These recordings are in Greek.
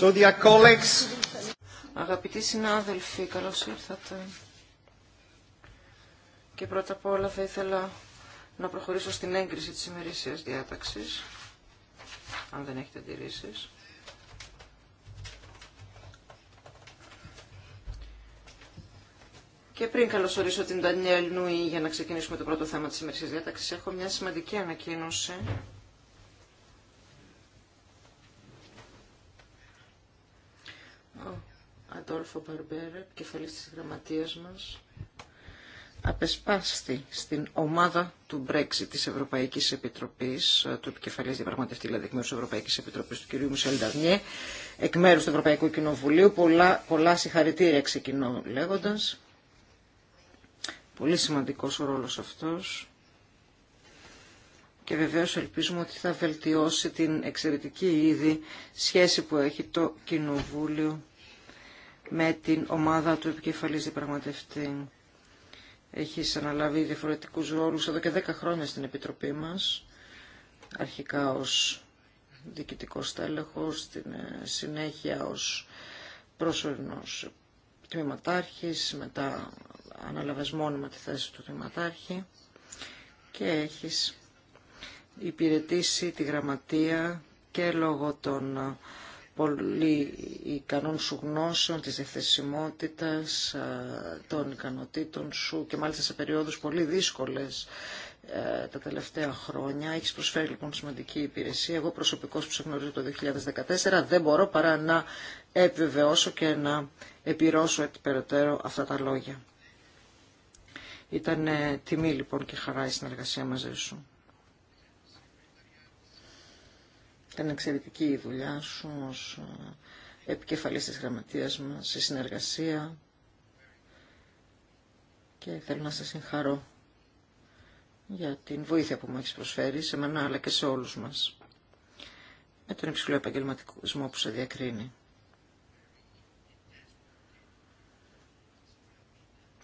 So Αγαπητοί συνάδελφοι, καλώς ήρθατε. Και πρώτα απ' όλα θα ήθελα να προχωρήσω στην έγκριση της ημερήσιας διάταξης, αν δεν έχετε αντιρρήσει. Και πριν καλωσορίσω την Ντανιέλ Νουή για να ξεκινήσουμε το πρώτο θέμα της ημερήσιας διάταξης, έχω μια σημαντική ανακοίνωση Αντόλφο Μπαρμπέρα, κεφαλής της γραμματείας μας, απεσπάστη στην ομάδα του Brexit της Ευρωπαϊκής Επιτροπής, ε, του επικεφαλής διαπραγματευτή, δηλαδή εκ μέρους της Ευρωπαϊκής Επιτροπής, του κ. Μουσελ Νταρνιέ, εκ μέρους του Ευρωπαϊκού Κοινοβουλίου. Πολλά, πολλά συγχαρητήρια ξεκινώ λέγοντας. Πολύ σημαντικός ο ρόλος αυτός. Και βεβαίω ελπίζουμε ότι θα βελτιώσει την εξαιρετική ήδη σχέση που έχει το Κοινοβούλιο με την ομάδα του επικεφαλής διπραγματευτή. Έχει αναλάβει διαφορετικούς ρόλους εδώ και 10 χρόνια στην Επιτροπή μας, αρχικά ως διοικητικός τέλεχος, στην ε, συνέχεια ως πρόσωρινος τμήματάρχης, μετά αναλαβες μόνιμα τη θέση του τμήματάρχη και έχεις υπηρετήσει τη γραμματεία και λόγω των ε, πολύ ικανών σου γνώσεων, της διευθυνσιμότητας, των ικανοτήτων σου και μάλιστα σε περιόδους πολύ δύσκολες ε, τα τελευταία χρόνια. Έχεις προσφέρει λοιπόν σημαντική υπηρεσία. Εγώ προσωπικώς που σε γνωρίζω το 2014 δεν μπορώ παρά να επιβεβαιώσω και να επιρρώσω περαιτέρω αυτά τα λόγια. Ήταν τιμή λοιπόν και χαρά η συνεργασία μαζί σου. Ήταν εξαιρετική η δουλειά σου ως ε, επικεφαλής της γραμματείας μας, σε συνεργασία και θέλω να σας συγχαρώ για την βοήθεια που μου έχει προσφέρει σε μένα αλλά και σε όλους μας με τον υψηλό επαγγελματισμό που σε διακρίνει.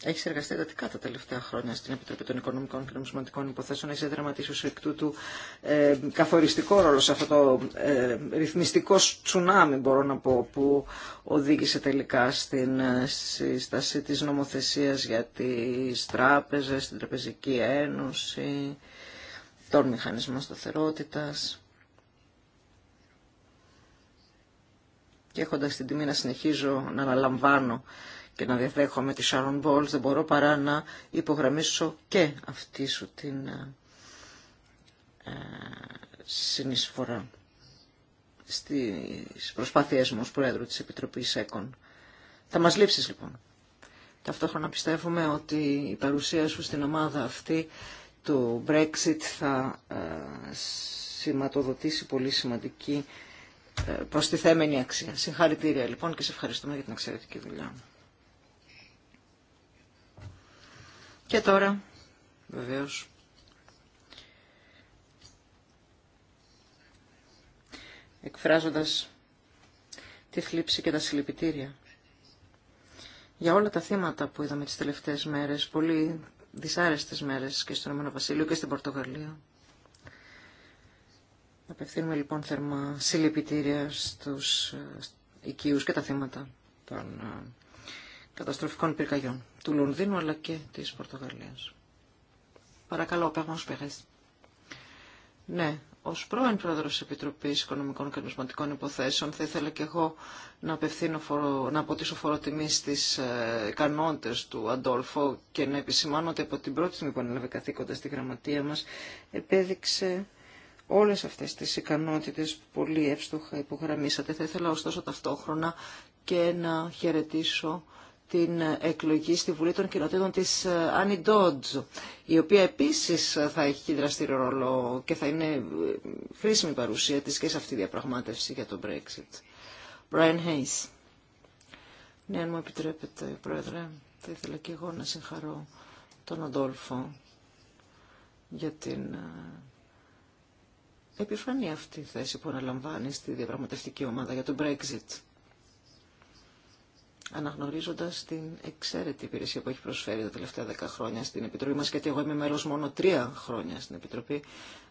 Έχει εργαστεί εντατικά τα τελευταία χρόνια στην Επιτροπή των Οικονομικών και Νομισματικών Υποθέσεων. Έχει δραματίσει ω εκ τούτου ε, καθοριστικό ρόλο σε αυτό το ε, ρυθμιστικό τσουνάμι, μπορώ να πω, που οδήγησε τελικά στην ε, σύσταση τη νομοθεσία για τι τράπεζε, την Τραπεζική Ένωση, τον μηχανισμό σταθερότητα. Και έχοντα την τιμή να συνεχίζω να αναλαμβάνω και να διαδέχομαι τη Sharon Bowles, δεν μπορώ παρά να υπογραμμίσω και αυτή σου την ε, ε συνεισφορά στις προσπάθειές μου ως Πρόεδρο της Επιτροπής ΕΚΟΝ. Θα μας λείψεις λοιπόν. Ταυτόχρονα πιστεύουμε ότι η παρουσία σου στην ομάδα αυτή του Brexit θα ε, σηματοδοτήσει πολύ σημαντική ε, προστιθέμενη αξία. Συγχαρητήρια λοιπόν και σε ευχαριστούμε για την εξαιρετική δουλειά. Και τώρα, βεβαίως, εκφράζοντας τη θλίψη και τα συλληπιτήρια για όλα τα θύματα που είδαμε τις τελευταίες μέρες, πολύ δυσάρεστες μέρες και στον Ρωμανό Βασίλειο και στην Πορτογαλία. Απευθύνουμε λοιπόν θερμά συλληπιτήρια στους ε, οικείους και τα θύματα των ε, καταστροφικών πυρκαγιών του Λονδίνου αλλά και της Πορτογαλίας. Παρακαλώ, Παγμός Πεγές. Ναι, ως πρώην πρόεδρος τη Επιτροπής Οικονομικών και Νομισματικών Υποθέσεων θα ήθελα και εγώ να, απευθύνω να αποτίσω φοροτιμή στις ε, ικανότητες του Αντόλφο και να επισημάνω ότι από την πρώτη στιγμή που ανέλαβε καθήκοντα στη γραμματεία μας επέδειξε όλες αυτές τις ικανότητες που πολύ εύστοχα υπογραμμίσατε. Θα ήθελα ωστόσο ταυτόχρονα και να χαιρετήσω την εκλογή στη Βουλή των Κοινοτήτων της Άννη ε, Ντότζ, η οποία επίσης θα έχει δραστήριο ρόλο και θα είναι ε, χρήσιμη παρουσία της και σε αυτή τη διαπραγμάτευση για το Brexit. Brian Hayes. Ναι, αν μου επιτρέπετε, Πρόεδρε, θα ήθελα και εγώ να συγχαρώ τον Αντόλφο για την ε, επιφανή αυτή θέση που αναλαμβάνει στη διαπραγματευτική ομάδα για το Brexit αναγνωρίζοντας την εξαίρετη υπηρεσία που έχει προσφέρει τα τελευταία δέκα χρόνια στην Επιτροπή μας, γιατί εγώ είμαι μέλος μόνο τρία χρόνια στην Επιτροπή,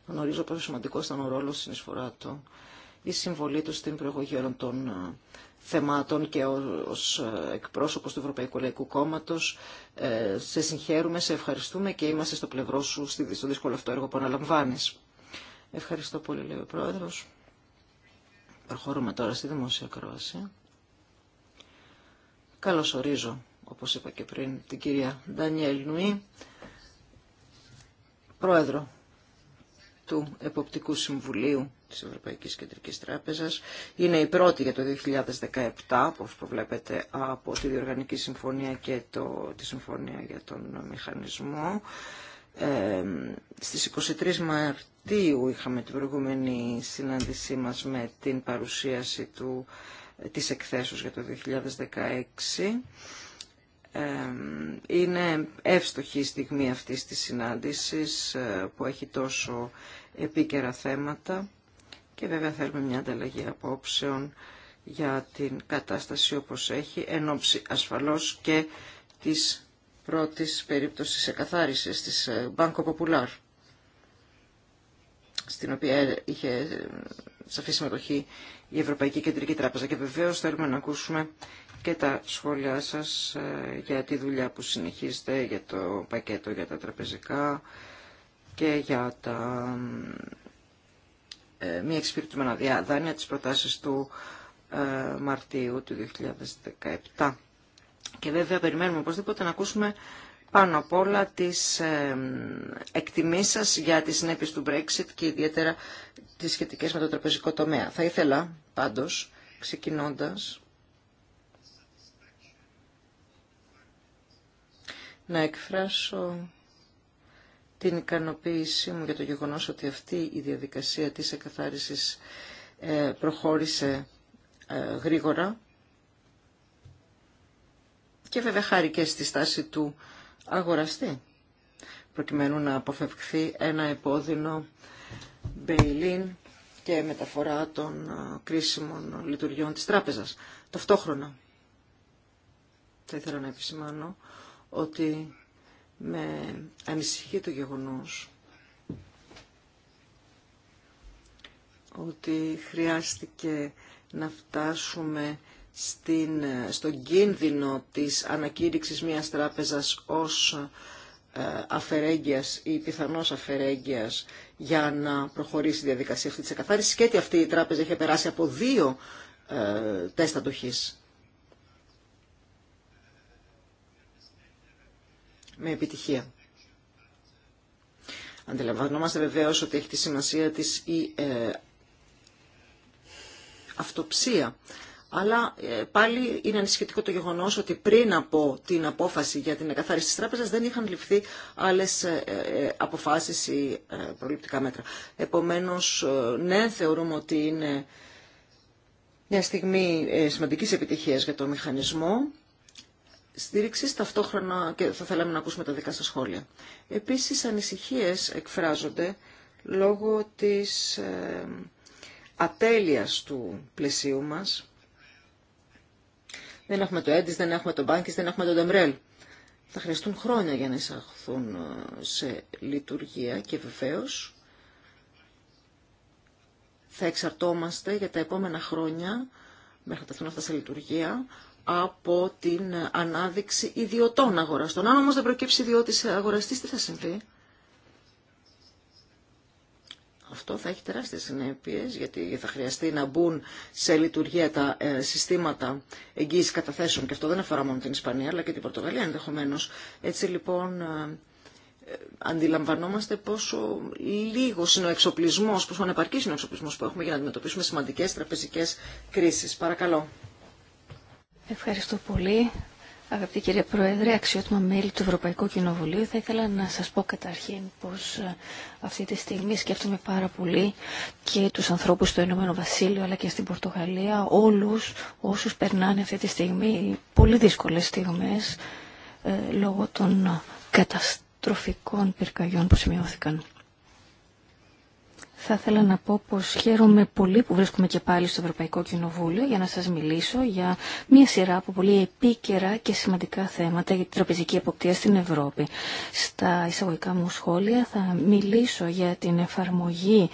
γνωρίζω πόσο σημαντικό ήταν ο ρόλος συνεισφορά του, η συμβολή του στην προεγωγή όλων των ε, θεμάτων και ως ε, εκπρόσωπος του Ευρωπαϊκού Λαϊκού Κόμματος. Ε, σε συγχαίρουμε, σε ευχαριστούμε και είμαστε στο πλευρό σου στο δύσκολο αυτό έργο που αναλαμβάνει. Ευχαριστώ πολύ, λέει ο Πρόεδρος. Προχωρούμε τώρα στη δημόσια κρόαση. Καλωσορίζω, όπως είπα και πριν, την κυρία Ντανιέλ Νουή, πρόεδρο του Εποπτικού Συμβουλίου της Ευρωπαϊκής Κεντρικής Τράπεζας. Είναι η πρώτη για το 2017, όπως προβλέπετε από τη Διοργανική Συμφωνία και το, τη Συμφωνία για τον Μηχανισμό. Ε, στις 23 Μαρτίου είχαμε την προηγούμενη συνάντησή μας με την παρουσίαση του της εκθέσεις για το 2016. Ε, είναι εύστοχη η στιγμή αυτής της συνάντησης ε, που έχει τόσο επίκαιρα θέματα και βέβαια θέλουμε μια ανταλλαγή απόψεων για την κατάσταση όπως έχει εν ώψη ασφαλώς και της πρώτης περίπτωσης εκαθάρισης της ε, Banco Popular στην οποία είχε σαφή συμμετοχή η Ευρωπαϊκή Κεντρική Τράπεζα. Και βεβαίω θέλουμε να ακούσουμε και τα σχόλιά σας ε, για τη δουλειά που συνεχίζετε, για το πακέτο για τα τραπεζικά και για τα ε, μη εξυπηρετούμενα δάνεια της προτάσεις του ε, Μαρτίου του 2017. Και βέβαια περιμένουμε οπωσδήποτε να ακούσουμε πάνω απ' όλα τις ε, εκτιμήσεις σας για τις συνέπειες του Brexit και ιδιαίτερα τις σχετικές με το τραπεζικό τομέα. Θα ήθελα πάντως, ξεκινώντας, να εκφράσω την ικανοποίησή μου για το γεγονός ότι αυτή η διαδικασία της εκαθάρισης ε, προχώρησε ε, γρήγορα και βέβαια χάρη και στη στάση του αγοραστεί προκειμένου να αποφευχθεί ένα επώδυνο μπέιλιν και μεταφορά των κρίσιμων λειτουργιών της τράπεζας. Ταυτόχρονα θα ήθελα να επισημάνω ότι με ανησυχεί το γεγονός ότι χρειάστηκε να φτάσουμε στην, στον κίνδυνο της ανακήρυξης μιας τράπεζας ως ε, αφαιρέγγειας ή πιθανώς αφαιρέγγειας για να προχωρήσει η διαδικασία αυτή της εκαθάρισης και ότι αυτή η τράπεζα είχε περάσει από δύο ε, τεστ αντοχής. Με επιτυχία. Αντιλαμβανόμαστε βεβαίως ότι έχει τη σημασία της η ε, αυτοψία αλλά ε, πάλι είναι ανησυχητικό το γεγονό ότι πριν από την απόφαση για την εκαθάριση τη τράπεζα δεν είχαν ληφθεί άλλε ε, αποφάσει ή ε, προληπτικά μέτρα. Επομένω, ναι, θεωρούμε ότι είναι μια στιγμή σημαντική επιτυχία για το μηχανισμό στήριξη ταυτόχρονα και θα θέλαμε να ακούσουμε τα δικά σας σχόλια. Επίσης ανησυχίες εκφράζονται λόγω της ε, ατέλειας του πλαισίου μας δεν έχουμε το έντις, δεν έχουμε το μπάνκις, δεν έχουμε το ντεμπρέλ. Θα χρειαστούν χρόνια για να εισαχθούν ε, σε λειτουργία και βεβαίω θα εξαρτώμαστε για τα επόμενα χρόνια, μέχρι να ταθούν αυτά σε λειτουργία, από την ανάδειξη ιδιωτών αγοραστών. Αν όμως δεν προκύψει ιδιώτης αγοραστής, τι θα συμβεί. Αυτό θα έχει τεράστιες συνέπειες γιατί θα χρειαστεί να μπουν σε λειτουργία τα ε, συστήματα εγγύηση καταθέσεων και αυτό δεν αφορά μόνο την Ισπανία αλλά και την Πορτογαλία ενδεχομένω. Έτσι λοιπόν ε, ε, αντιλαμβανόμαστε πόσο λίγο είναι ο εξοπλισμό, πόσο ανεπαρκή είναι ο εξοπλισμό που έχουμε για να αντιμετωπίσουμε σημαντικέ τραπεζικέ κρίσει. Παρακαλώ. Ευχαριστώ πολύ. Αγαπητή κύριε Πρόεδρε, αξιότιμα μέλη του Ευρωπαϊκού Κοινοβουλίου, θα ήθελα να σας πω καταρχήν πως ε, αυτή τη στιγμή σκέφτομαι πάρα πολύ και τους ανθρώπους στο Ηνωμένο Βασίλειο αλλά και στην Πορτογαλία, όλους όσους περνάνε αυτή τη στιγμή πολύ δύσκολες στιγμές ε, λόγω των καταστροφικών πυρκαγιών που σημειώθηκαν. Θα ήθελα να πω πως χαίρομαι πολύ που βρίσκομαι και πάλι στο Ευρωπαϊκό Κοινοβούλιο για να σας μιλήσω για μια σειρά από πολύ επίκαιρα και σημαντικά θέματα για την τραπεζική εποπτεία στην Ευρώπη. Στα εισαγωγικά μου σχόλια θα μιλήσω για την εφαρμογή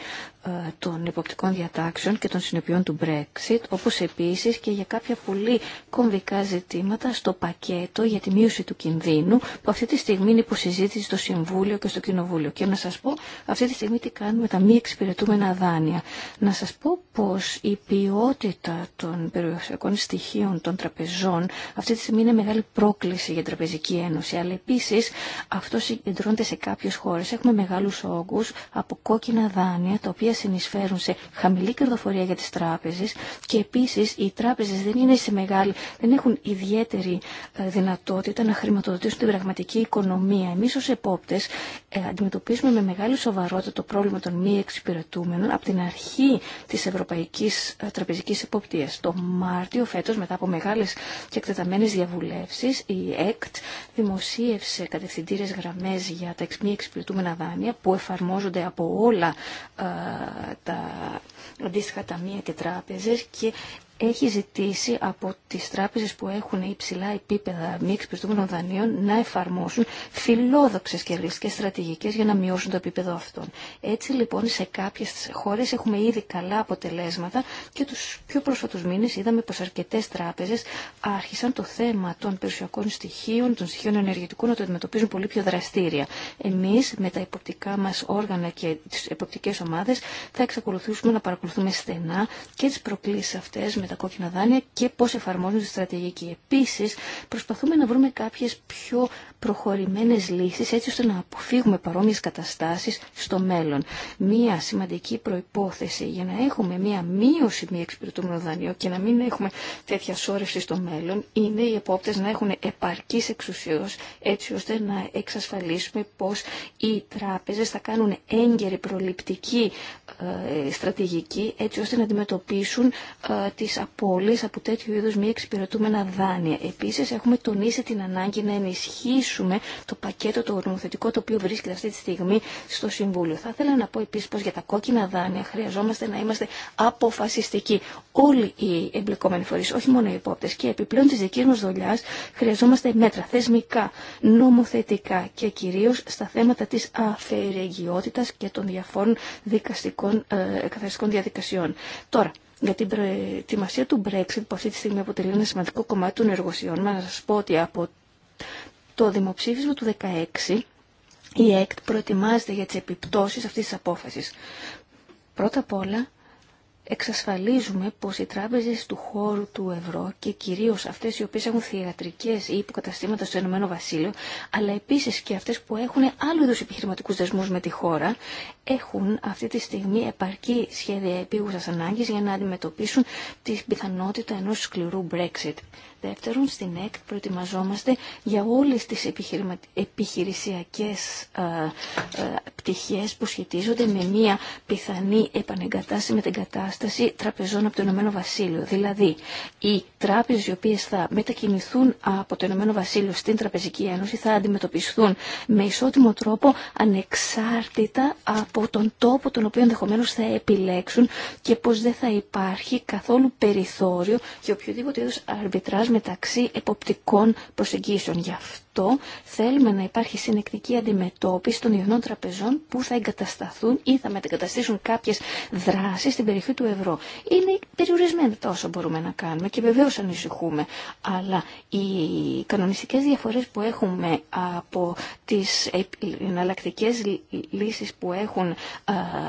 ε, των υποπτικών διατάξεων και των συνεπειών του Brexit, όπως επίσης και για κάποια πολύ κομβικά ζητήματα στο πακέτο για τη μείωση του κινδύνου, που αυτή τη στιγμή είναι υποσυζήτηση στο Συμβούλιο και στο Κοινοβούλιο. Και να σας πω αυτή τη στιγμή τι κάνουμε τα μη εξυπηρετούμενα δάνεια. Να σας πω πως η ποιότητα των περιουσιακών στοιχείων των τραπεζών αυτή τη στιγμή είναι μεγάλη πρόκληση για την Τραπεζική Ένωση, αλλά επίσης αυτό συγκεντρώνεται σε κάποιες χώρες. Έχουμε μεγάλους όγκους από κόκκινα δάνεια, τα οποία συνεισφέρουν σε χαμηλή κερδοφορία για τις τράπεζες και επίσης οι τράπεζες δεν είναι σε μεγάλη, δεν έχουν ιδιαίτερη ε, δυνατότητα να χρηματοδοτήσουν την πραγματική οικονομία. Εμείς ως επόπτες ε, αντιμετωπίζουμε με μεγάλη σοβαρότητα το πρόβλημα των μη εξυπηρετούμενων από την αρχή της Ευρωπαϊκής ε, Τραπεζικής Εποπτείας. Το Μάρτιο φέτος μετά από μεγάλες και εκτεταμένες διαβουλεύσεις η ΕΚΤ δημοσίευσε κατευθυντήρες γραμμές για τα μη εξυπηρετούμενα δάνεια που εφαρμόζονται από όλα τα αντίστοιχα ταμεία και τράπεζες και έχει ζητήσει από τις τράπεζες που έχουν υψηλά επίπεδα μη εξυπηρετούμενων δανείων να εφαρμόσουν φιλόδοξες και ρίσκες στρατηγικές για να μειώσουν το επίπεδο αυτών. Έτσι λοιπόν σε κάποιες χώρες έχουμε ήδη καλά αποτελέσματα και τους πιο πρόσφατους μήνες είδαμε πως αρκετές τράπεζες άρχισαν το θέμα των περιουσιακών στοιχείων, των στοιχείων ενεργητικών να το αντιμετωπίζουν πολύ πιο δραστήρια. Εμείς με τα υποπτικά μας όργανα και τις υποπτικές ομάδες θα εξακολουθήσουμε να παρακολουθούμε στενά και τις προκλήσεις αυτές με τα κόκκινα δάνεια και πώς εφαρμόζουν τη στρατηγική. Επίσης, προσπαθούμε να βρούμε κάποιες πιο προχωρημένες λύσεις έτσι ώστε να αποφύγουμε παρόμοιες καταστάσεις στο μέλλον. Μία σημαντική προϋπόθεση για να έχουμε μία μείωση μη εξυπηρετούμενο δανείο και να μην έχουμε τέτοια σώρευση στο μέλλον είναι οι επόπτες να έχουν επαρκής εξουσίως έτσι ώστε να εξασφαλίσουμε πως οι τράπεζες θα κάνουν έγκαιρη προληπτική ε, στρατηγική έτσι ώστε να αντιμετωπίσουν ε, τις απώλειες από τέτοιου είδους μη εξυπηρετούμενα δάνεια. Επίσης έχουμε τονίσει την ανάγκη να ενισχύσουμε το πακέτο το νομοθετικό το οποίο βρίσκεται αυτή τη στιγμή στο Συμβούλιο. Θα ήθελα να πω επίσης πως για τα κόκκινα δάνεια χρειαζόμαστε να είμαστε αποφασιστικοί. Όλοι οι εμπλεκόμενοι φορείς, όχι μόνο οι υπόπτες και επιπλέον της δικής μας δουλειά, χρειαζόμαστε μέτρα θεσμικά, νομοθετικά και κυρίως στα θέματα της αφαιρεγιότητας και των διαφόρων δικαστικών, ε, καθαριστικών διαδικασιών. Τώρα, για την προετοιμασία του Brexit που αυτή τη στιγμή αποτελεί ένα σημαντικό κομμάτι των εργοσιών μας να σας πω ότι από το δημοψήφισμα του 2016 η ΕΚΤ προετοιμάζεται για τις επιπτώσεις αυτής της απόφασης. Πρώτα απ' όλα εξασφαλίζουμε πως οι τράπεζες του χώρου του ευρώ και κυρίως αυτές οι οποίες έχουν θεατρικές ή υποκαταστήματα στο Ηνωμένο Βασίλειο, αλλά επίσης και αυτές που έχουν άλλου είδους επιχειρηματικούς δεσμούς με τη χώρα, έχουν αυτή τη στιγμή επαρκή σχέδια επίγουσας ανάγκης για να αντιμετωπίσουν την πιθανότητα ενός σκληρού Brexit. Δεύτερον, στην ΕΚΤ προετοιμαζόμαστε για όλες τις επιχειρημα... επιχειρησιακές α, ε, ε, πτυχές που σχετίζονται με μια πιθανή επανεγκατάσταση με την κατάσταση τραπεζών από το Ηνωμένο Βασίλειο. Δηλαδή, οι τράπεζες οι οποίες θα μετακινηθούν από το Ηνωμένο Βασίλειο στην Τραπεζική Ένωση θα αντιμετωπιστούν με ισότιμο τρόπο ανεξάρτητα από τον τόπο τον οποίο ενδεχομένω θα επιλέξουν και πως δεν θα υπάρχει καθόλου περιθώριο για οποιοδήποτε είδους αρμπιτράζ μεταξύ εποπτικών προσεγγίσεων. Γι' αυτό αυτό θέλουμε να υπάρχει συνεκτική αντιμετώπιση των ιδιωτικών τραπεζών που θα εγκατασταθούν ή θα μετεγκαταστήσουν κάποιε δράσει στην περιοχή του ευρώ. Είναι περιορισμένα τα όσα μπορούμε να κάνουμε και βεβαίω ανησυχούμε. Αλλά οι κανονιστικέ διαφορέ που έχουμε από τι εναλλακτικέ λύσει που έχουν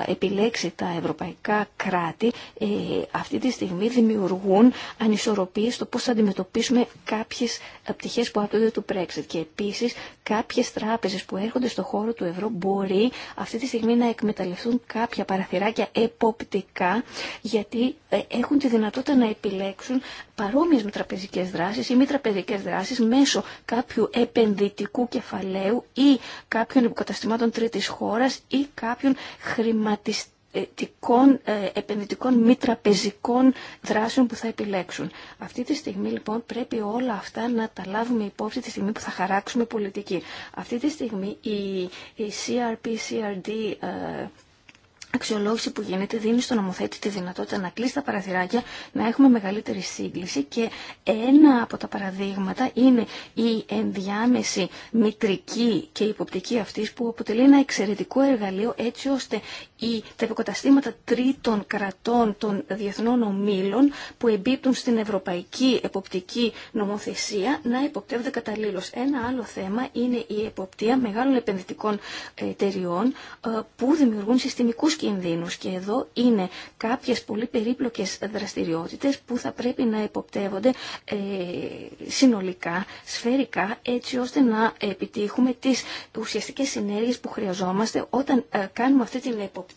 επιλέξει τα ευρωπαϊκά κράτη ε, αυτή τη στιγμή δημιουργούν ανισορροπίες στο πώς θα αντιμετωπίσουμε κάποιες ε, πτυχές που απαιτούνται του Brexit και επίσης κάποιες τράπεζες που έρχονται στο χώρο του ευρώ μπορεί αυτή τη στιγμή να εκμεταλλευτούν κάποια παραθυράκια εποπτικά γιατί ε, έχουν τη δυνατότητα να επιλέξουν παρόμοιες με τραπεζικές δράσεις ή μη τραπεζικές δράσεις μέσω κάποιου επενδυτικού κεφαλαίου ή κάποιων υποκαταστημάτων τρίτης χώρας ή κάποιων χρηματιστικών επενδυτικών, ε, επενδυτικών μη τραπεζικών δράσεων που θα επιλέξουν. Αυτή τη στιγμή λοιπόν πρέπει όλα αυτά να τα λάβουμε υπόψη τη στιγμή που θα χαράξουμε πολιτική. Αυτή τη στιγμή η, η CRP, CRD ε, αξιολόγηση που γίνεται δίνει στον νομοθέτη τη δυνατότητα να κλείσει τα παραθυράκια, να έχουμε μεγαλύτερη σύγκληση και ένα από τα παραδείγματα είναι η ενδιάμεση μητρική και υποπτική αυτής που αποτελεί ένα εξαιρετικό εργαλείο έτσι ώστε ή τα υποκαταστήματα τρίτων κρατών των διεθνών ομίλων που εμπίπτουν στην ευρωπαϊκή εποπτική νομοθεσία να υποπτεύονται καταλήλως. Ένα άλλο θέμα είναι η εποπτεία μεγάλων επενδυτικών εταιριών ε, που δημιουργούν συστημικούς κινδύνους και εδώ είναι κάποιες πολύ περίπλοκες δραστηριότητες που θα πρέπει να υποπτεύονται ε, συνολικά, σφαιρικά, έτσι ώστε να επιτύχουμε τις ουσιαστικές συνέργειες που χρειαζόμαστε όταν ε, κάνουμε αυτή την εποπτεία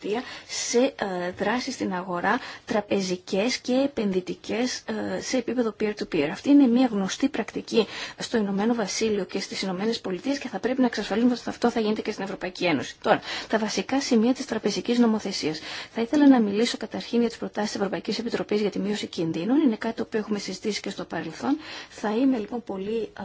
σε ε, δράσεις στην αγορά τραπεζικές και επενδυτικές ε, σε επίπεδο peer-to-peer. -peer. to peer είναι μια γνωστή πρακτική στο Ηνωμένο Βασίλειο και στις Ηνωμένες Πολιτείες και θα πρέπει να εξασφαλίσουμε ότι αυτό θα γίνεται και στην Ευρωπαϊκή Ένωση. Τώρα, τα βασικά σημεία της τραπεζικής νομοθεσίας. Θα ήθελα να μιλήσω καταρχήν για τις προτάσεις της Ευρωπαϊκής Επιτροπής για τη μείωση κινδύνων. Είναι κάτι το οποίο έχουμε συζητήσει και στο παρελθόν. Θα είμαι λοιπόν πολύ ε,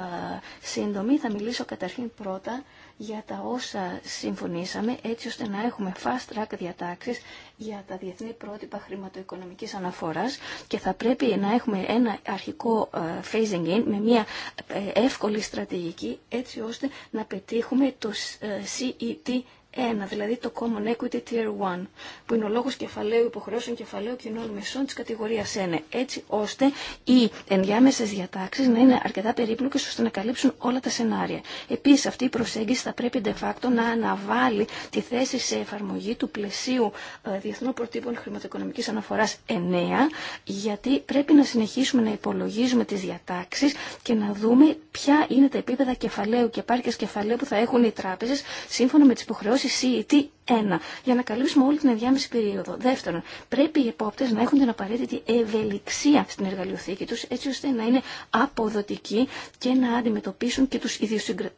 σύντομη. Θα μιλήσω καταρχήν πρώτα για τα όσα συμφωνήσαμε έτσι ώστε να έχουμε fast track διατάξεις για τα διεθνή πρότυπα χρηματοοικονομικής αναφοράς και θα πρέπει να έχουμε ένα αρχικό ε, phasing in με μια ε, εύκολη στρατηγική έτσι ώστε να πετύχουμε το ε, CET 1, δηλαδή το Common Equity Tier 1, που είναι ο λόγος κεφαλαίου υποχρεώσεων κεφαλαίου κοινών μεσών της κατηγορίας 1, έτσι ώστε οι ενδιάμεσες διατάξεις να είναι αρκετά περίπλοκες ώστε να καλύψουν όλα τα σενάρια. Επίσης αυτή η προσέγγιση θα πρέπει de facto να αναβάλει τη θέση σε εφαρμογή του πλαισίου ε, διεθνών προτύπων χρηματοοικονομικής αναφοράς 9, γιατί πρέπει να συνεχίσουμε να υπολογίζουμε τις διατάξεις και να δούμε ποια είναι τα επίπεδα κεφαλαίου και επάρκειας κεφαλαίου που θα έχουν οι τράπεζες σύμφωνα με τις υποχρεώσεις CET1 για να καλύψουμε όλη την ενδιάμεση περίοδο. Δεύτερον, πρέπει οι επόπτε να έχουν την απαραίτητη ευελιξία στην εργαλειοθήκη του έτσι ώστε να είναι αποδοτικοί και να αντιμετωπίσουν και του ιδιοσυγκρασίε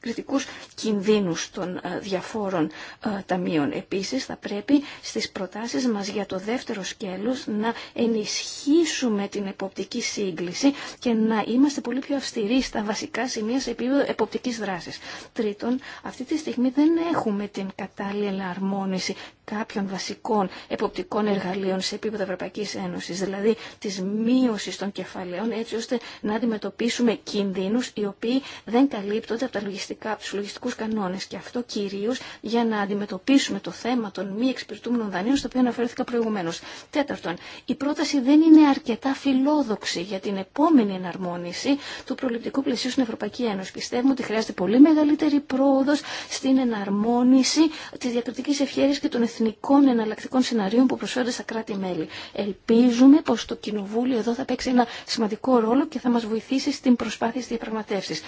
κριτικούς κινδύνους των ε, διαφόρων ε, ταμείων. Επίσης θα πρέπει στις προτάσεις μας για το δεύτερο σκέλος να ενισχύσουμε την εποπτική σύγκληση και να είμαστε πολύ πιο αυστηροί στα βασικά σημεία σε επίπεδο εποπτικής δράσης. Τρίτον, αυτή τη στιγμή δεν έχουμε την κατάλληλη αρμόνιση κάποιων βασικών εποπτικών εργαλείων σε επίπεδο Ευρωπαϊκής Ένωσης, δηλαδή της μείωσης των κεφαλαίων, έτσι ώστε να αντιμετωπίσουμε κινδύνους οι οποίοι δεν καλύπτονται από τα λογιστικά τους λογιστικού κανόνε και αυτό κυρίω για να αντιμετωπίσουμε το θέμα των μη εξυπηρετούμενων δανείων στο οποίο αναφέρθηκα προηγουμένω. Τέταρτον, η πρόταση δεν είναι αρκετά φιλόδοξη για την επόμενη εναρμόνιση του προληπτικού πλαισίου στην Ευρωπαϊκή Ένωση. Πιστεύουμε ότι χρειάζεται πολύ μεγαλύτερη πρόοδο στην εναρμόνιση τη διακριτική ευχαίρεια και των εθνικών εναλλακτικών σενάριων που προσφέρονται στα κράτη-μέλη. Ελπίζουμε πω το Κοινοβούλιο εδώ θα παίξει ένα σημαντικό ρόλο και θα μα βοηθήσει στην προσπάθεια τη διαπραγματεύση.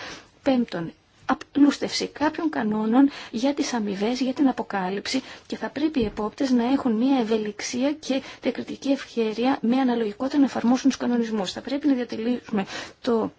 Πέμπτον, απλούστευση κάποιων κανόνων για τις αμοιβέ, για την αποκάλυψη και θα πρέπει οι επόπτες να έχουν μια ευελιξία και διακριτική ευχέρεια με αναλογικότητα να εφαρμόσουν τους κανονισμούς. Θα πρέπει να διατηρήσουμε το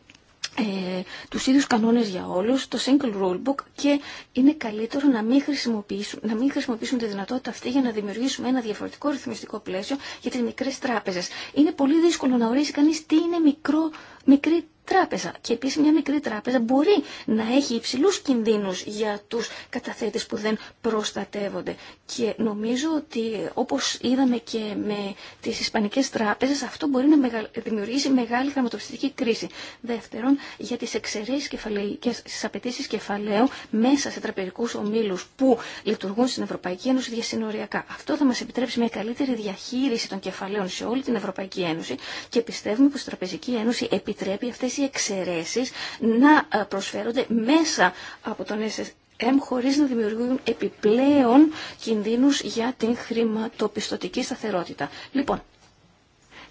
ε, τους ίδιους κανόνες για όλους, το single rule book και είναι καλύτερο να μην, χρησιμοποιήσουμε, να μην τη δυνατότητα αυτή για να δημιουργήσουμε ένα διαφορετικό ρυθμιστικό πλαίσιο για τις μικρές τράπεζες. Είναι πολύ δύσκολο να ορίσει κανείς τι είναι μικρό, μικρή τράπεζα. Και επίση μια μικρή τράπεζα μπορεί να έχει υψηλού κινδύνου για του καταθέτε που δεν προστατεύονται. Και νομίζω ότι όπω είδαμε και με τι ισπανικέ τράπεζε, αυτό μπορεί να δημιουργήσει μεγάλη χρηματοπιστική κρίση. Δεύτερον, για τι εξαιρέσει και τι απαιτήσει κεφαλαίου μέσα σε τραπεζικού ομίλου που λειτουργούν στην Ευρωπαϊκή Ένωση διασυνοριακά. Αυτό θα μα επιτρέψει μια καλύτερη διαχείριση των κεφαλαίων σε όλη την Ευρωπαϊκή Ένωση και πιστεύουμε πω η Τραπεζική Ένωση επιτρέπει αυτέ αυτές οι εξαιρέσεις να ε, προσφέρονται μέσα από τον SSM χωρίς να δημιουργούν επιπλέον κινδύνους για την χρηματοπιστωτική σταθερότητα. Λοιπόν,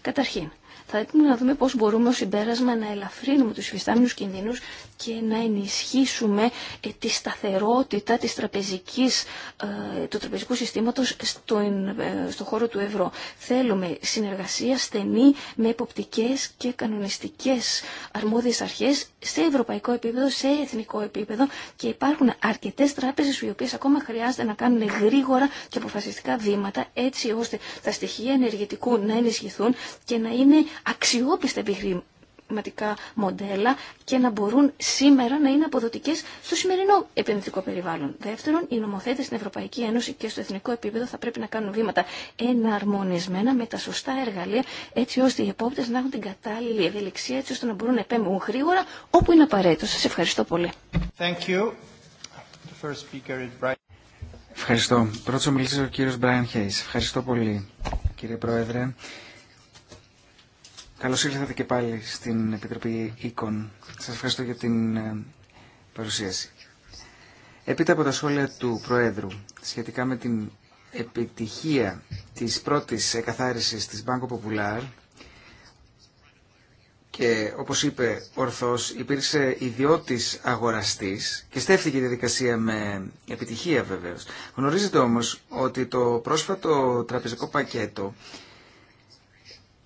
καταρχήν, θα έπρεπε να δούμε πώς μπορούμε ως συμπέρασμα να ελαφρύνουμε τους υφιστάμενους κινδύνους και να ενισχύσουμε ε, τη σταθερότητα της τραπεζικής, ε, του τραπεζικού συστήματος στον, ε, στο χώρο του ευρώ. Θέλουμε συνεργασία στενή με υποπτικές και κανονιστικές αρμόδιες αρχές σε ευρωπαϊκό επίπεδο, σε εθνικό επίπεδο και υπάρχουν αρκετές τράπεζες οι οποίες ακόμα χρειάζεται να κάνουν γρήγορα και αποφασιστικά βήματα έτσι ώστε τα στοιχεία ενεργητικού να ενισχυθούν και να είναι αξιόπιστα επιχειρηματικά μοντέλα και να μπορούν σήμερα να είναι αποδοτικέ στο σημερινό επενδυτικό περιβάλλον. Δεύτερον, οι νομοθέτες στην Ευρωπαϊκή Ένωση και στο εθνικό επίπεδο θα πρέπει να κάνουν βήματα εναρμονισμένα με τα σωστά εργαλεία έτσι ώστε οι επόπτε να έχουν την κατάλληλη ευελιξία έτσι ώστε να μπορούν να επέμβουν γρήγορα όπου είναι απαραίτητο. Σα ευχαριστώ πολύ. Thank you. The first speaker is Brian. Ευχαριστώ. Πρώτος ο κύριος Μπράιν Χέις. Ευχαριστώ πολύ κύριε Πρόεδρε. Καλώ ήλθατε και πάλι στην Επιτροπή Οίκων. Σα ευχαριστώ για την ε, παρουσίαση. Έπειτα από τα σχόλια του Προέδρου σχετικά με την επιτυχία της πρώτης εκαθάρισης της Banco Popular και όπως είπε ορθώς υπήρξε ιδιώτης αγοραστής και στέφθηκε η διαδικασία με επιτυχία βεβαίως. Γνωρίζετε όμως ότι το πρόσφατο τραπεζικό πακέτο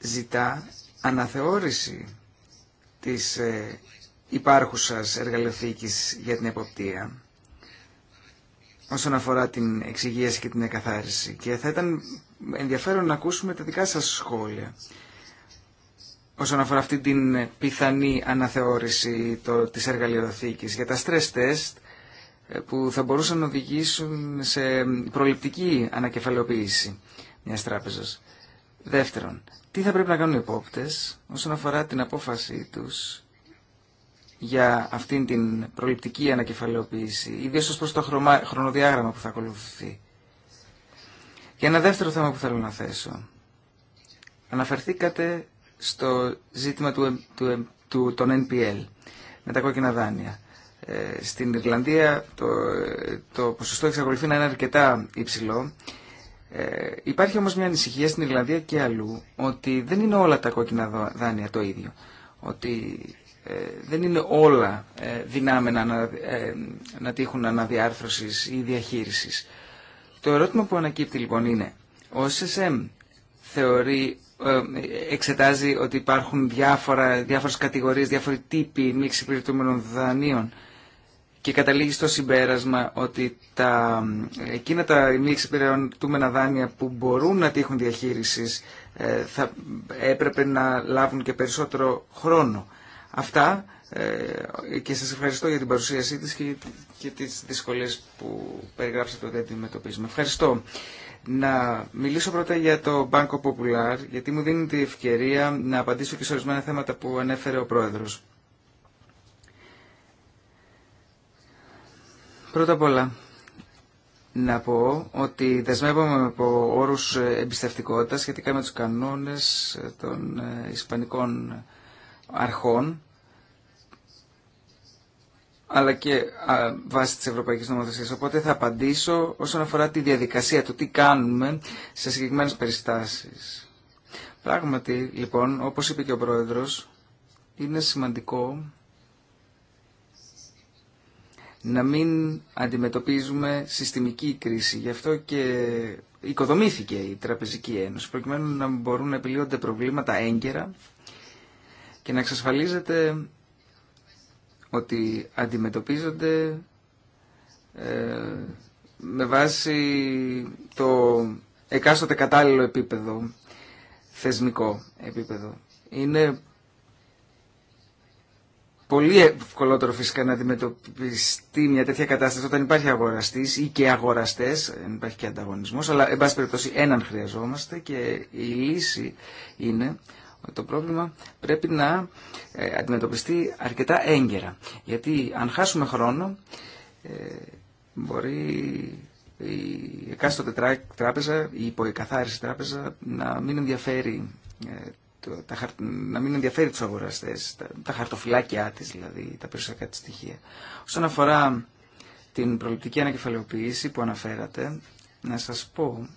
ζητά αναθεώρηση της ε, υπάρχουσας εργαλειοθήκης για την εποπτεία όσον αφορά την εξυγίαση και την εκαθάριση και θα ήταν ενδιαφέρον να ακούσουμε τα δικά σας σχόλια όσον αφορά αυτή την πιθανή αναθεώρηση το, της εργαλειοθήκης για τα stress test ε, που θα μπορούσαν να οδηγήσουν σε προληπτική ανακεφαλαιοποίηση μιας τράπεζας. Δεύτερον, τι θα πρέπει να κάνουν οι υπόπτες όσον αφορά την απόφασή τους για αυτήν την προληπτική ανακεφαλαιοποίηση, ιδίω ως προς το χρονοδιάγραμμα που θα ακολουθηθεί. Και ένα δεύτερο θέμα που θέλω να θέσω. Αναφερθήκατε στο ζήτημα του, των NPL, με τα κόκκινα δάνεια. Ε, στην Ιρλανδία το, το ποσοστό εξακολουθεί να είναι αρκετά υψηλό ε, υπάρχει όμως μια ανησυχία στην Ιρλανδία και αλλού ότι δεν είναι όλα τα κόκκινα δάνεια το ίδιο. Ότι ε, δεν είναι όλα ε, δυνάμενα να, ε, να τύχουν αναδιάρθρωσης ή διαχείρισης. Το ερώτημα που ανακύπτει λοιπόν είναι, ο SSM θεωρεί, εξετάζει ότι υπάρχουν διάφορα, διάφορες κατηγορίες, διάφοροι τύποι μη εξυπηρετούμενων δανείων και καταλήγει στο συμπέρασμα ότι τα, εκείνα τα μη εξυπηρετούμενα δάνεια που μπορούν να τύχουν διαχείρισης ε, θα έπρεπε να λάβουν και περισσότερο χρόνο. Αυτά ε, και σας ευχαριστώ για την παρουσίασή της και, και τις δυσκολίες που περιγράψατε ότι αντιμετωπίζουμε. Ευχαριστώ. Να μιλήσω πρώτα για το Banco Popular, γιατί μου δίνει τη ευκαιρία να απαντήσω και σε ορισμένα θέματα που ανέφερε ο Πρόεδρος. Πρώτα απ' όλα, να πω ότι δεσμεύομαι από όρους εμπιστευτικότητα σχετικά με τους κανόνες των ε, ισπανικών αρχών αλλά και βάσει της Ευρωπαϊκής Νομοθεσίας. Οπότε θα απαντήσω όσον αφορά τη διαδικασία του τι κάνουμε σε συγκεκριμένες περιστάσεις. Πράγματι, λοιπόν, όπως είπε και ο Πρόεδρος, είναι σημαντικό να μην αντιμετωπίζουμε συστημική κρίση. Γι' αυτό και οικοδομήθηκε η Τραπεζική Ένωση, προκειμένου να μπορούν να επιλύονται προβλήματα έγκαιρα και να εξασφαλίζεται ότι αντιμετωπίζονται ε, με βάση το εκάστοτε κατάλληλο επίπεδο, θεσμικό επίπεδο. Είναι πολύ ευκολότερο φυσικά να αντιμετωπιστεί μια τέτοια κατάσταση όταν υπάρχει αγοραστή ή και αγοραστέ, υπάρχει και ανταγωνισμό, αλλά εν πάση περιπτώσει έναν χρειαζόμαστε και η λύση είναι ότι το πρόβλημα πρέπει να ε, αντιμετωπιστεί αρκετά έγκαιρα. Γιατί αν χάσουμε χρόνο, ε, μπορεί η εκάστοτε τράπεζα, η υποεκαθάριση τράπεζα να μην ενδιαφέρει ε, τα, να μην ενδιαφέρει του αγοραστέ. τα, τα χαρτοφυλάκια τη δηλαδή, τα περιουσιακά τη στοιχεία. Όσον αφορά την προληπτική ανακεφαλαιοποίηση που αναφέρατε, να σας πω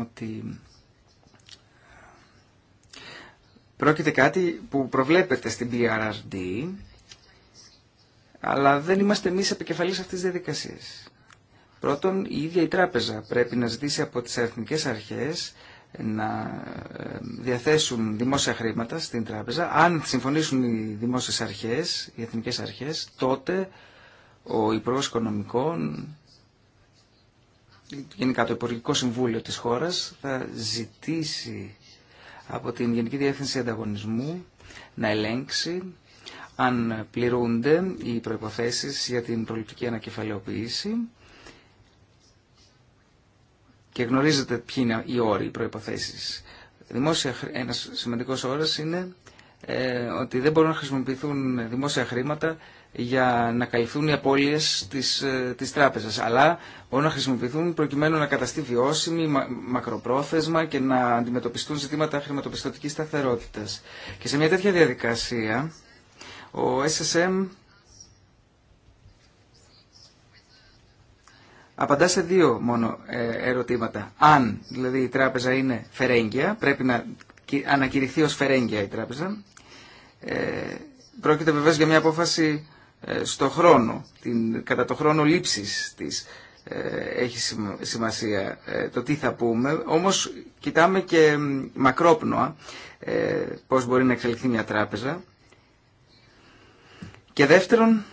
ότι πρόκειται κάτι που προβλέπεται στην BRRD, αλλά δεν είμαστε εμεί επικεφαλεί αυτή τη διαδικασία. Πρώτον, η ίδια η τράπεζα πρέπει να ζητήσει από τις εθνικές αρχές να ε, διαθέσουν δημόσια χρήματα στην τράπεζα. Αν συμφωνήσουν οι δημόσιες αρχές, οι εθνικές αρχές, τότε ο Υπουργός Οικονομικών, γενικά το Υπουργικό Συμβούλιο της χώρας, θα ζητήσει από την Γενική Διεύθυνση Ανταγωνισμού να ελέγξει αν πληρούνται οι προϋποθέσεις για την προληπτική ανακεφαλαιοποίηση και γνωρίζετε ποιοι είναι οι όροι, οι προϋποθέσεις. Δημόσια, ένας σημαντικός όρος είναι ε, ότι δεν μπορούν να χρησιμοποιηθούν δημόσια χρήματα για να καλυφθούν οι απώλειες της, ε, της τράπεζας, αλλά μπορούν να χρησιμοποιηθούν προκειμένου να καταστεί βιώσιμη, μακροπρόθεσμα και να αντιμετωπιστούν ζητήματα χρηματοπιστωτικής σταθερότητας. Και σε μια τέτοια διαδικασία ο SSM απαντά σε δύο μόνο ε, ερωτήματα. Αν δηλαδή η τράπεζα είναι φερέγγια, πρέπει να ανακηρυχθεί ως φερέγγια η τράπεζα. Ε, πρόκειται βεβαίως για μια απόφαση ε, στο χρόνο, την, κατά το χρόνο λήψης της ε, έχει σημασία το τι θα πούμε, όμως κοιτάμε και μακρόπνοα πώς μπορεί να εξελιχθεί μια τράπεζα. Και δεύτερον,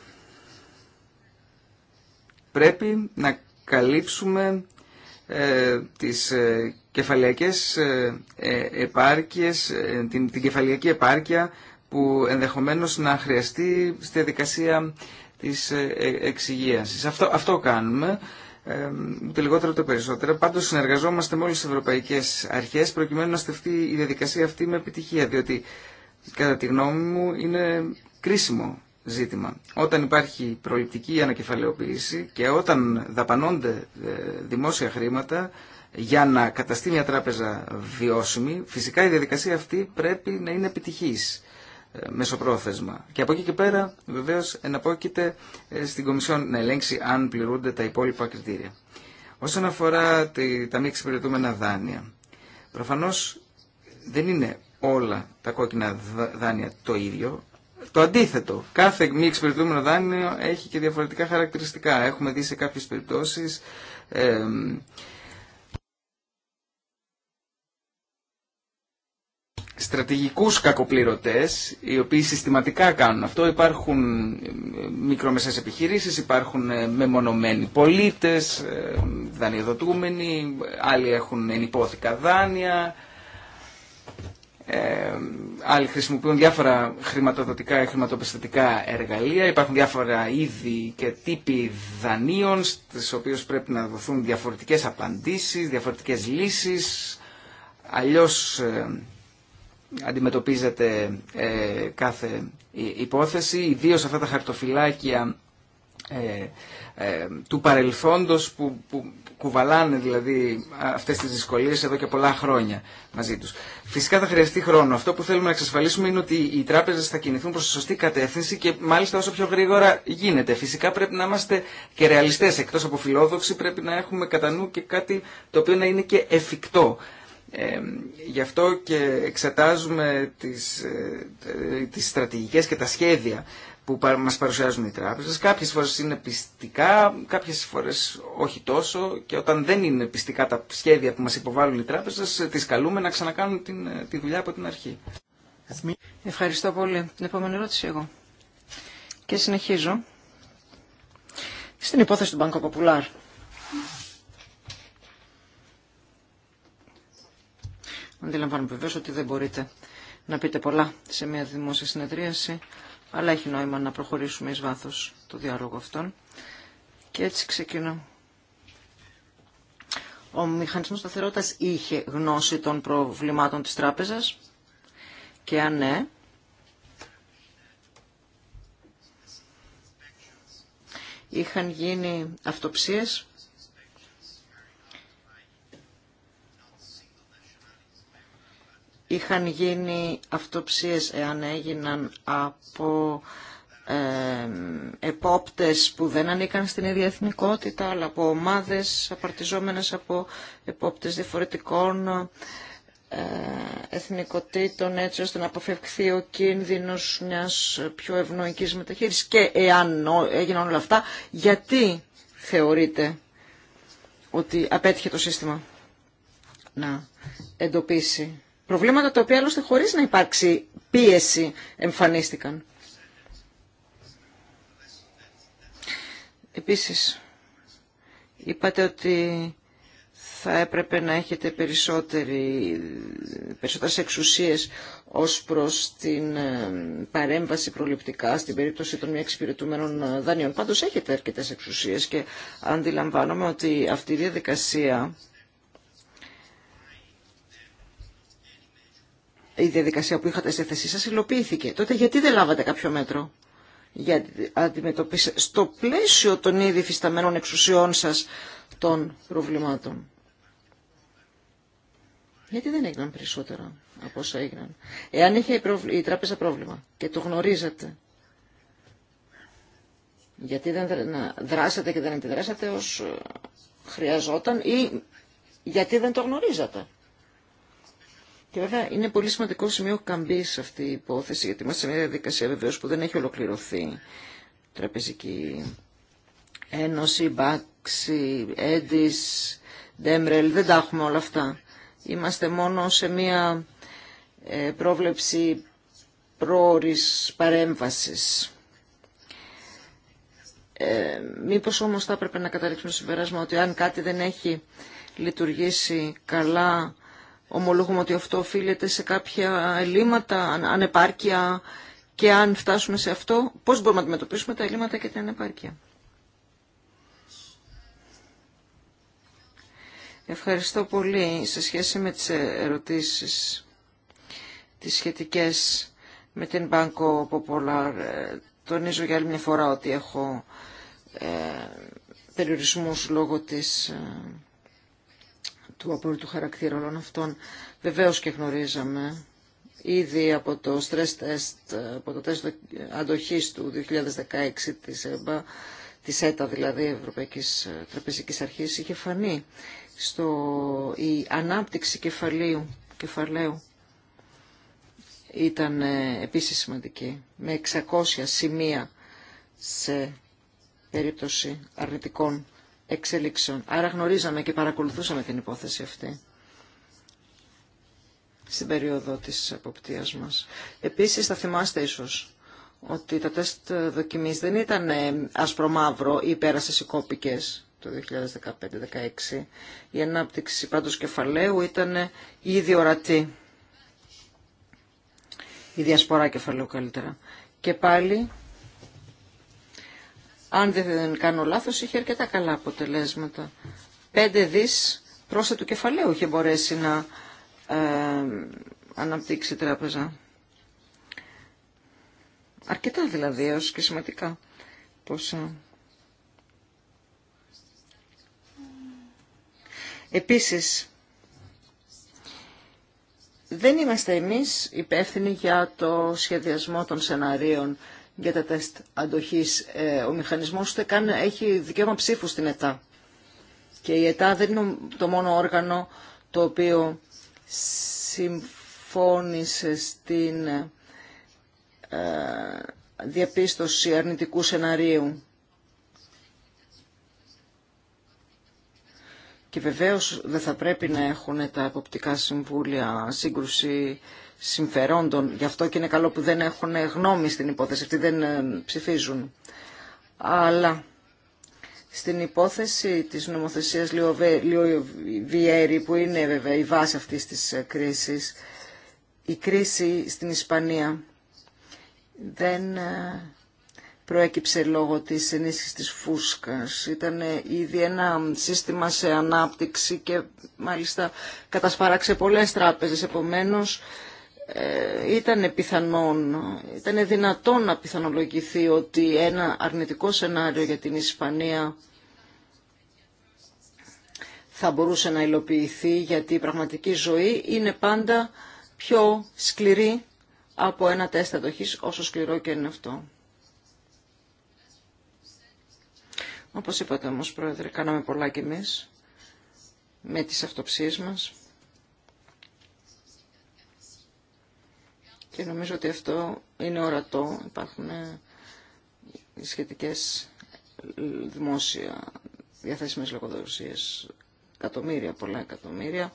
πρέπει να καλύψουμε ε, τις ε, ε, ε επάρκειες, την, την επάρκεια που ενδεχομένως να χρειαστεί στη διαδικασία της εξυγίασης. Αυτό, αυτό κάνουμε, το λιγότερο το περισσότερο. Πάντως συνεργαζόμαστε με όλες τις ευρωπαϊκές αρχές προκειμένου να στεφτεί η διαδικασία αυτή με επιτυχία, διότι κατά τη γνώμη μου είναι κρίσιμο ζήτημα. Όταν υπάρχει προληπτική ανακεφαλαιοποίηση και όταν δαπανώνται ε, δημόσια χρήματα για να καταστεί μια τράπεζα βιώσιμη, φυσικά η διαδικασία αυτή πρέπει να είναι επιτυχής ε, μεσοπρόθεσμα. Και από εκεί και πέρα βεβαίως εναπόκειται ε, στην Κομισιόν να ελέγξει αν πληρούνται τα υπόλοιπα κριτήρια. Όσον αφορά τα μη εξυπηρετούμενα δάνεια, προφανώς δεν είναι όλα τα κόκκινα δάνεια το ίδιο το αντίθετο. Κάθε μη εξυπηρετούμενο δάνειο έχει και διαφορετικά χαρακτηριστικά. Έχουμε δει σε κάποιες περιπτώσεις ε, στρατηγικούς κακοπληρωτές, οι οποίοι συστηματικά κάνουν αυτό. Υπάρχουν μικρομεσαίες επιχειρήσεις, υπάρχουν ε, μεμονωμένοι πολίτες, ε, δανειοδοτούμενοι, άλλοι έχουν ενυπόθηκα δάνεια, ε, άλλοι χρησιμοποιούν διάφορα χρηματοδοτικά ή χρηματοπιστωτικά εργαλεία. Υπάρχουν διάφορα είδη και τύποι δανείων, στις οποίες πρέπει να δοθούν διαφορετικές απαντήσεις, διαφορετικές λύσεις. Αλλιώς ε, αντιμετωπίζεται ε, κάθε υπόθεση, ιδίως αυτά τα χαρτοφυλάκια του παρελθόντος που, που κουβαλάνε δηλαδή αυτές τις δυσκολίες εδώ και πολλά χρόνια μαζί τους. Φυσικά θα χρειαστεί χρόνο. Αυτό που θέλουμε να εξασφαλίσουμε είναι ότι οι τράπεζε θα κινηθούν προ τη σωστή κατεύθυνση και μάλιστα όσο πιο γρήγορα γίνεται. Φυσικά πρέπει να είμαστε και ρεαλιστέ. Εκτό από φιλόδοξοι, πρέπει να έχουμε κατά νου και κάτι το οποίο να είναι και εφικτό. Ε, γι' αυτό και εξετάζουμε τις, ε, ε τις στρατηγικές και τα σχέδια που μας παρουσιάζουν οι τράπεζες. Κάποιες φορές είναι πιστικά, κάποιες φορές όχι τόσο και όταν δεν είναι πιστικά τα σχέδια που μας υποβάλλουν οι τράπεζες, ε, τις καλούμε να ξανακάνουν την, ε, τη δουλειά από την αρχή. Ευχαριστώ πολύ. Την επόμενη ερώτηση εγώ. Και συνεχίζω. Στην υπόθεση του Banco Popular. Αντιλαμβάνομαι βεβαίω ότι δεν μπορείτε να πείτε πολλά σε μια δημόσια συνεδρίαση αλλά έχει νόημα να προχωρήσουμε εις βάθος το διάλογο αυτόν. Και έτσι ξεκινώ. Ο μηχανισμός σταθερότητας είχε γνώση των προβλημάτων της τράπεζας και αν ναι, είχαν γίνει αυτοψίες είχαν γίνει αυτοψίες εάν έγιναν από επόπτες που δεν ανήκαν στην ίδια εθνικότητα αλλά από ομάδες απαρτιζόμενες από επόπτες διαφορετικών ε, εθνικοτήτων έτσι ώστε να αποφευχθεί ο κίνδυνος μιας πιο ευνοϊκής μεταχείρισης και εάν έγιναν όλα αυτά γιατί θεωρείτε ότι απέτυχε το σύστημα να εντοπίσει Προβλήματα τα οποία άλλωστε χωρίς να υπάρξει πίεση εμφανίστηκαν. Επίσης, είπατε ότι θα έπρεπε να έχετε περισσότερες εξουσίες ως προς την ε, παρέμβαση προληπτικά στην περίπτωση των μη εξυπηρετούμενων ε, δανείων. Πάντως έχετε αρκετές εξουσίες και αντιλαμβάνομαι ότι αυτή η διαδικασία η διαδικασία που είχατε στη θέση σας υλοποιήθηκε. Τότε γιατί δεν λάβατε κάποιο μέτρο για αντιμετωπίσετε στο πλαίσιο των ήδη φυσταμένων εξουσιών σας των προβλημάτων. Γιατί δεν έγιναν περισσότερα από όσα έγιναν. Εάν είχε η τράπεζα πρόβλημα και το γνωρίζατε, γιατί δεν δράσατε και δεν αντιδράσατε ως ε, χρειαζόταν ή γιατί δεν το γνωρίζατε. Και βέβαια είναι πολύ σημαντικό σημείο καμπή αυτή η υπόθεση, γιατί είμαστε σε μια διαδικασία βεβαίω που δεν έχει ολοκληρωθεί. Τραπεζική Ένωση, Μπάξη, Έντις, Ντέμρελ, δεν τα έχουμε όλα αυτά. Είμαστε μόνο σε μια ε, πρόβλεψη πρόορης παρέμβασης. Ε, μήπως όμως θα έπρεπε να καταλήξουμε συμπεράσμα ότι αν κάτι δεν έχει λειτουργήσει καλά Ομολογούμε ότι αυτό οφείλεται σε κάποια ελλείμματα, ανεπάρκεια και αν φτάσουμε σε αυτό, πώς μπορούμε να αντιμετωπίσουμε τα ελλείμματα και την ανεπάρκεια. Ευχαριστώ πολύ σε σχέση με τις ερωτήσεις τις σχετικές με την Banco Popular. Ε, τονίζω για άλλη μια φορά ότι έχω ε, περιορισμούς λόγω της ε, του απόλυτου χαρακτήρα όλων αυτών. Βεβαίως και γνωρίζαμε ήδη από το stress test, από το τεστ αντοχής του 2016 της ΕΜΠΑ, της ΕΤΑ δηλαδή Ευρωπαϊκής Τραπεζικής Αρχής, είχε φανεί στο, η ανάπτυξη κεφαλαίου, κεφαλαίου ήταν ε, επίσης σημαντική, με 600 σημεία σε περίπτωση αρνητικών εξελίξεων. Άρα γνωρίζαμε και παρακολουθούσαμε την υπόθεση αυτή στην περίοδο της εποπτείας μας. Επίσης θα θυμάστε ίσως ότι τα τεστ δοκιμής δεν ήταν ε, ασπρομαύρο ή πέρασε κόπικες το 2015-2016. Η ανάπτυξη πάντως κεφαλαίου ήταν ε, ήδη ορατή. Η διασπορά κεφαλαίου καλύτερα. Και πάλι αν δεν κάνω λάθος, είχε αρκετά καλά αποτελέσματα. Πέντε δις πρόσθετου κεφαλαίου είχε μπορέσει να ε, αναπτύξει η τράπεζα. Αρκετά δηλαδή έως και σημαντικά ποσά. Επίσης, δεν είμαστε εμείς υπεύθυνοι για το σχεδιασμό των σενάριων για τα τεστ αντοχής. Ε, ο μηχανισμός έχει δικαίωμα ψήφου στην ΕΤΑ. Και η ΕΤΑ δεν είναι το μόνο όργανο το οποίο συμφώνησε στην ε, διαπίστωση αρνητικού σεναρίου. Και βεβαίως δεν θα πρέπει να έχουν τα εποπτικά συμβούλια σύγκρουση συμφερόντων. Γι' αυτό και είναι καλό που δεν έχουν γνώμη στην υπόθεση αυτοί δεν ε, ψηφίζουν. Αλλά στην υπόθεση της νομοθεσίας Λιοβιέρη που είναι βέβαια η βάση αυτής της ε, κρίσης, η κρίση στην Ισπανία δεν ε, προέκυψε λόγω της ενίσχυσης της φούσκας. Ήταν ήδη ένα σύστημα σε ανάπτυξη και μάλιστα κατασπάραξε πολλές τράπεζες. Επομένως, ε, ήταν πιθανόν, ήταν δυνατόν να πιθανολογηθεί ότι ένα αρνητικό σενάριο για την Ισπανία θα μπορούσε να υλοποιηθεί γιατί η πραγματική ζωή είναι πάντα πιο σκληρή από ένα τεστ αντοχής όσο σκληρό και είναι αυτό. Όπως είπατε όμως πρόεδρε, κάναμε πολλά κι εμείς με τις αυτοψίες μας. και νομίζω ότι αυτό είναι ορατό. Υπάρχουν ε, σχετικές ε, δημόσια διαθέσιμες λογοδοσίες, εκατομμύρια, πολλά εκατομμύρια,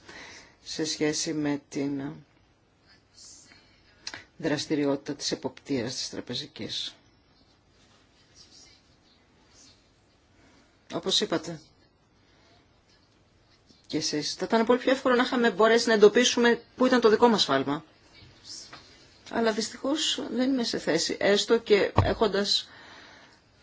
σε σχέση με την ε, δραστηριότητα της εποπτείας της τραπεζικής. Όπως είπατε και εσείς, θα ήταν πολύ πιο εύκολο να είχαμε μπορέσει να εντοπίσουμε πού ήταν το δικό μας φάλμα αλλά δυστυχώς δεν είμαι σε θέση, έστω και έχοντας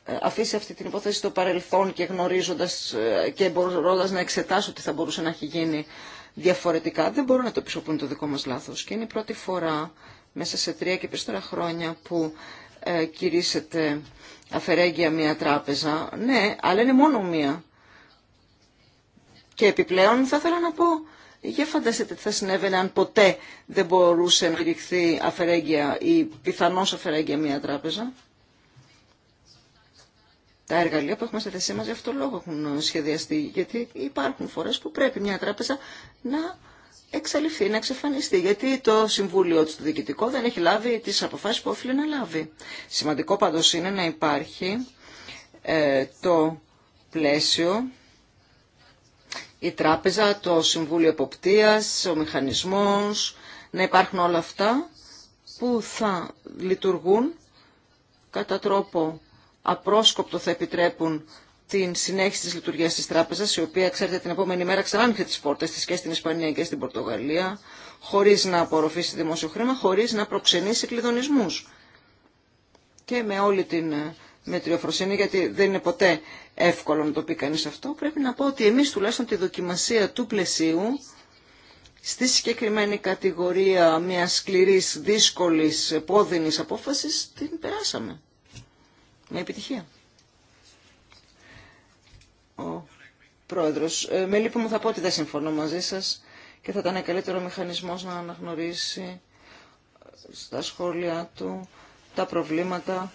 ε, αφήσει αυτή την υπόθεση στο παρελθόν και γνωρίζοντας ε, και μπορώντα να εξετάσω τι θα μπορούσε να έχει γίνει διαφορετικά, δεν μπορώ να το πείσω το δικό μας λάθος. Και είναι η πρώτη φορά μέσα σε τρία και περισσότερα χρόνια που ε, κηρύσσεται αφαιρέγγια μία τράπεζα. Ναι, αλλά είναι μόνο μία. Και επιπλέον θα ήθελα να πω για φανταστείτε τι θα συνέβαινε αν ποτέ δεν μπορούσε να κηρυχθεί αφαιρέγγια ή πιθανώς αφαιρέγγια μια τράπεζα. Τα εργαλεία που έχουμε στη θέση μας για αυτόν τον λόγο έχουν σχεδιαστεί, γιατί υπάρχουν φορές που πρέπει μια τράπεζα να εξαλειφθεί, να εξαφανιστεί, γιατί το Συμβούλιο του Διοικητικό δεν έχει λάβει τις αποφάσεις που οφείλει να λάβει. Σημαντικό πάντως είναι να υπάρχει ε, το πλαίσιο η τράπεζα, το Συμβούλιο Εποπτείας, ο μηχανισμός, να υπάρχουν όλα αυτά που θα λειτουργούν κατά τρόπο απρόσκοπτο θα επιτρέπουν την συνέχιση της λειτουργίας της τράπεζας, η οποία, ξέρετε, την επόμενη μέρα ξανά τις πόρτες της και στην Ισπανία και στην Πορτογαλία, χωρίς να απορροφήσει δημόσιο χρήμα, χωρίς να προξενήσει κλειδονισμούς. Και με όλη την ε, με τριοφροσύνη, γιατί δεν είναι ποτέ εύκολο να το πει κανείς αυτό, πρέπει να πω ότι εμείς τουλάχιστον τη δοκιμασία του πλαισίου στη συγκεκριμένη κατηγορία μια σκληρής, δύσκολης, πόδινης απόφασης την περάσαμε. Με επιτυχία. Ο πρόεδρος, ε, με λίπο μου θα πω ότι δεν συμφωνώ μαζί σας και θα ήταν καλύτερο μηχανισμός να αναγνωρίσει στα σχόλια του τα προβλήματα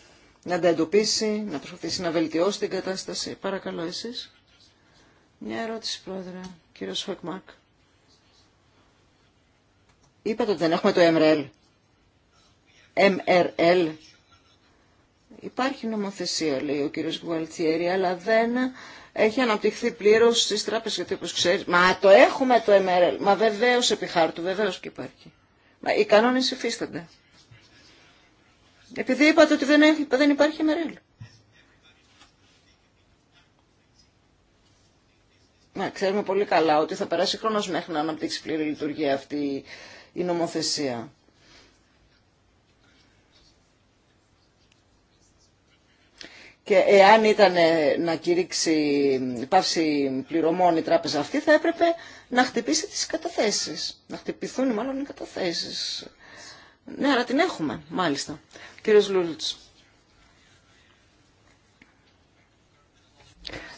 να τα εντοπίσει, να προσπαθήσει να βελτιώσει την κατάσταση. Παρακαλώ εσείς. Μια ερώτηση, Πρόεδρε, κύριος Φεκμάκ. Είπατε ότι δεν έχουμε το MRL. MRL. Υπάρχει νομοθεσία, λέει ο κύριος Γουαλτιέρη, αλλά δεν έχει αναπτυχθεί πλήρως στις τράπεζες, γιατί όπως ξέρεις, μα το έχουμε το MRL, μα βεβαίως επί χάρτου, βεβαίως και υπάρχει. Μα οι κανόνες υφίστανται. Επειδή είπατε ότι δεν, έχει, δεν υπάρχει μερέλ. Να, ξέρουμε πολύ καλά ότι θα περάσει χρόνος μέχρι να αναπτύξει πλήρη λειτουργία αυτή η νομοθεσία. Και εάν ήταν να κηρύξει πάυση πληρωμών η τράπεζα αυτή, θα έπρεπε να χτυπήσει τις καταθέσεις. Να χτυπηθούν μάλλον οι καταθέσεις ναι, αλλά την έχουμε, μάλιστα. Κύριος Λούλτς.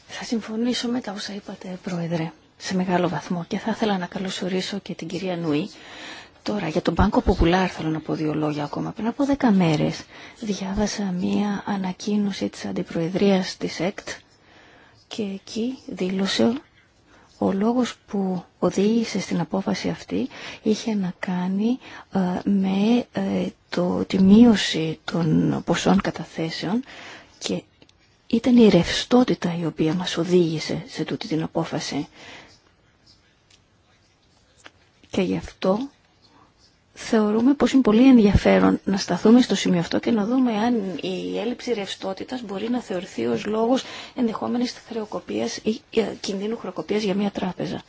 Θα συμφωνήσω με τα όσα είπατε, Πρόεδρε, σε μεγάλο βαθμό και θα ήθελα να καλωσορίσω και την κυρία Νουή. Τώρα, για τον Banco Popular θέλω να πω δύο λόγια ακόμα. Πριν από δέκα μέρες διάβασα μία ανακοίνωση της Αντιπροεδρίας της ΕΚΤ και εκεί δήλωσε ο λόγος που οδήγησε στην απόφαση αυτή είχε να κάνει ε, με ε, το, τη μείωση των ποσών καταθέσεων και ήταν η ρευστότητα η οποία μας οδήγησε σε τούτη την απόφαση. Και γι' αυτό θεωρούμε πως είναι πολύ ενδιαφέρον να σταθούμε στο σημείο αυτό και να δούμε αν η έλλειψη ρευστότητα μπορεί να θεωρηθεί ως λόγος ενδεχόμενης χρεοκοπίας ή ε, κινδύνου χρεοκοπίας για μια τράπεζα.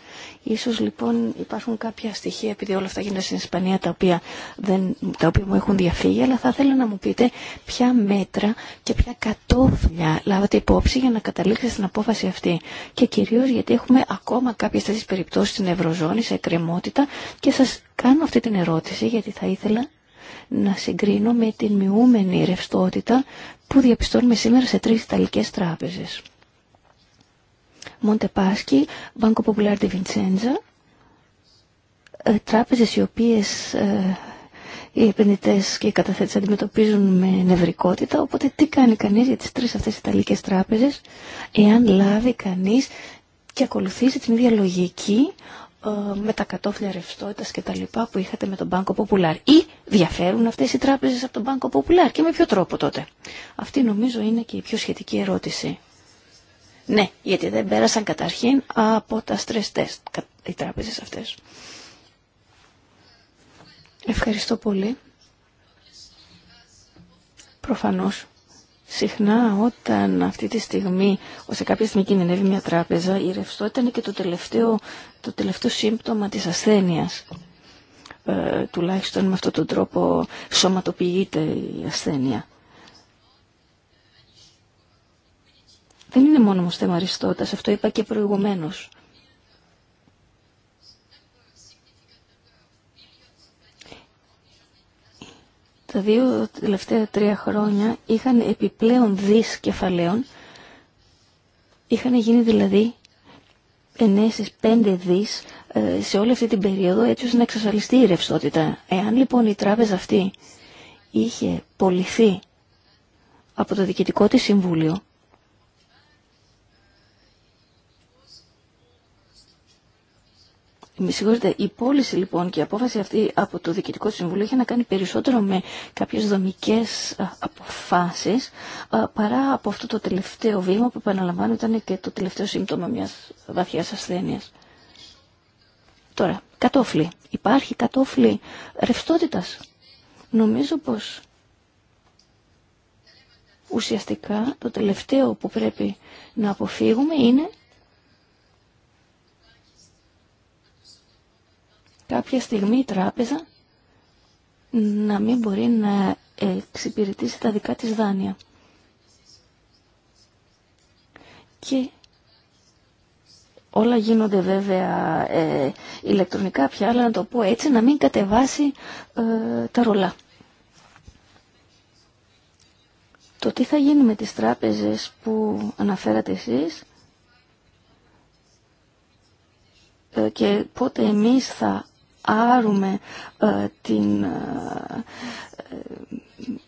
Ίσως λοιπόν υπάρχουν κάποια στοιχεία, επειδή όλα αυτά γίνονται στην Ισπανία, τα οποία, δεν, τα οποία μου έχουν διαφύγει, αλλά θα ήθελα να μου πείτε ποια μέτρα και ποια κατόφλια λάβατε υπόψη για να καταλήξετε στην απόφαση αυτή. Και κυρίως γιατί έχουμε ακόμα κάποιες τέτοιε περιπτώσεις στην Ευρωζώνη, σε εκκρεμότητα και σας κάνω αυτή την ερώτηση γιατί θα ήθελα να συγκρίνω με την μειούμενη ρευστότητα που διαπιστώνουμε σήμερα σε τρεις Ιταλικές τράπεζες. Μοντεπάσκι, Banco Popular de Vincenza, ε, τράπεζες οι οποίες ε, οι επενδυτές και οι καταθέτες αντιμετωπίζουν με νευρικότητα, οπότε τι κάνει κανείς για τις τρεις αυτές Ιταλικές τράπεζες, εάν λάβει κανείς και ακολουθήσει την ίδια λογική ε, με τα κατόφλια ρευστότητα και τα λοιπά που είχατε με τον Banco Popular. Ή διαφέρουν αυτέ οι τράπεζε από τον Banco Popular και με ποιο τρόπο τότε. Αυτή νομίζω είναι και η πιο σχετική ερώτηση. Ναι, γιατί δεν πέρασαν καταρχήν από τα stress test οι τράπεζες αυτές. Ευχαριστώ πολύ. Προφανώς Συχνά όταν αυτή τη στιγμή, σε κάποια στιγμή κινδυνεύει μια τράπεζα, η ρευστότητα είναι και το τελευταίο, το τελευταίο σύμπτωμα της ασθένειας. Ε, τουλάχιστον με αυτόν τον τρόπο σωματοποιείται η ασθένεια. Δεν είναι μόνο όμως θέμα ρευστότητας, αυτό είπα και προηγουμένως. τα δύο τελευταία τρία χρόνια είχαν επιπλέον δις κεφαλαίων, είχαν γίνει δηλαδή ενέσεις πέντε δις ε, σε όλη αυτή την περίοδο έτσι ώστε να εξασφαλιστεί η ρευστότητα. Εάν λοιπόν η τράπεζα αυτή είχε πολιθεί από το Διοικητικό της Συμβούλιο, Με συγχωρείτε, η πώληση λοιπόν και η απόφαση αυτή από το Διοικητικό Συμβούλιο είχε να κάνει περισσότερο με κάποιες δομικές αποφάσεις παρά από αυτό το τελευταίο βήμα που επαναλαμβάνω ήταν και το τελευταίο σύμπτωμα μιας βαθιάς ασθένειας. Τώρα, κατόφλι. Υπάρχει κατόφλι ρευστότητας. Νομίζω πως ουσιαστικά το τελευταίο που πρέπει να αποφύγουμε είναι κάποια στιγμή η τράπεζα να μην μπορεί να εξυπηρετήσει τα δικά της δάνεια. Και όλα γίνονται βέβαια ε, ηλεκτρονικά πια, αλλά να το πω έτσι, να μην κατεβάσει ε, τα ρολά. Το τι θα γίνει με τις τράπεζες που αναφέρατε εσείς, ε, και πότε εμείς θα άρουμε ε, την, ε,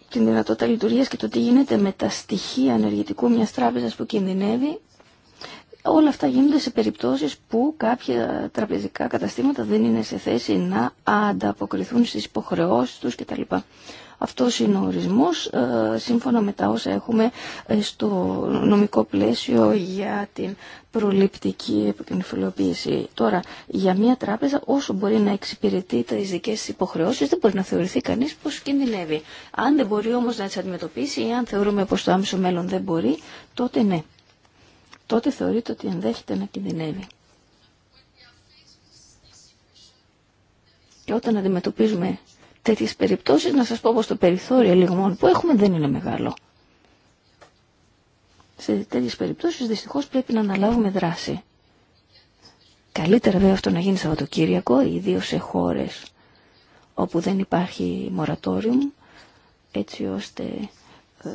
την δυνατότητα λειτουργίας και το τι γίνεται με τα στοιχεία ενεργητικού μιας τράπεζας που κινδυνεύει, όλα αυτά γίνονται σε περιπτώσεις που κάποια τραπεζικά καταστήματα δεν είναι σε θέση να ανταποκριθούν στις υποχρεώσεις τους κτλ. Αυτός είναι ο ορισμός ε, σύμφωνα με τα όσα έχουμε ε, στο νομικό πλαίσιο για την προληπτική επικοινωνιοποίηση. Τώρα, για μια τράπεζα, όσο μπορεί να εξυπηρετεί τι δικέ τη υποχρεώσει, δεν μπορεί να θεωρηθεί κανεί πω κινδυνεύει. Αν δεν μπορεί όμω να τι αντιμετωπίσει ή αν θεωρούμε πω το άμεσο μέλλον δεν μπορεί, τότε ναι. Τότε θεωρείται ότι ενδέχεται να κινδυνεύει. Και όταν αντιμετωπίζουμε τέτοιες περιπτώσει να σα πω πω το περιθώριο λίγο μόνο που έχουμε δεν είναι μεγάλο. Σε τέτοιε περιπτώσει, δυστυχώ πρέπει να αναλάβουμε δράση. Καλύτερα βέβαια αυτό να γίνει Σαββατοκύριακο, ιδίω σε χώρε όπου δεν υπάρχει μορατόριο, έτσι ώστε ε,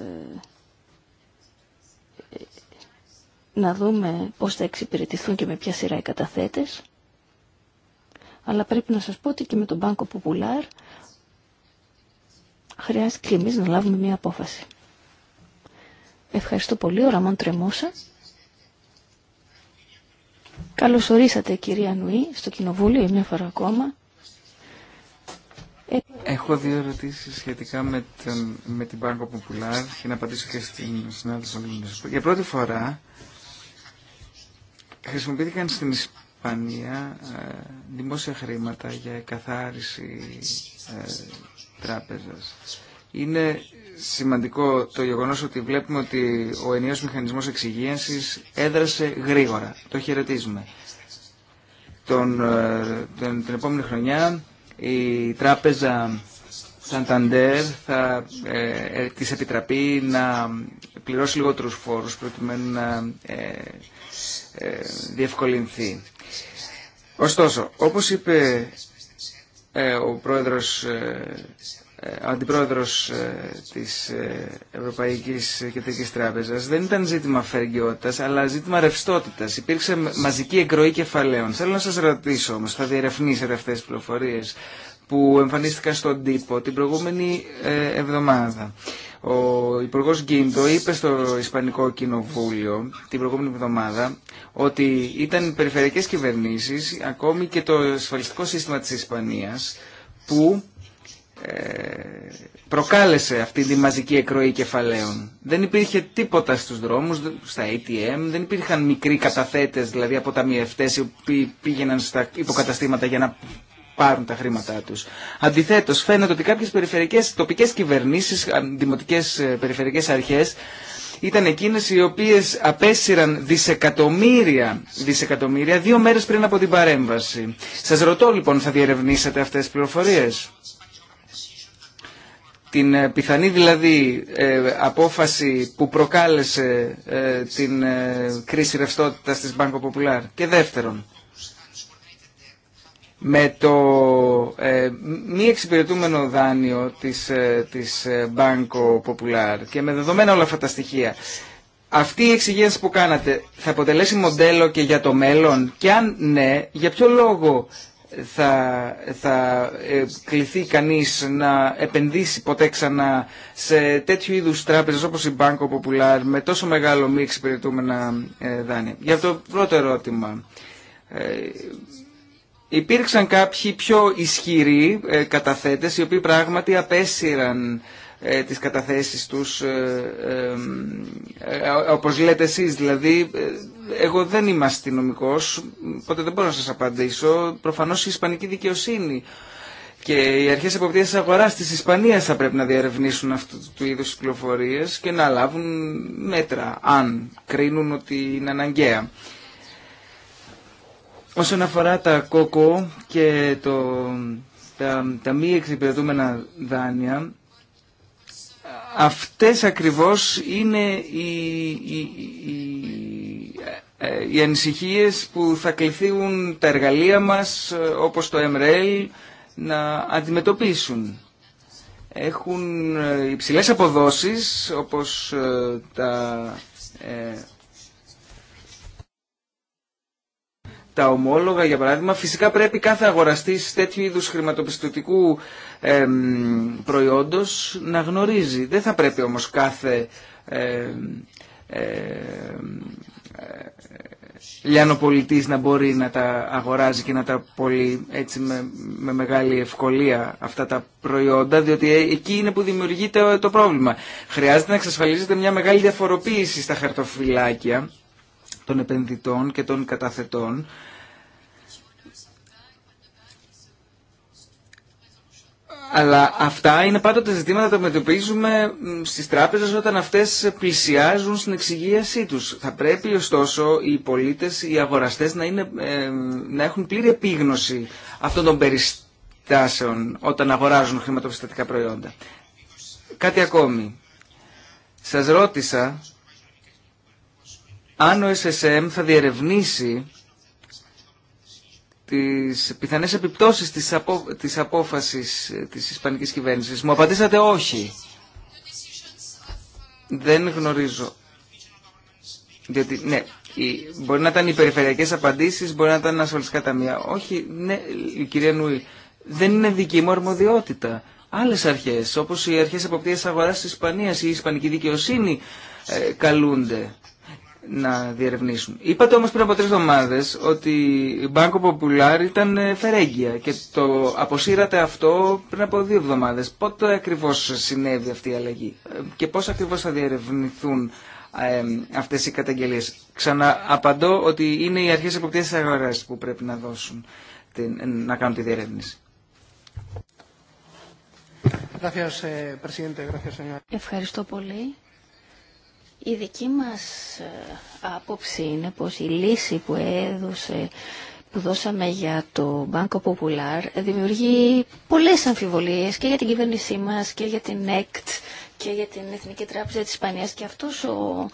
να δούμε πώς θα εξυπηρετηθούν και με ποια σειρά οι καταθέτες. Αλλά πρέπει να σας πω ότι και με τον Banco Popular χρειάζεται και να λάβουμε μία απόφαση. Ευχαριστώ πολύ, ο Ραμόν Τρεμόσα. Καλώς ορίσατε, κυρία Νουή, στο Κοινοβούλιο, μια φορά ακόμα. Ε, Έχω δύο ερωτήσει σχετικά με, τον, με την Banco Popular και να απαντήσω και στην συνάδελφα των. Για πρώτη φορά χρησιμοποιήθηκαν στην Ισπανία ε, δημόσια χρήματα για καθάριση ε, είναι σημαντικό το γεγονός ότι βλέπουμε ότι ο ενιαίος μηχανισμός εξυγίανσης έδρασε γρήγορα. Το χαιρετίζουμε. Τον, ε, τον, την επόμενη χρονιά η τράπεζα Σανταντέρ θα ε, ε, της επιτραπεί να πληρώσει λιγότερους φόρους προκειμένου να ε, ε διευκολυνθεί. Ωστόσο, όπως είπε ε, ο πρόεδρος, ε, ε, αντιπρόεδρος της Ευρωπαϊκής Κεντρικής Τράπεζας δεν ήταν ζήτημα φεργιότητας αλλά ζήτημα ρευστότητας. Υπήρξε μαζική εγκροή κεφαλαίων. Θέλω να σας ρωτήσω όμως, θα διερευνήσετε αυτές τις πληροφορίες που εμφανίστηκαν στον τύπο την προηγούμενη ε, εβδομάδα. Ο Υπουργό Γκίντο είπε στο Ισπανικό Κοινοβούλιο την προηγούμενη εβδομάδα ότι ήταν περιφερειακές κυβερνήσει, ακόμη και το ασφαλιστικό σύστημα τη Ισπανία, που ε, προκάλεσε αυτή τη μαζική εκροή κεφαλαίων. Δεν υπήρχε τίποτα στους δρόμους, στα ATM, δεν υπήρχαν μικροί καταθέτες, δηλαδή αποταμιευτές οι οποίοι πήγαιναν στα υποκαταστήματα για να πάρουν τα χρήματά τους. Αντιθέτως, φαίνεται ότι κάποιες περιφερειακές, τοπικές κυβερνήσεις, δημοτικές ε, περιφερειακές αρχές, ήταν εκείνες οι οποίες απέσυραν δισεκατομμύρια, δισεκατομμύρια δύο μέρες πριν από την παρέμβαση. Σας ρωτώ λοιπόν, θα διερευνήσετε αυτές τις πληροφορίες. Την ε, πιθανή δηλαδή ε, απόφαση που προκάλεσε την κρίση ρευστότητα της Banco Popular. Και δεύτερον, με το ε, μη εξυπηρετούμενο δάνειο της, ε, της ε, Banco Popular και με δεδομένα όλα αυτά τα στοιχεία. Αυτή η εξηγένση που κάνατε θα αποτελέσει μοντέλο και για το μέλλον και αν ναι, για ποιο λόγο θα, θα ε, κληθεί κανείς να επενδύσει ποτέ ξανά σε τέτοιου είδους τράπεζες όπως η Banco Popular με τόσο μεγάλο μη εξυπηρετούμενα ε, δάνεια. Για το πρώτο ερώτημα, Υπήρξαν κάποιοι πιο ισχυροί ε, καταθέτες οι οποίοι πράγματι απέσυραν ε, τις καταθέσεις τους ε, όπως λέτε εσείς δηλαδή εγώ δεν είμαι αστυνομικό, οπότε δεν μπορώ να σας απαντήσω προφανώς η ισπανική δικαιοσύνη και οι αρχές εποπτείας αγοράς της Ισπανίας θα πρέπει να διαρευνήσουν αυτού του είδους τις και να λάβουν μέτρα αν κρίνουν ότι είναι αναγκαία. Όσον αφορά τα κόκο και το, τα, τα μη εξυπηρετούμενα δάνεια, αυτές ακριβώς είναι οι, οι, ανησυχίες που θα κληθούν τα εργαλεία μας, όπως το MRL, να αντιμετωπίσουν. Έχουν υψηλές αποδόσεις, όπως ε, τα ε, τα ομόλογα για παράδειγμα, φυσικά πρέπει κάθε αγοραστής τέτοιου είδους χρηματοπιστωτικού εμ, προϊόντος να γνωρίζει. Δεν θα πρέπει όμως κάθε ε, λιανοπολιτής να μπορεί να τα αγοράζει και να τα πωλεί έτσι με, με μεγάλη ευκολία αυτά τα προϊόντα, διότι ε, εκεί είναι που δημιουργείται το πρόβλημα. Χρειάζεται να εξασφαλίζεται μια μεγάλη διαφοροποίηση στα χαρτοφυλάκια των επενδυτών και των καταθετών. Αλλά αυτά είναι πάντοτε ζητήματα τα αντιμετωπίζουμε στις τράπεζες όταν αυτές πλησιάζουν στην εξυγίασή τους. Θα πρέπει ωστόσο οι πολίτες, οι αγοραστές να, είναι, ε, να έχουν πλήρη επίγνωση αυτών των περιστάσεων όταν αγοράζουν χρηματοπιστωτικά προϊόντα. Κάτι ακόμη. Σας ρώτησα αν ο SSM θα διερευνήσει τις πιθανές επιπτώσεις της, απο... της απόφασης της Ισπανικής κυβέρνησης. Μου απαντήσατε όχι. Δεν γνωρίζω. Διότι, ναι, μπορεί να ήταν οι περιφερειακές απαντήσεις, μπορεί να ήταν ασφαλιστικά ταμεία. Όχι, ναι, κυρία Νούη, δεν είναι δική μου αρμοδιότητα. Άλλες αρχές, όπως οι αρχές αποκτήρια αγοράς της Ισπανίας ή η Ισπανική δικαιοσύνη, ε, καλούνται να διερευνήσουν. Είπατε όμως πριν από τρεις εβδομάδες ότι η Banco Popular ήταν ε, φερέγγια και το αποσύρατε αυτό πριν από δύο εβδομάδες. Πότε ακριβώς συνέβη αυτή η αλλαγή ε, και πώς ακριβώς θα διερευνηθούν ε, αυτές οι καταγγελίες. Ξανααπαντώ ότι είναι οι αρχές εποπτήσεις αγοράς που πρέπει να, δώσουν, να κάνουν τη διερεύνηση. Eh, Ευχαριστώ πολύ. Η δική μας ε, άποψη είναι πως η λύση που έδωσε που δώσαμε για το Banco Popular δημιουργεί πολλές αμφιβολίες και για την κυβέρνησή μας και για την ΕΚΤ και για την Εθνική Τράπεζα της Ισπανίας και αυτός ο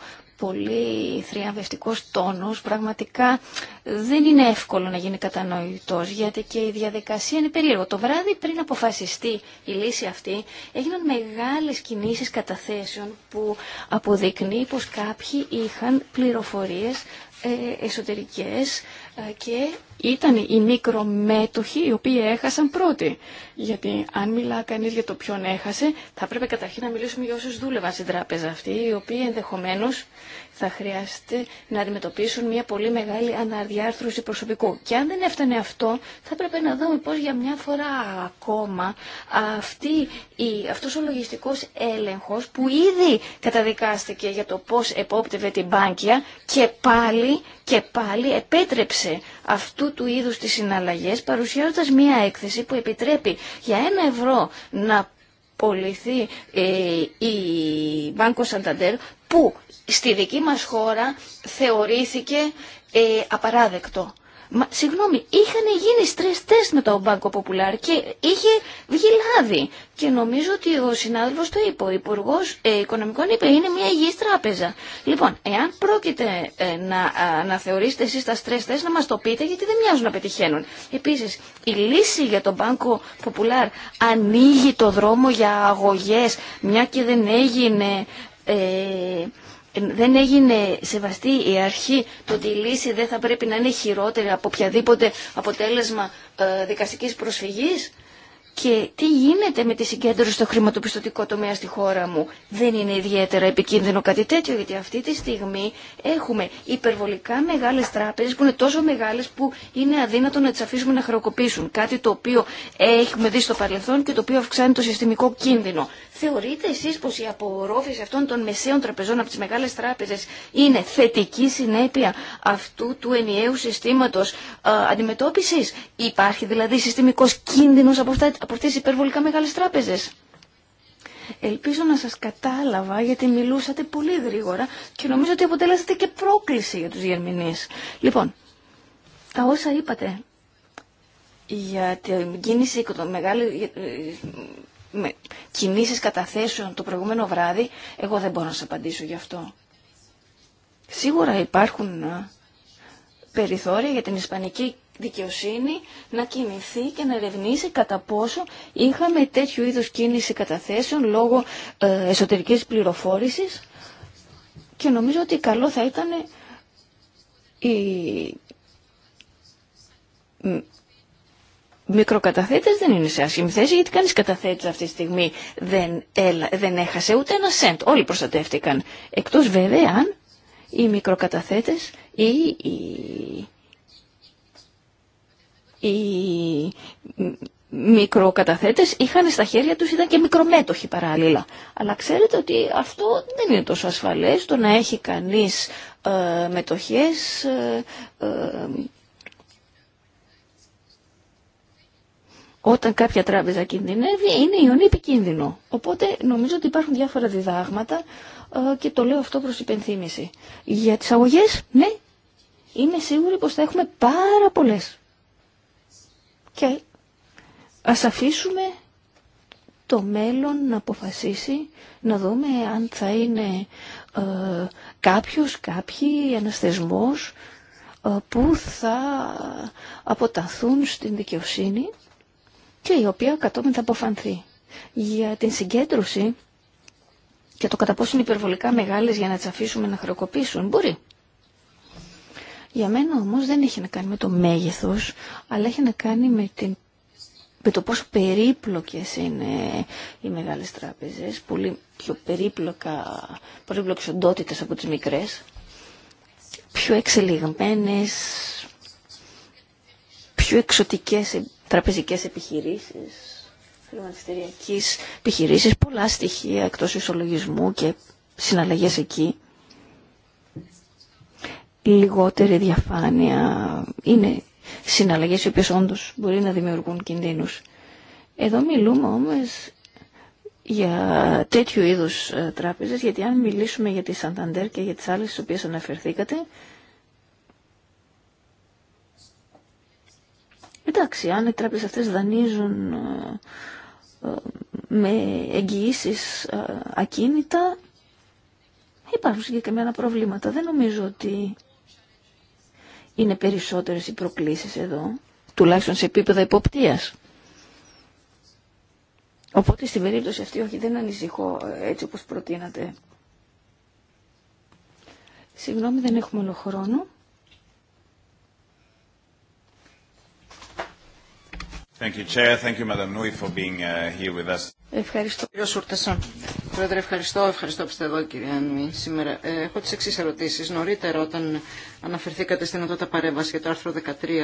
πολύ θριαμβευτικός τόνος πραγματικά δεν είναι εύκολο να γίνει κατανοητός γιατί και η διαδικασία είναι περίεργο. Το βράδυ πριν αποφασιστεί η λύση αυτή έγιναν μεγάλες κινήσεις καταθέσεων που αποδεικνύει πως κάποιοι είχαν πληροφορίες ε, εσωτερικές ε, και ήταν οι μικρομέτοχοι οι οποίοι έχασαν πρώτοι. Γιατί αν μιλά κανεί για το ποιον έχασε, θα πρέπει καταρχήν να μιλήσουμε για όσου δούλευαν στην τράπεζα αυτή, οι οποίοι ενδεχομένω θα χρειαστεί να αντιμετωπίσουν μια πολύ μεγάλη αναδιάρθρωση προσωπικού. Και αν δεν έφτανε αυτό, θα έπρεπε να δούμε πώς για μια φορά ακόμα αυτή, η, αυτός ο λογιστικός έλεγχος που ήδη καταδικάστηκε για το πώς επόπτευε την Μπάνκια και πάλι και πάλι επέτρεψε αυτού του είδους τις συναλλαγές παρουσιάζοντας μια έκθεση που επιτρέπει για ένα ευρώ να πολιθεί ε, η Μπάνκο Σανταντέρ που στη δική μας χώρα θεωρήθηκε ε, απαράδεκτο. Μα, συγγνώμη, είχαν γίνει stress τεστ με το Banco Popular και είχε βγει λάδι. Και νομίζω ότι ο συνάδελφος το είπε, ο υπουργό ε, Οικονομικών είπε, είναι μια υγιής τράπεζα. Λοιπόν, εάν πρόκειται ε, να, α, να θεωρήσετε εσείς τα stress τεστ, να μας το πείτε, γιατί δεν μοιάζουν να πετυχαίνουν. Επίσης, η λύση για τον Banco Popular ανοίγει το δρόμο για αγωγές, μια και δεν έγινε... Ε, δεν έγινε σεβαστή η αρχή το ότι η λύση δεν θα πρέπει να είναι χειρότερη από οποιαδήποτε αποτέλεσμα ε, δικαστικής προσφυγής. Και τι γίνεται με τη συγκέντρωση στο χρηματοπιστωτικό τομέα στη χώρα μου. Δεν είναι ιδιαίτερα επικίνδυνο κάτι τέτοιο, γιατί αυτή τη στιγμή έχουμε υπερβολικά μεγάλες τράπεζες που είναι τόσο μεγάλες που είναι αδύνατο να τις αφήσουμε να χρεοκοπήσουν. Κάτι το οποίο έχουμε δει στο παρελθόν και το οποίο αυξάνει το συστημικό κίνδυνο. Θεωρείτε εσείς πως η απορρόφηση αυτών των μεσαίων τραπεζών από τις μεγάλες τράπεζες είναι θετική συνέπεια αυτού του ενιαίου συστήματος ε, αντιμετώπισης. Υπάρχει δηλαδή συστημικός κίνδυνος από, αυτά, από αυτές τις υπερβολικά μεγάλες τράπεζες. Ελπίζω να σας κατάλαβα γιατί μιλούσατε πολύ γρήγορα και νομίζω ότι αποτελέσατε και πρόκληση για τους γερμηνείς. Λοιπόν, τα όσα είπατε για την κίνηση, μεγάλη ε, με κινήσεις καταθέσεων το προηγούμενο βράδυ, εγώ δεν μπορώ να σας απαντήσω γι' αυτό. Σίγουρα υπάρχουν ε, περιθώρια για την ισπανική δικαιοσύνη να κινηθεί και να ερευνήσει κατά πόσο είχαμε τέτοιου είδους κίνηση καταθέσεων λόγω ε, εσωτερικής πληροφόρησης και νομίζω ότι καλό θα ήταν η μικροκαταθέτες δεν είναι σε άσχημη θέση γιατί κανείς καταθέτης αυτή τη στιγμή δεν, έλα, δεν έχασε ούτε ένα σέντ. Όλοι προστατεύτηκαν. Εκτός βέβαια αν οι μικροκαταθέτες ή οι, οι μικροκαταθέτες είχαν στα χέρια τους, ήταν και μικρομέτοχοι παράλληλα. Αλλά ξέρετε ότι αυτό δεν είναι τόσο ασφαλές, το να έχει κανείς ε, μετοχές... Ε, ε, όταν κάποια τράπεζα κινδυνεύει είναι ιονή επικίνδυνο. Οπότε νομίζω ότι υπάρχουν διάφορα διδάγματα ε, και το λέω αυτό προς υπενθύμηση. Για τις αγωγές, ναι, είμαι σίγουρη πως θα έχουμε πάρα πολλές. Και ας αφήσουμε το μέλλον να αποφασίσει, να δούμε αν θα είναι ε, κάποιος, κάποιοι, ένας θεσμός, ε, που θα αποταθούν στην δικαιοσύνη και η οποία κατόπιν θα αποφανθεί. Για την συγκέντρωση και το κατά πόσο είναι υπερβολικά μεγάλες για να τις αφήσουμε να χρεοκοπήσουν, μπορεί. Για μένα όμως δεν έχει να κάνει με το μέγεθος, αλλά έχει να κάνει με, την, με το πόσο περίπλοκες είναι οι μεγάλες τράπεζες, πολύ πιο περίπλοκα, περίπλοκες οντότητες από τις μικρές, πιο εξελιγμένες, πιο εξωτικές τραπεζικές επιχειρήσεις, χρηματιστηριακής επιχειρήσεις, πολλά στοιχεία εκτός ισολογισμού και συναλλαγές εκεί. Λιγότερη διαφάνεια είναι συναλλαγές οι οποίες όντως μπορεί να δημιουργούν κινδύνους. Εδώ μιλούμε όμως για τέτοιου είδους ε, τράπεζες, γιατί αν μιλήσουμε για τη Σανταντέρ και για τις άλλες στις οποίες αναφερθήκατε, Εντάξει, αν οι τράπεζες αυτές δανείζουν ε, ε, με εγγυήσει ε, ακίνητα, υπάρχουν συγκεκριμένα προβλήματα. Δεν νομίζω ότι είναι περισσότερες οι προκλήσεις εδώ, τουλάχιστον σε επίπεδα υποπτίας. Οπότε στην περίπτωση αυτή, όχι, δεν ανησυχώ έτσι όπως προτείνατε. Συγγνώμη, δεν έχουμε όλο Thank Ευχαριστώ, κύριο Σούρτασον. Πρόεδρε, ευχαριστώ. Ευχαριστώ που είστε εδώ, κυρία Νουή. Σήμερα ε, έχω τι εξή ερωτήσει. Νωρίτερα, όταν αναφερθήκατε στην οντότητα παρέμβαση για το άρθρο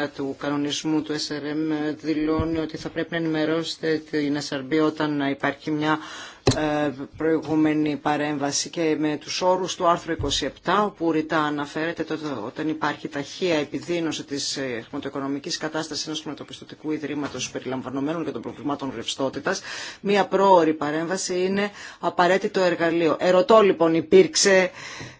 13 του κανονισμού του SRM, δηλώνει ότι θα πρέπει να ενημερώσετε την SRB όταν υπάρχει μια ε, προηγούμενη παρέμβαση και με τους όρους του άρθρου 27 όπου ρητά αναφέρεται το όταν υπάρχει ταχεία επιδείνωση της ε, χρηματοοικονομικής κατάστασης ενός χρηματοπιστωτικού ιδρύματος περιλαμβανομένων και των προβλημάτων ρευστότητα, μία πρόορη παρέμβαση είναι απαραίτητο εργαλείο. Ερωτώ λοιπόν υπήρξε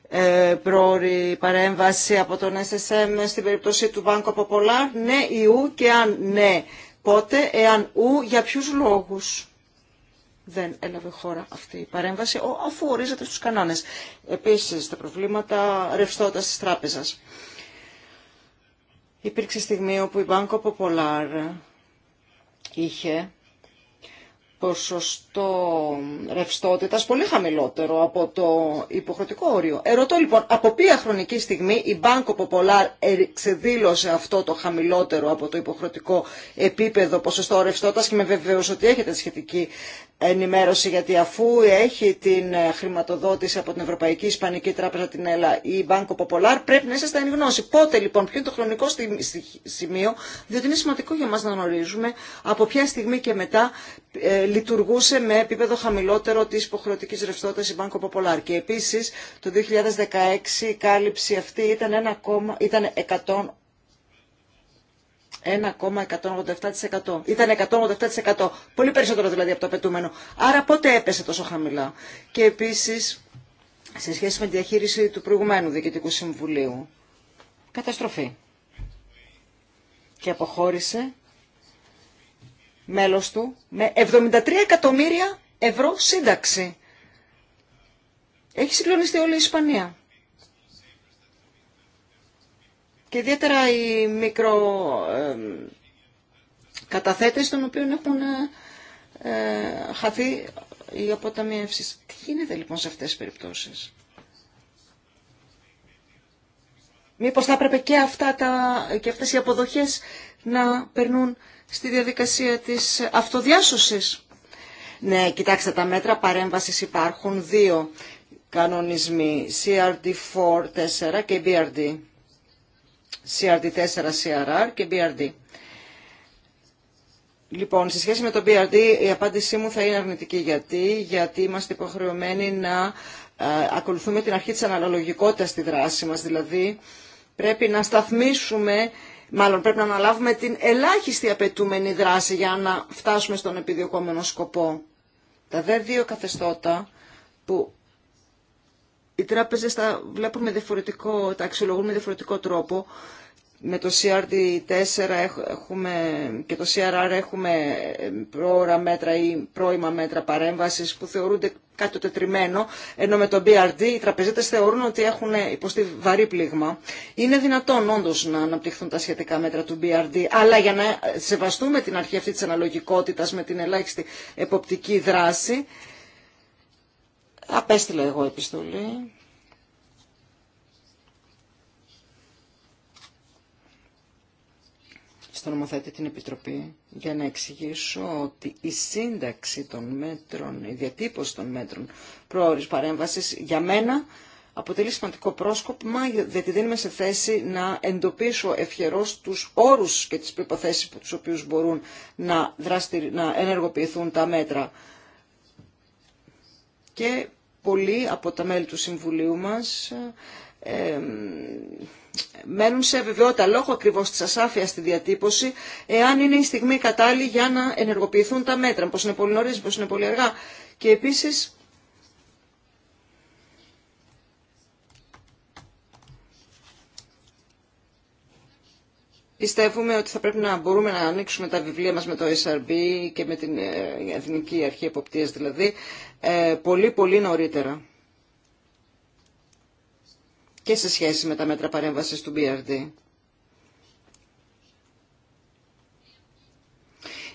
ε, πρόορη παρέμβαση από τον SSM στην περίπτωση του Banco Popular, ναι ή ου και αν ναι πότε, εάν ου, για ποιους λόγους δεν έλαβε χώρα αυτή η παρέμβαση, αφού ορίζεται στους κανόνες. Επίσης, τα προβλήματα ρευστότητας της τράπεζας. Υπήρξε στιγμή όπου η Banco Popular είχε ποσοστό ρευστότητας πολύ χαμηλότερο από το υποχρεωτικό όριο. Ερωτώ λοιπόν, από ποια χρονική στιγμή η Banco Popular εξεδήλωσε αυτό το χαμηλότερο από το υποχρεωτικό επίπεδο ποσοστό ρευστότητας και με βεβαίω ότι έχετε σχετική ενημέρωση γιατί αφού έχει την χρηματοδότηση από την Ευρωπαϊκή Ισπανική Τράπεζα την ΕΛΑ ή η Banco Popular πρέπει να είστε εν γνώση. Πότε λοιπόν, ποιο είναι το χρονικό σημείο, διότι είναι σημαντικό για μας να γνωρίζουμε από ποια στιγμή και μετά ε, λειτουργούσε με επίπεδο χαμηλότερο της υποχρεωτικής ρευστότητας η Banco Popular. Και επίσης το 2016 η κάλυψη αυτή ήταν, 1, ήταν 100 1,187%. Ήταν 187%. Πολύ περισσότερο δηλαδή από το απαιτούμενο. Άρα πότε έπεσε τόσο χαμηλά. Και επίσης σε σχέση με τη διαχείριση του προηγουμένου Διοικητικού Συμβουλίου. Καταστροφή. Και αποχώρησε μέλος του με 73 εκατομμύρια ευρώ σύνταξη. Έχει συγκλονιστεί όλη η Ισπανία. Και ιδιαίτερα οι μικροκαταθέτες των οποίων έχουν ε, ε, χαθεί οι αποταμιεύσεις. Τι γίνεται λοιπόν σε αυτές τις περιπτώσεις. Μήπως θα έπρεπε και, αυτά τα, και αυτές οι αποδοχές να περνούν στη διαδικασία της αυτοδιάσωσης. Ναι, κοιτάξτε, τα μέτρα παρέμβασης υπάρχουν δύο κανονισμοί, CRD4-4 και BRD. CRD4-CRR και BRD. Λοιπόν, σε σχέση με το BRD η απάντησή μου θα είναι αρνητική. Γιατί, Γιατί είμαστε υποχρεωμένοι να ε, ακολουθούμε την αρχή της αναλογικότητας στη δράση μας. Δηλαδή πρέπει να σταθμίσουμε Μάλλον πρέπει να αναλάβουμε την ελάχιστη απαιτούμενη δράση για να φτάσουμε στον επιδιωκόμενο σκοπό. Τα δε δύο καθεστώτα που οι τράπεζες τα βλέπουμε διαφορετικό, τα αξιολογούν με διαφορετικό τρόπο, με το CRD4 έχουμε, και το CRR έχουμε ε, πρόωρα μέτρα ή πρόημα μέτρα παρέμβασης που θεωρούνται κάτι το τετριμένο, ενώ με το BRD οι τραπεζίτες θεωρούν ότι έχουν υποστεί βαρύ πλήγμα. Είναι δυνατόν όντως να αναπτυχθούν τα σχετικά μέτρα του BRD, αλλά για να σεβαστούμε την αρχή αυτή της αναλογικότητας με την ελάχιστη εποπτική δράση, απέστειλα εγώ επιστολή στον νομοθέτη την Επιτροπή για να εξηγήσω ότι η σύνταξη των μέτρων, η διατύπωση των μέτρων προώρης παρέμβασης για μένα αποτελεί σημαντικό πρόσκοπμα γιατί δεν είμαι σε θέση να εντοπίσω ευχερός τους όρους και τις προϋποθέσεις που τους οποίους μπορούν να, να ενεργοποιηθούν τα μέτρα. Και πολλοί από τα μέλη του Συμβουλίου μας ε, μένουν σε βεβαιότητα λόγω ακριβώ τη ασάφεια στη διατύπωση εάν είναι η στιγμή κατάλληλη για να ενεργοποιηθούν τα μέτρα, πώ είναι πολύ νωρί, πώ είναι πολύ αργά. Και επίσης Πιστεύουμε ότι θα πρέπει να μπορούμε να ανοίξουμε τα βιβλία μας με το SRB και με την ε, Εθνική Αρχή Εποπτείας δηλαδή ε, πολύ πολύ νωρίτερα και σε σχέση με τα μέτρα παρέμβασης του BRD.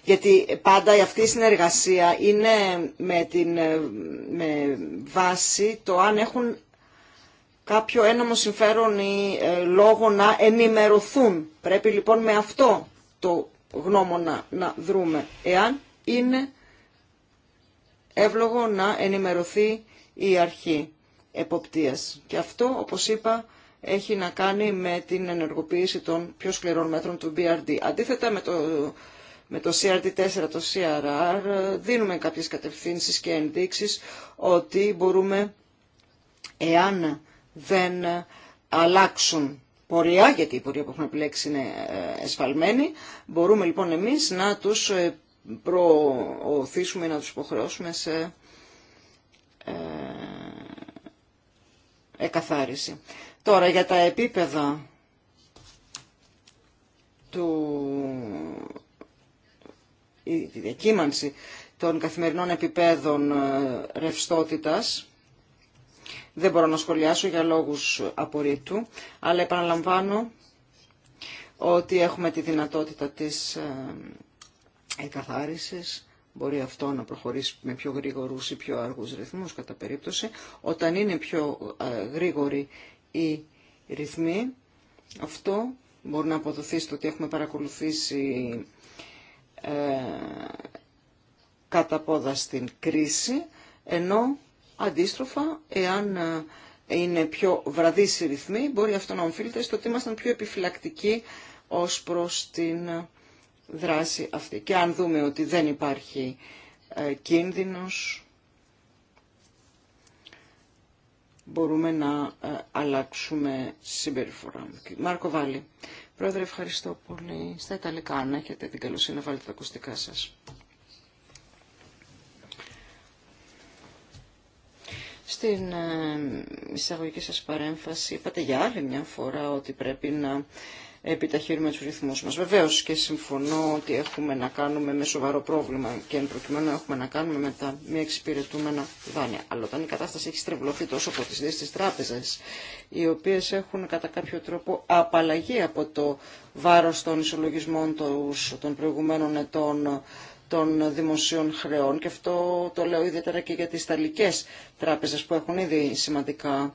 Γιατί πάντα αυτή η συνεργασία είναι με, την, με βάση το αν έχουν κάποιο ένομο συμφέρον ή ε, λόγο να ενημερωθούν. Πρέπει λοιπόν με αυτό το γνώμονα να δρούμε. Εάν είναι εύλογο να ενημερωθεί η αρχή εποπτείας. Και αυτό, όπως είπα, έχει να κάνει με την ενεργοποίηση των πιο σκληρών μέτρων του BRD. Αντίθετα με το, με το CRD4, το CRR, δίνουμε κάποιες κατευθύνσεις και ενδείξεις ότι μπορούμε, εάν δεν αλλάξουν πορεία, γιατί η πορεία που έχουμε επιλέξει είναι ε, εσφαλμένη, μπορούμε λοιπόν εμείς να τους ε, προωθήσουμε, να τους υποχρεώσουμε σε ε, εκαθάριση. Τώρα για τα επίπεδα του... η διακύμανση των καθημερινών επιπέδων ε, ρευστότητας, δεν μπορώ να σχολιάσω για λόγους απορρίτου, αλλά επαναλαμβάνω ότι έχουμε τη δυνατότητα της ε, εκαθάρισης μπορεί αυτό να προχωρήσει με πιο γρήγορους ή πιο αργούς ρυθμούς κατά περίπτωση. Όταν είναι πιο γρήγοροι οι ρυθμοί, αυτό μπορεί να αποδοθεί στο ότι έχουμε παρακολουθήσει ε, κατά πόδα στην κρίση, ενώ αντίστροφα, εάν ε, είναι πιο βραδύς οι ρυθμοί, μπορεί αυτό να οφείλεται στο ότι ήμασταν πιο επιφυλακτικοί ως προς την δράση αυτή. Και αν δούμε ότι δεν υπάρχει ε, κίνδυνος, μπορούμε να ε, αλλάξουμε συμπεριφορά. Μάρκο Βάλλη. Πρόεδρε, ευχαριστώ πολύ. Στα Ιταλικά, αν έχετε την καλοσύνη να βάλετε τα ακουστικά σας. Στην ε, εισαγωγική σας παρέμφαση είπατε για άλλη μια φορά ότι πρέπει να επιταχύνουμε του ρυθμού μα βεβαίω. και συμφωνώ ότι έχουμε να κάνουμε με σοβαρό πρόβλημα και εν προκειμένου έχουμε να κάνουμε με τα μη εξυπηρετούμενα δάνεια. Αλλά όταν η κατάσταση έχει στρεβλωθεί τόσο από τις δύο τράπεζε, οι οποίε έχουν κατά κάποιο τρόπο απαλλαγή από το βάρο των ισολογισμών των προηγουμένων ετών, των δημοσίων χρεών και αυτό το λέω ιδιαίτερα και για τις ταλικές τράπεζες που έχουν ήδη σημαντικά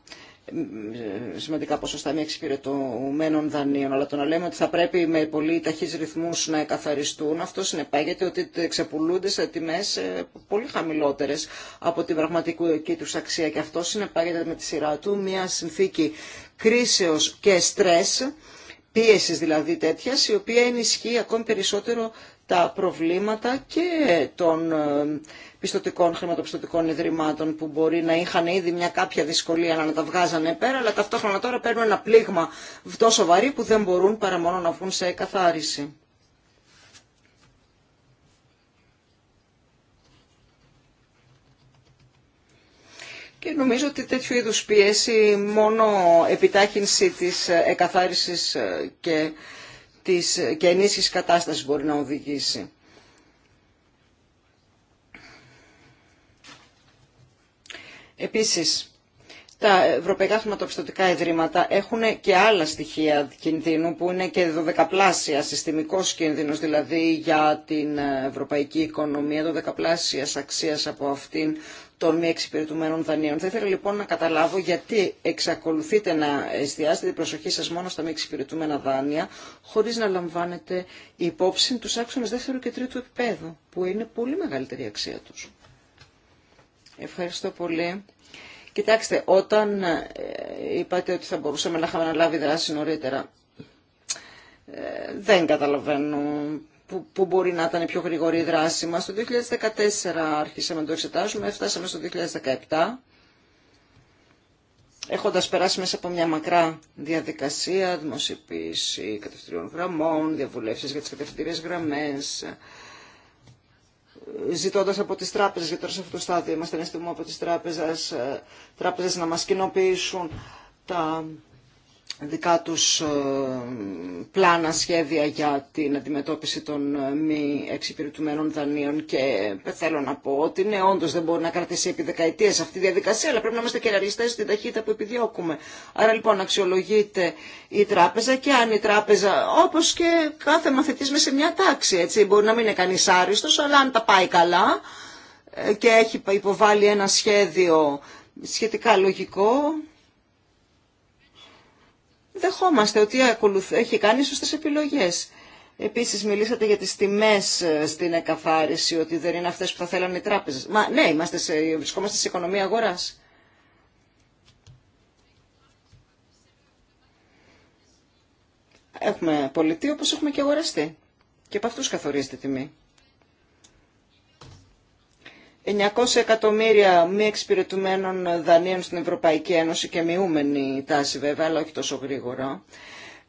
σημαντικά ποσοστά μη εξυπηρετωμένων δανείων. Αλλά το να λέμε ότι θα πρέπει με πολύ ταχύς ρυθμούς να εκαθαριστούν, αυτό συνεπάγεται ότι ξεπουλούνται σε τιμές ε, πολύ χαμηλότερες από την πραγματική τους αξία. Και αυτό συνεπάγεται με τη σειρά του μια συνθήκη κρίσεως και στρες, πίεσης δηλαδή τέτοια, η οποία ενισχύει ακόμη περισσότερο τα προβλήματα και των ε, πιστοτικών, χρηματοπιστωτικών ιδρυμάτων που μπορεί να είχαν ήδη μια κάποια δυσκολία να τα βγάζανε πέρα, αλλά ταυτόχρονα τώρα παίρνουν ένα πλήγμα τόσο βαρύ που δεν μπορούν παρά μόνο να βγουν σε καθάριση. Και νομίζω ότι τέτοιου είδους πιέση μόνο επιτάχυνση της ε, εκαθάρισης ε, και, της, ε, και ενίσχυσης κατάστασης μπορεί να οδηγήσει. Επίσης, τα ευρωπαϊκά χρηματοπιστωτικά ιδρύματα έχουν και άλλα στοιχεία κινδύνου που είναι και δωδεκαπλάσια, συστημικός κίνδυνος δηλαδή για την ευρωπαϊκή οικονομία, δωδεκαπλάσιας αξίας από αυτήν των μη εξυπηρετουμένων δανείων. Θα ήθελα λοιπόν να καταλάβω γιατί εξακολουθείτε να εστιάσετε την προσοχή σας μόνο στα μη εξυπηρετούμενα δάνεια, χωρίς να λαμβάνετε υπόψη τους άξονες δεύτερου και τρίτου επίπεδου, που είναι πολύ μεγαλύτερη αξία τους. Ευχαριστώ πολύ. Κοιτάξτε, όταν ε, είπατε ότι θα μπορούσαμε να είχαμε αναλάβει δράση νωρίτερα, ε, δεν καταλαβαίνω που, μπορεί να ήταν η πιο γρήγορη δράση μας. Το 2014 άρχισαμε να το εξετάζουμε, έφτασαμε στο 2017, έχοντας περάσει μέσα από μια μακρά διαδικασία, δημοσιοποίηση κατευθυντήριων γραμμών, διαβουλεύσεις για τις κατευθυντήριες γραμμές, Ζητώντα από τι Τράπεζε γιατί τώρα σε αυτό το στάδιο είμαστε από τις τράπεζες, ε, τράπεζες να μα κοινοποιήσουν τα δικά τους ε, πλάνα, σχέδια για την αντιμετώπιση των ε, μη εξυπηρετουμένων δανείων και ε, θέλω να πω ότι ναι, όντως δεν μπορεί να κρατήσει επί δεκαετίες αυτή η διαδικασία, αλλά πρέπει να είμαστε και ρεαλιστές στην ταχύτητα που επιδιώκουμε. Άρα λοιπόν αξιολογείται η τράπεζα και αν η τράπεζα, όπως και κάθε μαθητής με σε μια τάξη, έτσι, μπορεί να μην είναι κανείς άριστος, αλλά αν τα πάει καλά και έχει υποβάλει ένα σχέδιο σχετικά λογικό, δεχόμαστε ότι έχει κάνει σωστές επιλογές. Επίσης μιλήσατε για τις τιμές ε, στην εκαφάριση, ότι δεν είναι αυτές που θα θέλανε οι τράπεζες. Μα ναι, είμαστε σε, βρισκόμαστε σε οικονομία αγοράς. Έχουμε πολιτεί όπως έχουμε και αγοραστεί. Και από αυτούς καθορίζεται τιμή. 900 εκατομμύρια μη εξυπηρετουμένων δανείων στην Ευρωπαϊκή Ένωση και μειούμενη τάση βέβαια, αλλά όχι τόσο γρήγορα.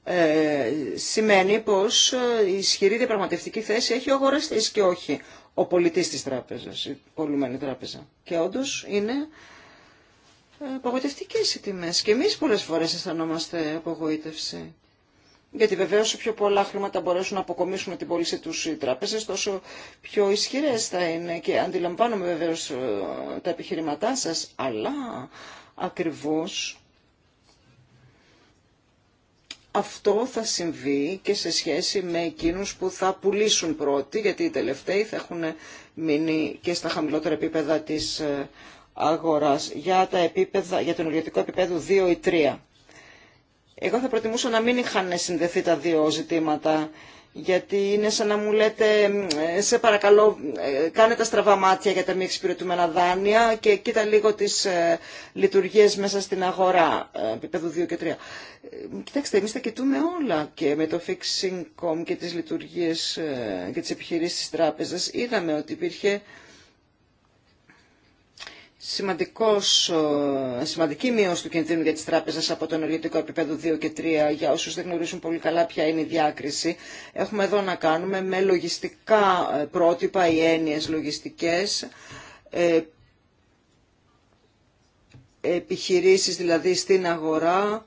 Ε, σημαίνει πως η ισχυρή διαπραγματευτική θέση έχει ο και όχι ο πολιτής της τράπεζας, η πολλουμένη τράπεζα. Και όντω είναι ε, απογοητευτικές οι τιμές. Και εμείς πολλές φορές αισθανόμαστε απογοήτευση. Γιατί βεβαίω όσο πιο πολλά χρήματα μπορέσουν να αποκομίσουν την πώληση του οι τράπεζε, τόσο πιο ισχυρέ θα είναι. Και αντιλαμβάνομαι βεβαίω ε, τα επιχειρηματά σα, αλλά ακριβώ αυτό θα συμβεί και σε σχέση με εκείνους που θα πουλήσουν πρώτοι, γιατί οι τελευταίοι θα έχουν μείνει και στα χαμηλότερα επίπεδα της ε, αγοράς. Για, τα επίπεδα, για τον ιδιωτικό επίπεδο 2 ή 3. Εγώ θα προτιμούσα να μην είχαν συνδεθεί τα δύο ζητήματα, γιατί είναι σαν να μου λέτε, ε, σε παρακαλώ, ε, κάνε τα στραβά μάτια για τα μη εξυπηρετούμενα δάνεια και κοίτα λίγο τις ε, λειτουργίες μέσα στην αγορά, επίπεδο 2 και 3. Κοιτάξτε, εμείς τα κοιτούμε όλα και με το Fixing.com και τις λειτουργίες και τις επιχειρήσεις της τράπεζας είδαμε ότι υπήρχε σημαντική μείωση του κινδύνου για τις τράπεζες από το ενεργητικό επίπεδο 2 και 3 για όσους δεν γνωρίζουν πολύ καλά ποια είναι η διάκριση. Έχουμε εδώ να κάνουμε με λογιστικά ε, πρότυπα ή έννοιες λογιστικές, ε, επιχειρήσεις δηλαδή στην αγορά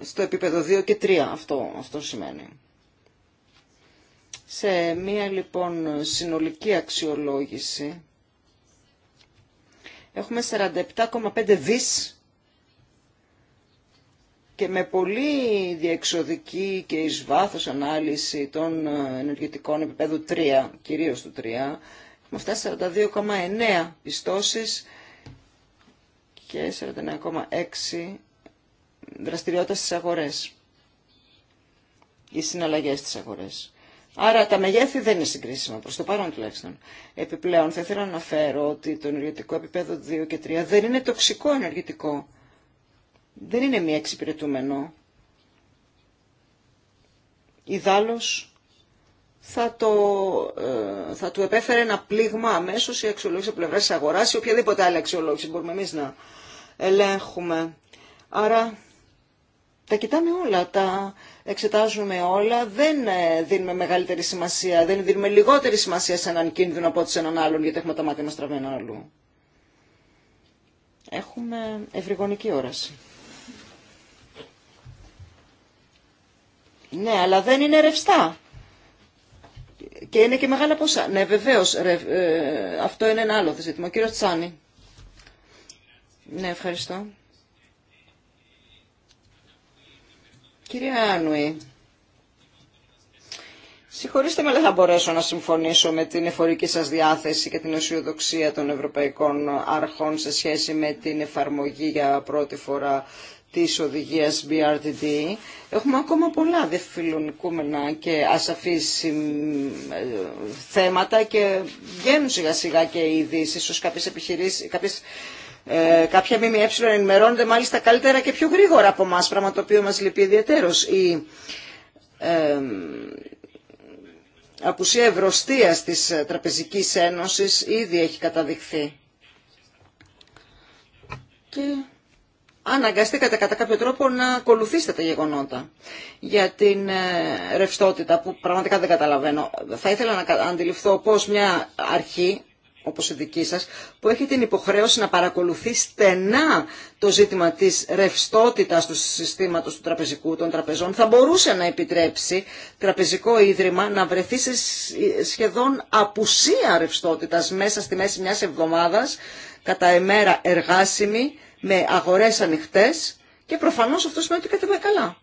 στο επίπεδο 2 και 3 αυτό, αυτό σημαίνει. Σε μία λοιπόν συνολική αξιολόγηση Έχουμε 47,5 δις και με πολύ διεξοδική και εις βάθος ανάλυση των ε, ενεργητικών επίπεδου 3, κυρίως του 3, έχουμε αυτά 42,9 πιστώσεις και 49,6 δραστηριότητα στις αγορές ή συναλλαγές στις αγορές. Άρα τα μεγέθη δεν είναι συγκρίσιμα, προς το παρόν τουλάχιστον. Επιπλέον θα ήθελα να αναφέρω ότι το ενεργητικό επίπεδο 2 και 3 δεν είναι τοξικό ενεργητικό. Δεν είναι μη εξυπηρετούμενο. Ιδάλλως θα, το, ε, θα του επέφερε ένα πλήγμα αμέσως η αξιολόγηση από πλευράς της αγοράς ή οποιαδήποτε άλλη αξιολόγηση μπορούμε εμείς να ελέγχουμε. Άρα τα κοιτάμε όλα, τα εξετάζουμε όλα, δεν ε, δίνουμε μεγαλύτερη σημασία, δεν δίνουμε λιγότερη σημασία σε έναν κίνδυνο από ό,τι σε έναν άλλον, γιατί έχουμε τα μάτια μας τραβένα αλλού. Έχουμε ευρυγονική όραση. Ναι, αλλά δεν είναι ρευστά. Και είναι και μεγάλα ποσά. Ναι, βεβαίως, ε, αυτό είναι ένα άλλο ζήτημα. Ο κύριος Τσάνη. Ναι, ευχαριστώ. Κυρία Άνουη, συγχωρήστε με, αλλά θα μπορέσω να συμφωνήσω με την εφορική σας διάθεση και την αισιοδοξία των ευρωπαϊκών αρχών σε σχέση με την εφαρμογή για πρώτη φορά της οδηγίας BRTD. Έχουμε ακόμα πολλά δεφιλονικούμενα και ασαφείς θέματα και βγαίνουν σιγά σιγά και οι ειδήσει. Ίσως κάποιες, επιχειρήσεις, κάποιες ε, κάποια ΜΜΕ ενημερώνονται μάλιστα καλύτερα και πιο γρήγορα από εμά, πράγμα το οποίο μας λυπεί ιδιαίτερω. Η ε, απουσία ευρωστίας της ε, Τραπεζικής Ένωση ήδη έχει καταδειχθεί. Και αναγκαστήκατε κατά κάποιο τρόπο να ακολουθήσετε τα γεγονότα για την ε, ρευστότητα που πραγματικά δεν καταλαβαίνω. Θα ήθελα να αντιληφθώ πώς μια αρχή όπως η δική σας, που έχει την υποχρέωση να παρακολουθεί στενά το ζήτημα της ρευστότητας του συστήματος του τραπεζικού των τραπεζών, θα μπορούσε να επιτρέψει τραπεζικό ίδρυμα να βρεθεί σε σχεδόν απουσία ρευστότητας μέσα στη μέση μιας εβδομάδας, κατά ημέρα εργάσιμη, με αγορές ανοιχτές και προφανώς αυτό σημαίνει ότι κάτι καλά.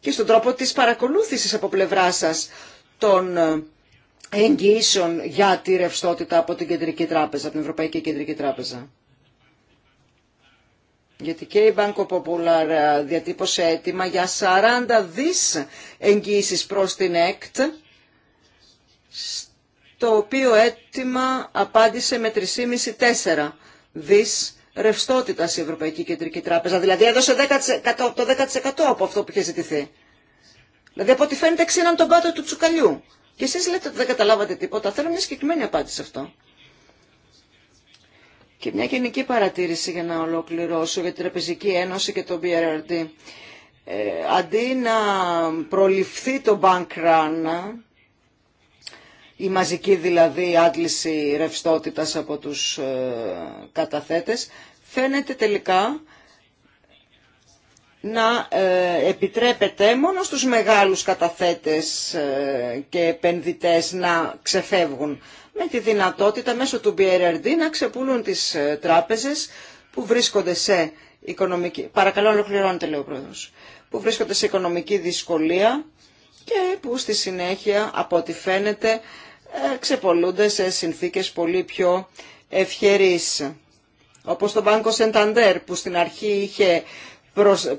Και στον τρόπο της παρακολούθησης από πλευρά σας των ε, εγγυήσεων για τη ρευστότητα από την Κεντρική Τράπεζα, την Ευρωπαϊκή Κεντρική Τράπεζα. Γιατί και η Banco Popular ε, διατύπωσε αίτημα για 40 δις εγγύησεις προς την ΕΚΤ, το οποίο αίτημα απάντησε με 3,5-4 δις ρευστότητα η Ευρωπαϊκή Κεντρική Τράπεζα. Δηλαδή έδωσε 10%, το 10% από αυτό που είχε ζητηθεί. Δηλαδή από ό,τι φαίνεται ξύναν τον πάτο του τσουκαλιού. Και εσείς λέτε ότι δεν καταλάβατε τίποτα. Θέλω μια συγκεκριμένη απάντηση σε αυτό. Και μια γενική παρατήρηση για να ολοκληρώσω για την Τραπεζική Ένωση και το BRRD. Ε, αντί να προληφθεί το bank run, η μαζική δηλαδή άντληση ρευστότητας από τους ε, καταθέτες, φαίνεται τελικά να ε, επιτρέπεται μόνο στους μεγάλους καταθέτες ε, και επενδυτές να ξεφεύγουν με τη δυνατότητα μέσω του BRRD να ξεπούλουν τις ε, τράπεζες που βρίσκονται σε οικονομική... Παρακαλώ Που βρίσκονται σε οικονομική δυσκολία και που στη συνέχεια από ό,τι φαίνεται ξεπολούνται σε συνθήκες πολύ πιο ευχερείς. Όπως το Banco Santander που στην αρχή είχε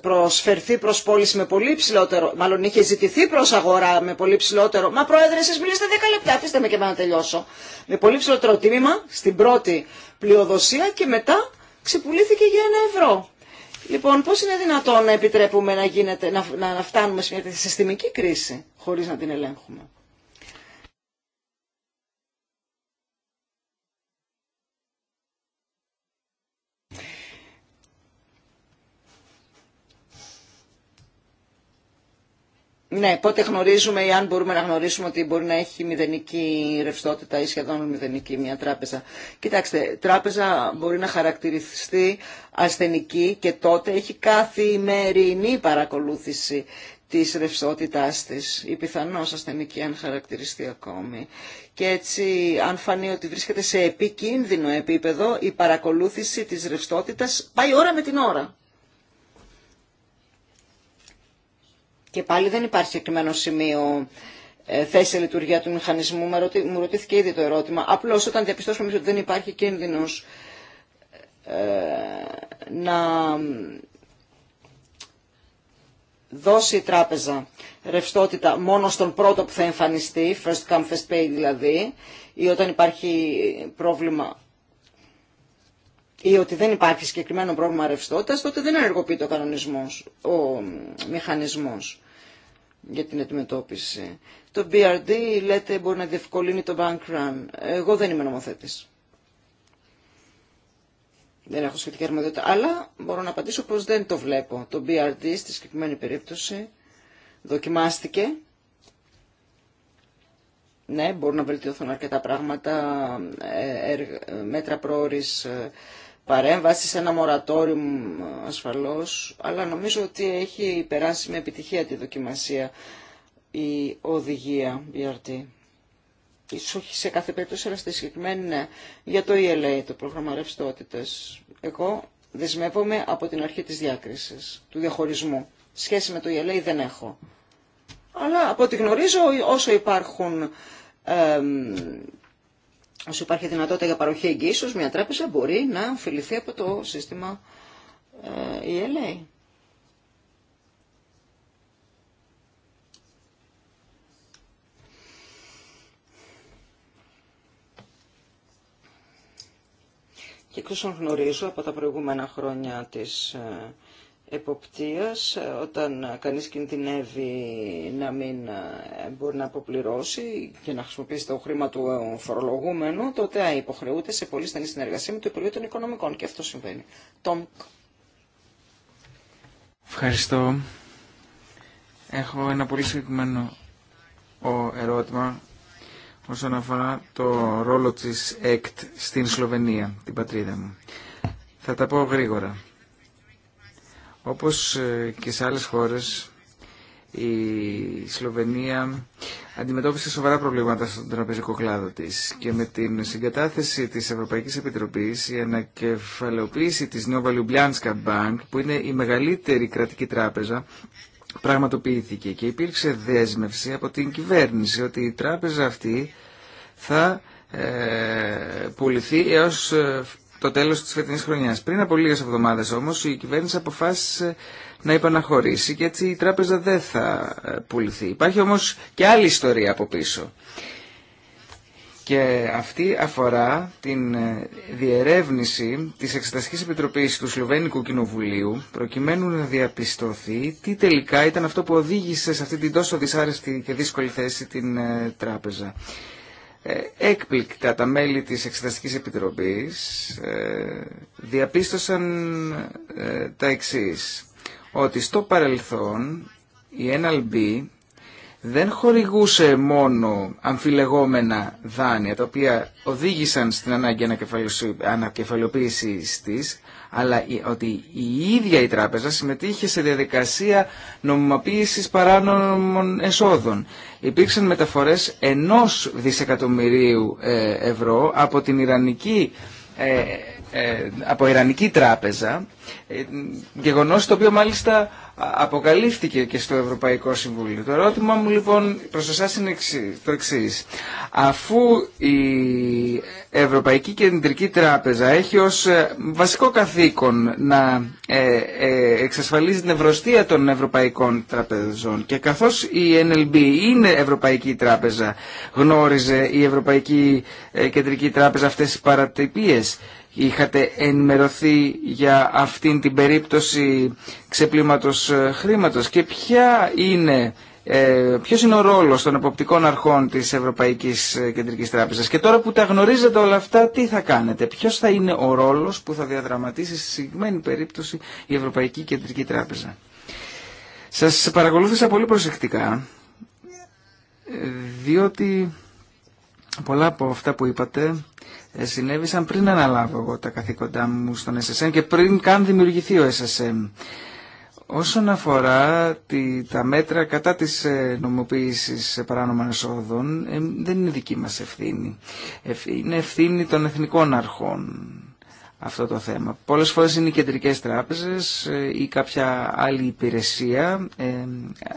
προσφερθεί προς πώληση με πολύ ψηλότερο, μάλλον είχε ζητηθεί προς αγορά με πολύ ψηλότερο, μα πρόεδρε εσείς μιλήσετε 10 λεπτά, αφήστε με και να τελειώσω, με πολύ ψηλότερο τίμημα στην πρώτη πλειοδοσία και μετά ξεπουλήθηκε για ένα ευρώ. Λοιπόν, πώς είναι δυνατόν να επιτρέπουμε να, γίνεται, να, να φτάνουμε σε μια συστημική κρίση χωρίς να την ελέγχουμε. Ναι, πότε γνωρίζουμε ή αν μπορούμε να γνωρίσουμε ότι μπορεί να έχει μηδενική ρευστότητα ή σχεδόν μηδενική μια τράπεζα. Κοιτάξτε, τράπεζα μπορεί να χαρακτηριστεί ασθενική και τότε έχει κάθε ημερινή παρακολούθηση της ρευστότητά της ή πιθανώς ασθενική αν χαρακτηριστεί ακόμη. Και έτσι αν φανεί ότι βρίσκεται σε επικίνδυνο επίπεδο η παρακολούθηση της ρευστότητας πάει ώρα με την ώρα. Και πάλι δεν υπάρχει συγκεκριμένο σημείο ε, θέση σε λειτουργία του μηχανισμού. Μου ρωτήθηκε ήδη το ερώτημα. Απλώ όταν διαπιστώσουμε ότι δεν υπάρχει κίνδυνο ε, να δώσει η τράπεζα ρευστότητα μόνο στον πρώτο που θα εμφανιστεί, first come, first pay δηλαδή, ή όταν υπάρχει πρόβλημα ή ότι δεν υπάρχει συγκεκριμένο πρόβλημα ρευστότητα, τότε δεν ενεργοποιείται ο κανονισμός, ο μηχανισμός για την αντιμετώπιση. Το BRD λέτε μπορεί να διευκολύνει το bank run. Εγώ δεν είμαι νομοθέτης. Δεν έχω σχετική αρμοδιότητα. Αλλά μπορώ να απαντήσω πως δεν το βλέπω. Το BRD στη συγκεκριμένη περίπτωση δοκιμάστηκε. Ναι, μπορούν να βελτιωθούν αρκετά πράγματα, ε, ε, μέτρα πρόορης ε, παρέμβαση σε ένα μορατόριο ασφαλώς, αλλά νομίζω ότι έχει περάσει με επιτυχία τη δοκιμασία η οδηγία BRT. Ίσως όχι σε κάθε περίπτωση, αλλά στη συγκεκριμένη ναι. Για το ELA, το πρόγραμμα ρευστότητας, εγώ δεσμεύομαι από την αρχή της διάκρισης, του διαχωρισμού. Σχέση με το ELA δεν έχω. Αλλά από ό,τι γνωρίζω, όσο υπάρχουν όσο υπάρχει δυνατότητα για παροχή εγγύσεως, μια τράπεζα μπορεί να ωφεληθεί από το σύστημα ELA. Ε, Και εξ όσων γνωρίζω από τα προηγούμενα χρόνια της ε, εποπτείας όταν κανείς κινδυνεύει να μην ε, μπορεί να αποπληρώσει και να χρησιμοποιήσει το χρήμα του φορολογούμενου, τότε υποχρεούται σε πολύ στενή συνεργασία με το Υπουργείο των Οικονομικών και αυτό συμβαίνει. Τον... Ευχαριστώ. Έχω ένα πολύ συγκεκριμένο ερώτημα όσον αφορά το ρόλο της ΕΚΤ στην Σλοβενία, την πατρίδα μου. Θα τα πω γρήγορα. Όπως ε, και σε άλλες χώρες, η Σλοβενία αντιμετώπισε σοβαρά προβλήματα στον τραπεζικό κλάδο της και με την συγκατάθεση της Ευρωπαϊκής Επιτροπής η ανακεφαλαιοποίηση της Νόβα Λιουμπλιάνσκα Bank που είναι η μεγαλύτερη κρατική τράπεζα πραγματοποιήθηκε και υπήρξε δέσμευση από την κυβέρνηση ότι η τράπεζα αυτή θα ε, πουληθεί έως ε, το τέλος τη φετινής χρονιάς. Πριν από λίγες εβδομάδες όμως η κυβέρνηση αποφάσισε να υπαναχωρήσει και έτσι η τράπεζα δεν θα ε, πουληθεί. Υπάρχει όμως και άλλη ιστορία από πίσω. Και αυτή αφορά την ε, διερεύνηση της Εξεταστικής Επιτροπής του Σλοβένικου Κοινοβουλίου προκειμένου να διαπιστωθεί τι τελικά ήταν αυτό που οδήγησε σε αυτή την τόσο δυσάρεστη και δύσκολη θέση την ε, τράπεζα. Ε, έκπληκτα τα μέλη της Εξεταστικής Επιτροπής ε, διαπίστωσαν ε, τα εξής. Ότι στο παρελθόν η NLB δεν χορηγούσε μόνο αμφιλεγόμενα δάνεια τα οποία οδήγησαν στην ανάγκη ανακεφαλαιοποίησης της αλλά ότι η ίδια η τράπεζα συμμετείχε σε διαδικασία νομιμοποίησης παράνομων εσόδων. Υπήρξαν μεταφορές ενός δισεκατομμυρίου ε, ευρώ από την Ιρανική ε, ε, από Ιρανική τράπεζα, ε, γεγονός το οποίο μάλιστα αποκαλύφθηκε και στο Ευρωπαϊκό Συμβούλιο. Το ερώτημα μου λοιπόν προς εσάς είναι το εξή. Αφού η Ευρωπαϊκή Κεντρική Τράπεζα έχει ως ε, βασικό καθήκον να εξασφαλίζει την ευρωστία των ευρωπαϊκών τραπεζών και καθώς η NLB είναι Ευρωπαϊκή Τράπεζα, γνώριζε η Ευρωπαϊκή Κεντρική Τράπεζα αυτές τις παρατυπίες είχατε ενημερωθεί για αυτήν την περίπτωση ξεπλήματος ε, χρήματος και ποια είναι, ε, ποιος είναι ο ρόλος των εποπτικών αρχών της Ευρωπαϊκής ε, Κεντρικής Τράπεζας. Και τώρα που τα γνωρίζετε όλα αυτά, τι θα κάνετε. Ποιος θα είναι ο ρόλος που θα διαδραματίσει στη συγκεκριμένη περίπτωση η Ευρωπαϊκή Κεντρική Τράπεζα. Σας παρακολούθησα πολύ προσεκτικά, διότι πολλά από αυτά που είπατε ε, συνέβησαν πριν αναλάβω εγώ τα καθήκοντά μου στον SSM και πριν καν δημιουργηθεί ο SSM. Όσον αφορά τη, τα μέτρα κατά της ε, νομοποίησης παράνομων εσόδων, ε, δεν είναι δική μας ευθύνη. είναι ευθύνη των εθνικών αρχών αυτό το θέμα. Πολλές φορές είναι οι κεντρικές τράπεζες ε, ή κάποια άλλη υπηρεσία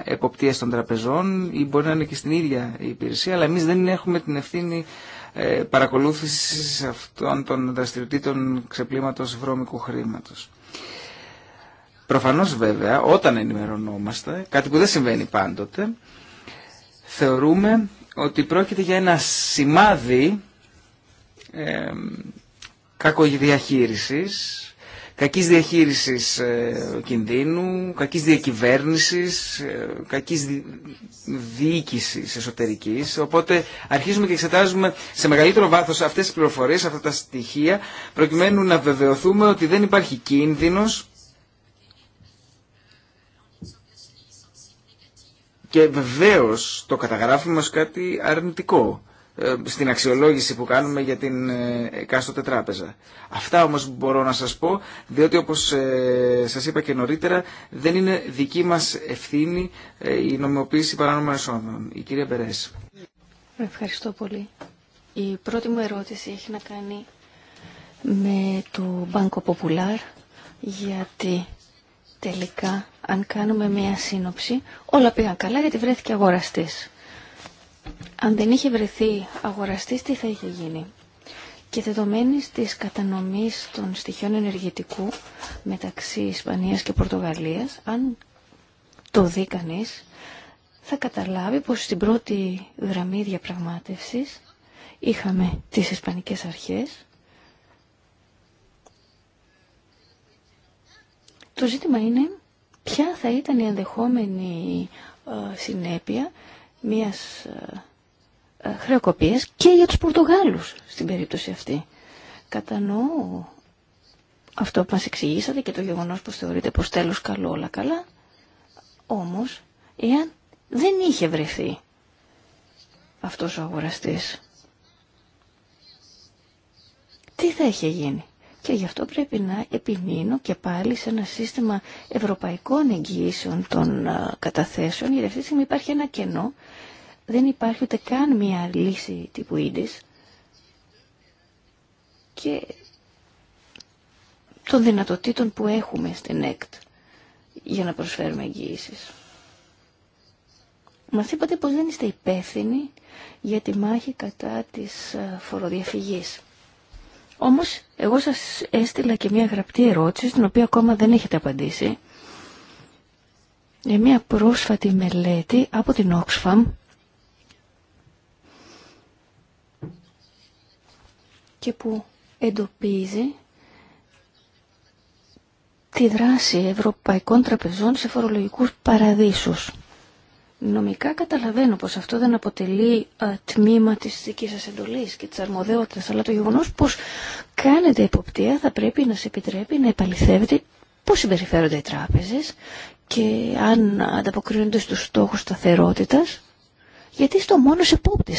εποπτείας των τραπεζών ή μπορεί να είναι και στην ίδια υπηρεσία, αλλά εμείς δεν έχουμε την ευθύνη ε, Παρακολούθηση αυτών των δραστηριοτήτων ξεπλήματος βρώμικου χρήματος. Προφανώς βέβαια όταν ενημερωνόμαστε, κάτι που δεν συμβαίνει πάντοτε, θεωρούμε ότι πρόκειται για ένα σημάδι ε, κακής διαχείρισης ε, κινδύνου, κακής διακυβέρνησης, ε, κακής διοίκησης εσωτερικής. Οπότε αρχίζουμε και εξετάζουμε σε μεγαλύτερο βάθος αυτές τις πληροφορίες, αυτά τα στοιχεία, προκειμένου να βεβαιωθούμε ότι δεν υπάρχει κίνδυνος και βεβαίως το καταγράφουμε ως κάτι αρνητικό. Ε, στην αξιολόγηση που κάνουμε για την ε, εκάστοτε τράπεζα. Αυτά όμως μπορώ να σας πω, διότι όπως ε, σας είπα και νωρίτερα, δεν είναι δική μας ευθύνη η νομιμοποίηση παράνομων εσόδων. Η κυρία Μπερές. Ευχαριστώ πολύ. Η πρώτη μου ερώτηση έχει να κάνει με το Banco Popular, γιατί τελικά αν κάνουμε μία σύνοψη όλα πήγαν καλά γιατί βρέθηκε αγοραστής αν δεν είχε βρεθεί αγοραστής, τι θα είχε γίνει. Και δεδομένης της κατανομής των στοιχείων ενεργητικού μεταξύ Ισπανίας και Πορτογαλίας, αν το δει κανεί, θα καταλάβει πως στην πρώτη γραμμή διαπραγμάτευσης είχαμε τις Ισπανικές αρχές. Το ζήτημα είναι ποια θα ήταν η ενδεχόμενη ε, συνέπεια μιας ε, ε, χρεοκοπίας και για τους Πορτογάλους στην περίπτωση αυτή. Κατανοώ αυτό που μας εξηγήσατε και το γεγονός που θεωρείτε πως τέλος καλό όλα καλά, όμως εάν δεν είχε βρεθεί αυτός ο αγοραστής, τι θα είχε γίνει. Και γι' αυτό πρέπει να επιμείνω και πάλι σε ένα σύστημα ευρωπαϊκών εγγυήσεων των ε, καταθέσεων, γιατί αυτή τη στιγμή υπάρχει ένα κενό δεν υπάρχει ούτε καν μία λύση τύπου ίντις και των δυνατοτήτων που έχουμε στην ΕΚΤ για να προσφέρουμε εγγύησει. Μας είπατε πως δεν είστε υπεύθυνοι για τη μάχη κατά της ε, φοροδιαφυγής. Όμως, εγώ σας έστειλα και μια γραπτή ερώτηση, στην οποία ακόμα δεν έχετε απαντήσει, για μια πρόσφατη μελέτη από την Oxfam, και που εντοπίζει τη δράση ευρωπαϊκών τραπεζών σε φορολογικούς παραδείσους. Νομικά καταλαβαίνω πως αυτό δεν αποτελεί α, τμήμα της δικής σας εντολής και της αρμοδεότητας, αλλά το γεγονός πως κάνετε υποπτία θα πρέπει να σε επιτρέπει να επαληθεύετε πώς συμπεριφέρονται οι τράπεζες και αν ανταποκρίνονται στους στόχους σταθερότητας γιατί είστε ο μόνος υπόπτη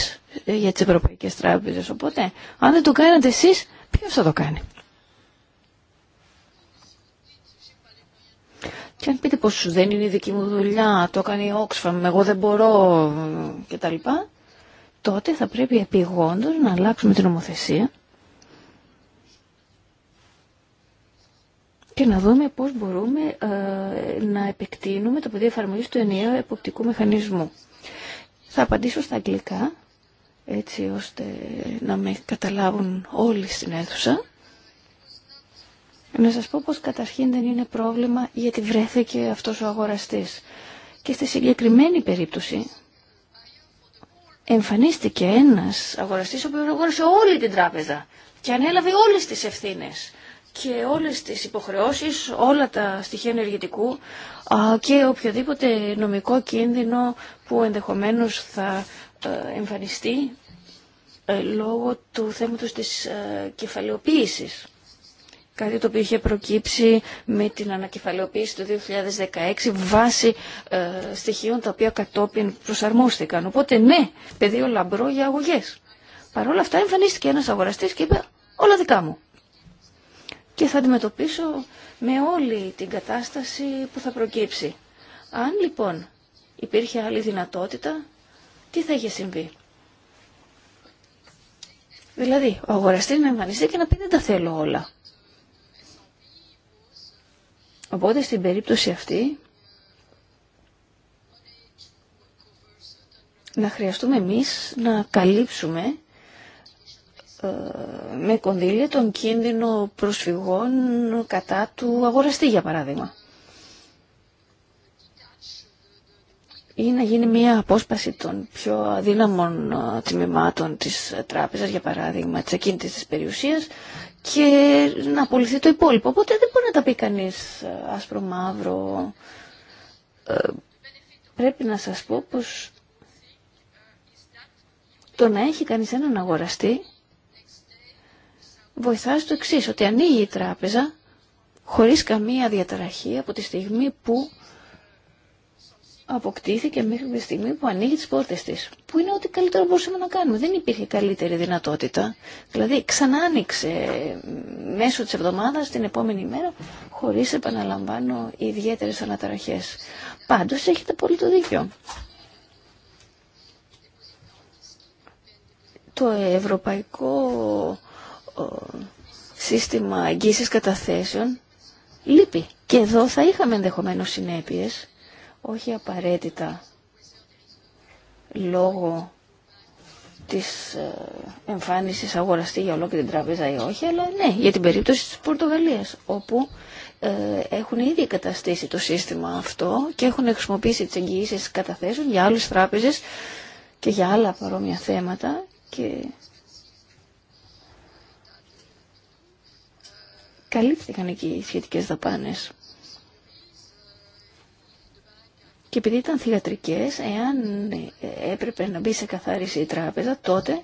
ε, για τι ευρωπαϊκέ τράπεζε. Οπότε, αν δεν το κάνετε εσείς, ποιο θα το κάνει. Και αν πείτε πως δεν είναι η δική μου δουλειά, το κάνει η Oxfam, εγώ δεν μπορώ ε, κτλ. Τότε θα πρέπει επιγόντως να αλλάξουμε την νομοθεσία και να δούμε πώς μπορούμε ε, να επεκτείνουμε το πεδίο εφαρμογής του ενιαίου εποπτικού μηχανισμού. Θα απαντήσω στα αγγλικά, έτσι ώστε να με καταλάβουν όλοι στην αίθουσα. Να σας πω πως καταρχήν δεν είναι πρόβλημα γιατί βρέθηκε αυτός ο αγοραστής. Και στη συγκεκριμένη περίπτωση εμφανίστηκε ένας αγοραστής ο οποίος αγόρασε όλη την τράπεζα και ανέλαβε όλες τις ευθύνες και όλες τις υποχρεώσεις, όλα τα στοιχεία ενεργητικού και οποιοδήποτε νομικό κίνδυνο που ενδεχομένως θα ε, εμφανιστεί ε, λόγω του θέματος της ε, κεφαλαιοποίησης. Κάτι το οποίο είχε προκύψει με την ανακεφαλαιοποίηση του 2016 βάσει στοιχείων τα οποία κατόπιν προσαρμόστηκαν. Οπότε ναι, πεδίο λαμπρό για αγωγές. Παρ' όλα αυτά εμφανίστηκε ένας αγοραστής και είπε όλα δικά μου και θα αντιμετωπίσω με όλη την κατάσταση που θα προκύψει. Αν λοιπόν υπήρχε άλλη δυνατότητα, τι θα είχε συμβεί. Δηλαδή, ο αγοραστής να εμφανιστεί και να πει δεν τα θέλω όλα. Οπότε στην περίπτωση αυτή να χρειαστούμε εμείς να καλύψουμε ε, με κονδύλια τον κίνδυνο προσφυγών κατά του αγοραστή, για παράδειγμα. Ή να γίνει μια απόσπαση των πιο αδύναμων ε, τμήματων της τράπεζας, για παράδειγμα, της ακίνητης της περιουσίας και να απολυθεί το υπόλοιπο. Οπότε δεν μπορεί να τα πει κανείς ε, άσπρο-μαύρο. Πρέπει να σας πω πως το να έχει κανείς έναν αγοραστή βοηθά στο εξή, ότι ανοίγει η τράπεζα χωρίς καμία διαταραχή από τη στιγμή που αποκτήθηκε μέχρι τη στιγμή που ανοίγει τις πόρτες της. Που είναι ό,τι καλύτερο μπορούσαμε να κάνουμε. Δεν υπήρχε καλύτερη δυνατότητα. Δηλαδή ξανά άνοιξε μέσω της εβδομάδας την επόμενη μέρα χωρίς επαναλαμβάνω ιδιαίτερες αναταραχές. Πάντως έχετε πολύ το δίκιο. Το ευρωπαϊκό σύστημα εγγύησης καταθέσεων λείπει. Και εδώ θα είχαμε ενδεχομένως συνέπειες, όχι απαραίτητα λόγω της ε, εμφάνισης αγοραστή για ολόκληρη την τράπεζα ή όχι, αλλά ναι, για την περίπτωση της Πορτογαλίας, όπου ε, έχουν ήδη καταστήσει το σύστημα αυτό και έχουν χρησιμοποιήσει τις εγγυήσεις καταθέσεων για άλλες τράπεζες και για άλλα παρόμοια θέματα και καλύφθηκαν εκεί οι σχετικές δαπάνες. Και επειδή ήταν θηγατρικές, εάν ε, έπρεπε να μπει σε καθάριση η τράπεζα, τότε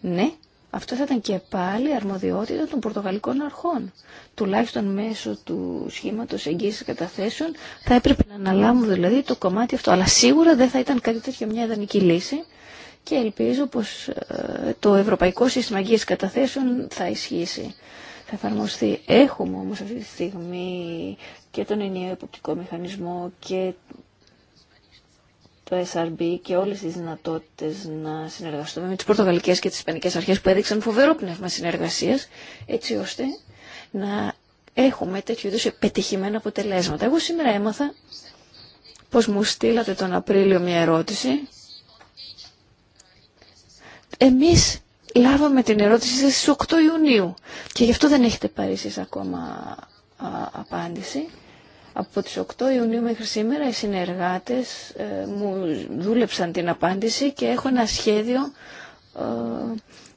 ναι, αυτό θα ήταν και πάλι αρμοδιότητα των πορτογαλικών αρχών. Τουλάχιστον μέσω του σχήματος εγγύησης καταθέσεων θα έπρεπε να αναλάμβουν δηλαδή το κομμάτι αυτό. Αλλά σίγουρα δεν θα ήταν κάτι τέτοιο μια ιδανική λύση και ελπίζω πως ε, το Ευρωπαϊκό Σύστημα Εγγύησης Καταθέσεων θα ισχύσει θα εφαρμοστεί. Έχουμε όμως αυτή τη στιγμή και τον ενιαίο υποπτικό μηχανισμό και το SRB και όλες τις δυνατότητες να συνεργαστούμε με τις πορτογαλικές και τις ισπανικές αρχές που έδειξαν φοβερό πνεύμα συνεργασίας, έτσι ώστε να έχουμε τέτοιου είδους πετυχημένα αποτελέσματα. Εγώ σήμερα έμαθα πως μου στείλατε τον Απρίλιο μια ερώτηση. Εμείς λάβαμε την ερώτησή στις 8 Ιουνίου και γι' αυτό δεν έχετε πάρει εσείς ακόμα απάντηση. Από τις 8 Ιουνίου μέχρι σήμερα οι συνεργάτες ε, μου δούλεψαν την απάντηση και έχω ένα σχέδιο ε,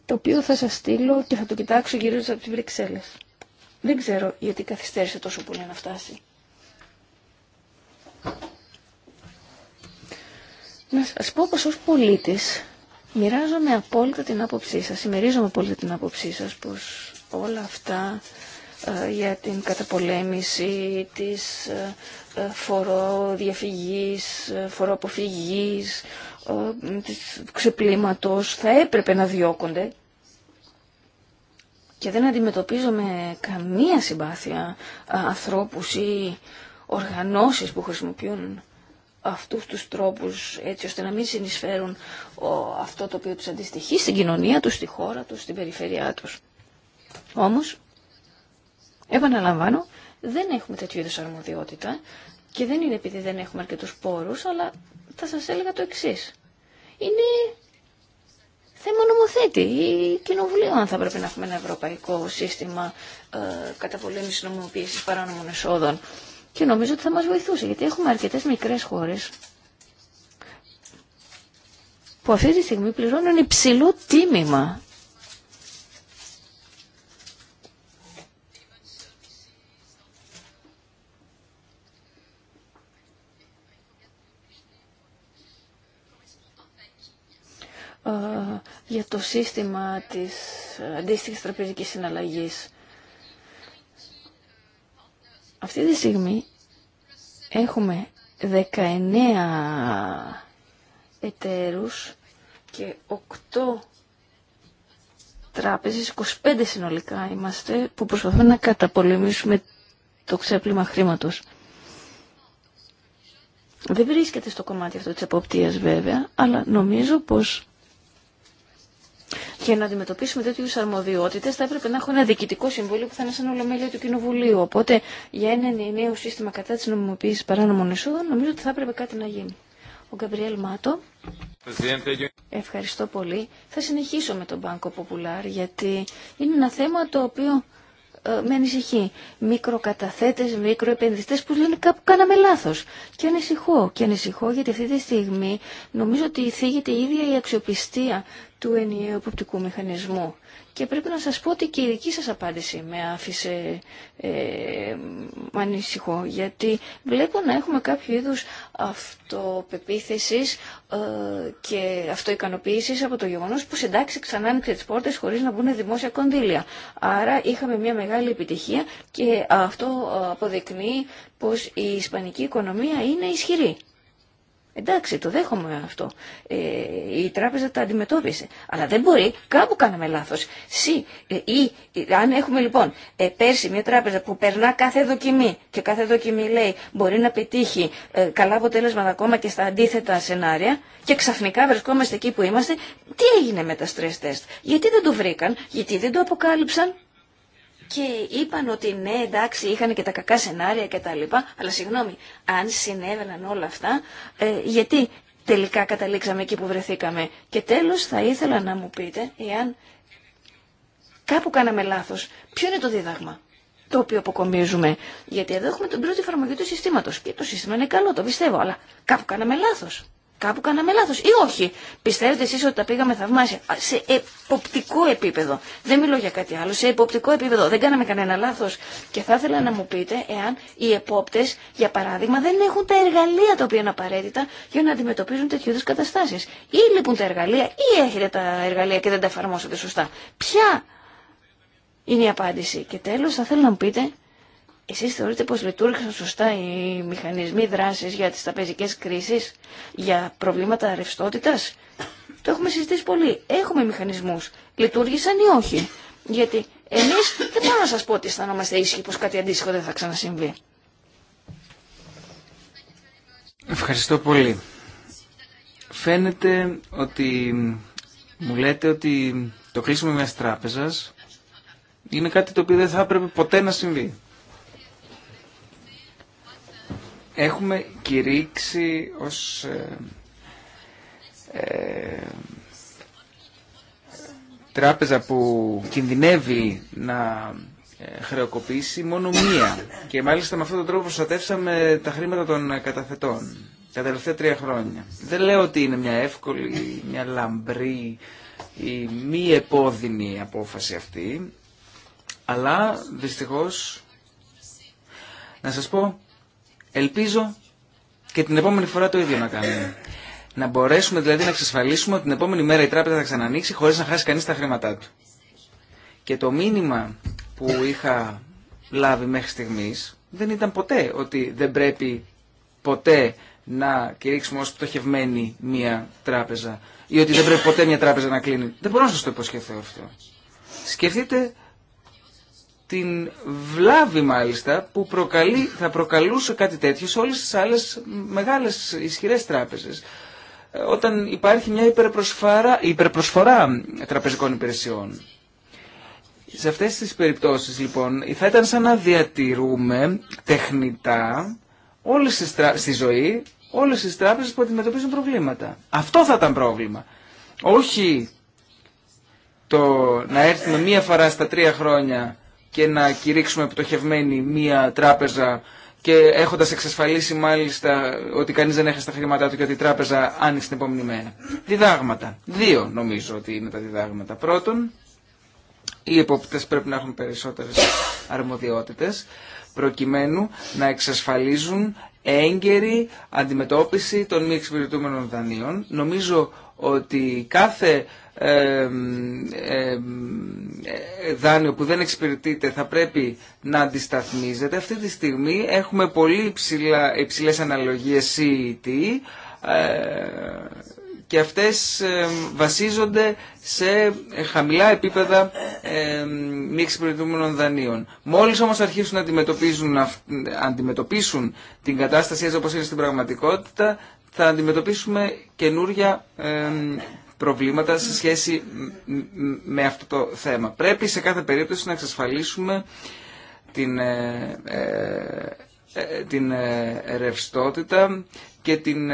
το οποίο θα σας στείλω και θα το κοιτάξω γύρω από τις Βρυξέλλες. Δεν ξέρω γιατί καθυστέρησε τόσο πολύ να φτάσει. Να σας πω πως ως πολίτης Μοιράζομαι απόλυτα την άποψή σας, συμμερίζομαι απόλυτα την άποψή σας πως όλα αυτά ε, για την καταπολέμηση της ε, ε, φοροδιαφυγής, φοροαποφυγής, της ξεπλήματος θα έπρεπε να διώκονται και δεν αντιμετωπίζομαι καμία συμπάθεια ανθρώπους ή οργανώσεις που χρησιμοποιούν αυτούς τους τρόπους έτσι ώστε να μην συνεισφέρουν αυτό το οποίο τους αντιστοιχεί στην κοινωνία τους, στη χώρα τους, στην περιφέρειά τους. Όμως, επαναλαμβάνω, δεν έχουμε τέτοιου είδους αρμοδιότητα και δεν είναι επειδή δεν έχουμε αρκετούς πόρους, αλλά θα σας έλεγα το εξή. Είναι θέμα νομοθέτη ή κοινοβουλίου αν θα πρέπει να έχουμε ένα ευρωπαϊκό σύστημα ε, καταπολέμησης νομοποίησης παράνομων εσόδων και νομίζω ότι θα μας βοηθούσε γιατί έχουμε αρκετές μικρές χώρες που αυτή τη στιγμή πληρώνουν υψηλό τίμημα ε, για το σύστημα της αντίστοιχης τραπεζικής συναλλαγής. Αυτή τη στιγμή έχουμε 19 εταίρους και 8 τράπεζες, 25 συνολικά είμαστε, που προσπαθούν να καταπολεμήσουμε το ξέπλυμα χρήματος. Δεν βρίσκεται στο κομμάτι αυτό της εποπτείας βέβαια, αλλά νομίζω πως για να αντιμετωπίσουμε τέτοιου αρμοδιότητε θα έπρεπε να έχουμε ένα διοικητικό συμβούλιο που θα είναι σαν ολομέλεια του Κοινοβουλίου. Οπότε για ένα νέο σύστημα κατά τη νομιμοποίηση παράνομων εσόδων νομίζω ότι θα έπρεπε κάτι να γίνει. Ο Γκαμπριέλ Μάτο. Ευχαριστώ πολύ. Θα συνεχίσω με τον Banco Popular γιατί είναι ένα θέμα το οποίο ε, με ανησυχεί. Μικροκαταθέτες, μικροεπενδυτές που λένε κάπου κάναμε λάθο. Και ανησυχώ. Και ανησυχώ γιατί αυτή τη στιγμή νομίζω ότι θίγεται η ίδια η αξιοπιστία του ενιαίου ποπτικού μηχανισμού. Και πρέπει να σας πω ότι και η δική σας απάντηση με άφησε ε, ανησυχώ, γιατί βλέπω να έχουμε κάποιο είδους αυτοπεποίθησης ε, και αυτοικανοποίησης από το γεγονός που συντάξει ξανά άνοιξε τις πόρτες χωρίς να μπουν δημόσια κονδύλια. Άρα είχαμε μια μεγάλη επιτυχία και αυτό αποδεικνύει πως η ισπανική οικονομία είναι ισχυρή. Εντάξει, το δέχομαι αυτό. Ε, η τράπεζα τα αντιμετώπισε. Αλλά δεν μπορεί, κάπου κάναμε λάθο. Συ, ε, ε, αν έχουμε λοιπόν ε, πέρσι μια τράπεζα που περνά κάθε δοκιμή και κάθε δοκιμή λέει μπορεί να πετύχει ε, καλά αποτέλεσματα ακόμα και στα αντίθετα σενάρια και ξαφνικά βρισκόμαστε εκεί που είμαστε, τι έγινε με τα stress test. Γιατί δεν το βρήκαν, γιατί δεν το αποκάλυψαν και είπαν ότι ναι, εντάξει, είχαν και τα κακά σενάρια και τα λοιπά, αλλά συγγνώμη, αν συνέβαιναν όλα αυτά, ε, γιατί τελικά καταλήξαμε εκεί που βρεθήκαμε. Και τέλος θα ήθελα να μου πείτε, εάν κάπου κάναμε λάθος, ποιο είναι το δίδαγμα το οποίο αποκομίζουμε. Γιατί εδώ έχουμε τον πρώτη εφαρμογή του συστήματος και το σύστημα είναι καλό, το πιστεύω, αλλά κάπου κάναμε λάθος κάπου κάναμε λάθο ή όχι. Πιστεύετε εσεί ότι τα πήγαμε θαυμάσια. Σε εποπτικό επίπεδο. Δεν μιλώ για κάτι άλλο. Σε εποπτικό επίπεδο. Δεν κάναμε κανένα λάθο. Και θα ήθελα να μου πείτε εάν οι επόπτε, για παράδειγμα, δεν έχουν τα εργαλεία τα οποία είναι απαραίτητα για να αντιμετωπίζουν τέτοιου είδου καταστάσει. Ή λείπουν τα εργαλεία ή έχετε τα εργαλεία και δεν τα εφαρμόσατε σωστά. Ποια είναι η απάντηση. Και τέλο θα θέλω να μου πείτε εσείς θεωρείτε πως λειτουργήσαν σωστά οι μηχανισμοί δράσης για τις ταπεζικές κρίσεις, για προβλήματα ρευστότητας. Το έχουμε συζητήσει πολύ. Έχουμε μηχανισμούς. Λειτουργήσαν ή όχι. Γιατί εμείς δεν μπορώ να σας πω ότι αισθανόμαστε ήσυχοι πως κάτι αντίστοιχο δεν θα ξανασυμβεί. Ευχαριστώ πολύ. Φαίνεται ότι μου λέτε ότι το κλείσιμο μιας τράπεζας είναι κάτι το οποίο δεν θα έπρεπε ποτέ να συμβεί. έχουμε κηρύξει ως ε, ε, τράπεζα που κινδυνεύει να ε, χρεοκοπήσει μόνο μία. Και μάλιστα με αυτόν τον τρόπο προστατεύσαμε τα χρήματα των καταθετών τα τελευταία τρία χρόνια. Δεν λέω ότι είναι μια εύκολη, μια λαμπρή ή μη επώδυνη απόφαση αυτή, αλλά δυστυχώς να σας πω Ελπίζω και την επόμενη φορά το ίδιο να κάνουμε. Να μπορέσουμε δηλαδή να εξασφαλίσουμε ότι την επόμενη μέρα η τράπεζα θα ξανανοίξει χωρίς να χάσει κανείς τα χρήματά του. Και το μήνυμα που είχα λάβει μέχρι στιγμής δεν ήταν ποτέ ότι δεν πρέπει ποτέ να κηρύξουμε ως πτωχευμένη μια τράπεζα ή ότι δεν πρέπει ποτέ μια τράπεζα να κλείνει. Δεν μπορώ να σας το υποσχεθώ αυτό. Σκεφτείτε την βλάβη μάλιστα που θα προκαλούσε κάτι τέτοιο σε όλες τις άλλες μεγάλες ισχυρές τράπεζες ε, όταν υπάρχει μια υπερπροσφορά, υπερπροσφορά τραπεζικών υπηρεσιών. Σε αυτές τις περιπτώσεις λοιπόν θα ήταν σαν να διατηρούμε τεχνητά όλες τις τρα... στη ζωή όλες τις τράπεζες που αντιμετωπίζουν προβλήματα. Αυτό θα ήταν πρόβλημα. Όχι το να έρθουμε μία φορά στα τρία χρόνια και να κηρύξουμε επιτοχευμένη μία τράπεζα και έχοντα εξασφαλίσει μάλιστα ότι κανεί δεν έχασε τα χρήματά του και ότι η τράπεζα άνοιξε την επόμενη μέρα. Διδάγματα. Δύο νομίζω ότι είναι τα διδάγματα. Πρώτον, οι επόπτες πρέπει να έχουν περισσότερες αρμοδιότητες προκειμένου να εξασφαλίζουν έγκαιρη αντιμετώπιση των μη εξυπηρετούμενων δανείων. Νομίζω ότι κάθε δάνειο που δεν εξυπηρετείται θα πρέπει να αντισταθμίζεται. Αυτή τη στιγμή έχουμε πολύ υψηλά, υψηλές αναλογίες CET ε, και αυτές βασίζονται σε χαμηλά επίπεδα μη εξυπηρετούμενων δανείων. Μόλις όμως αρχίσουν να αντιμετωπίζουν, αντιμετωπίσουν την κατάσταση έτσι όπως είναι στην πραγματικότητα, θα αντιμετωπίσουμε καινούρια προβλήματα σε σχέση με αυτό το θέμα. Πρέπει σε κάθε περίπτωση να εξασφαλίσουμε την, ε, ε, ε, την ρευστότητα και την,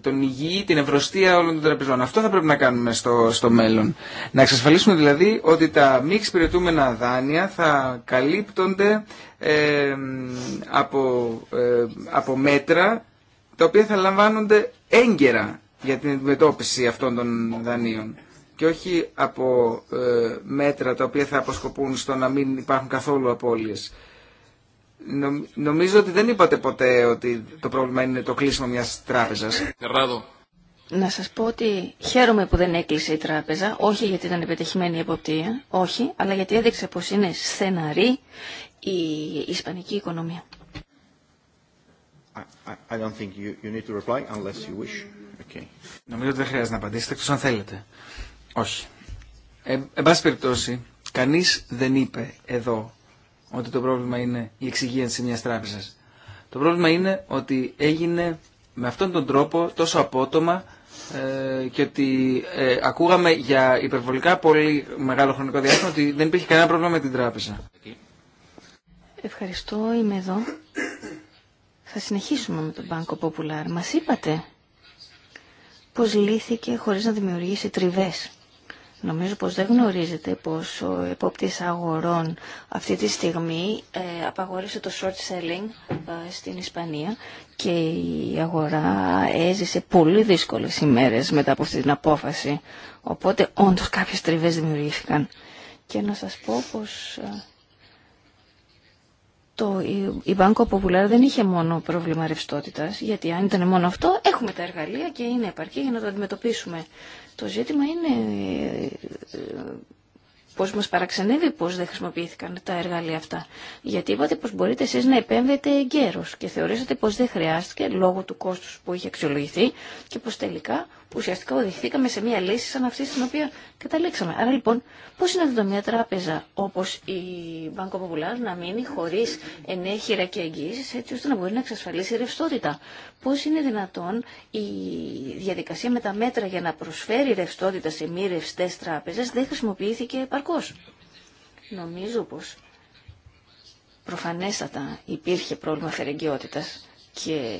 τον υγιή, την ευρωστία όλων των τραπεζών. Αυτό θα πρέπει να κάνουμε στο, στο μέλλον. Να εξασφαλίσουμε δηλαδή ότι τα μη εξυπηρετούμενα δάνεια θα καλύπτονται από, από μέτρα τα οποία θα λαμβάνονται έγκαιρα για την αντιμετώπιση αυτών των δανείων και όχι από ε, μέτρα τα οποία θα αποσκοπούν στο να μην υπάρχουν καθόλου απώλειες. νομίζω ότι δεν είπατε ποτέ ότι το πρόβλημα είναι το κλείσιμο μιας τράπεζας. Να σας πω ότι χαίρομαι που δεν έκλεισε η τράπεζα, όχι γιατί ήταν επιτυχημένη η εποπτεία, όχι, αλλά γιατί έδειξε πως είναι στεναρή η ισπανική οικονομία. I don't think you, you need to reply unless you wish. Νομίζω ότι δεν χρειάζεται να απαντήσετε, εκτό αν θέλετε. Όχι. Ε, εν πάση περιπτώσει, κανεί δεν είπε εδώ ότι το πρόβλημα είναι η εξυγίανση μια τράπεζα. Το πρόβλημα είναι ότι έγινε με αυτόν τον τρόπο τόσο απότομα ε, και ότι ε, ακούγαμε για υπερβολικά πολύ μεγάλο χρονικό διάστημα ότι δεν υπήρχε κανένα πρόβλημα με την τράπεζα. Ευχαριστώ, είμαι εδώ. Θα συνεχίσουμε με τον Banco Popular. Μας είπατε πως λύθηκε χωρίς να δημιουργήσει τριβές. Νομίζω πως δεν γνωρίζετε πως ο επόπτης αγορών αυτή τη στιγμή ε, απαγορεύσε το short selling ε, στην Ισπανία και η αγορά έζησε πολύ δύσκολες ημέρες μετά από αυτή την απόφαση. Οπότε όντως κάποιες τριβές δημιουργήθηκαν. Και να σας πω πως ε, το, η Banco Popular δεν είχε μόνο πρόβλημα ρευστότητα, γιατί αν ήταν μόνο αυτό, έχουμε τα εργαλεία και είναι επαρκή για να το αντιμετωπίσουμε. Το ζήτημα είναι ε, πώς μας παραξενεύει πώς δεν χρησιμοποιήθηκαν τα εργαλεία αυτά. Γιατί είπατε πως μπορείτε εσείς να επέμβετε εγκαίρως και θεωρήσατε πως δεν χρειάστηκε λόγω του κόστου που είχε αξιολογηθεί και πως τελικά ουσιαστικά οδηγηθήκαμε σε μια λύση σαν αυτή στην οποία καταλήξαμε. Άρα λοιπόν, πώ είναι δυνατόν μια τράπεζα όπω η Banco Popular να μείνει χωρί ενέχειρα και εγγύηση έτσι ώστε να μπορεί να εξασφαλίσει ρευστότητα. Πώ είναι δυνατόν η διαδικασία με τα μέτρα για να προσφέρει ρευστότητα σε μη ρευστέ τράπεζε δεν χρησιμοποιήθηκε επαρκώ. Νομίζω πω προφανέστατα υπήρχε πρόβλημα φερεγγιότητα και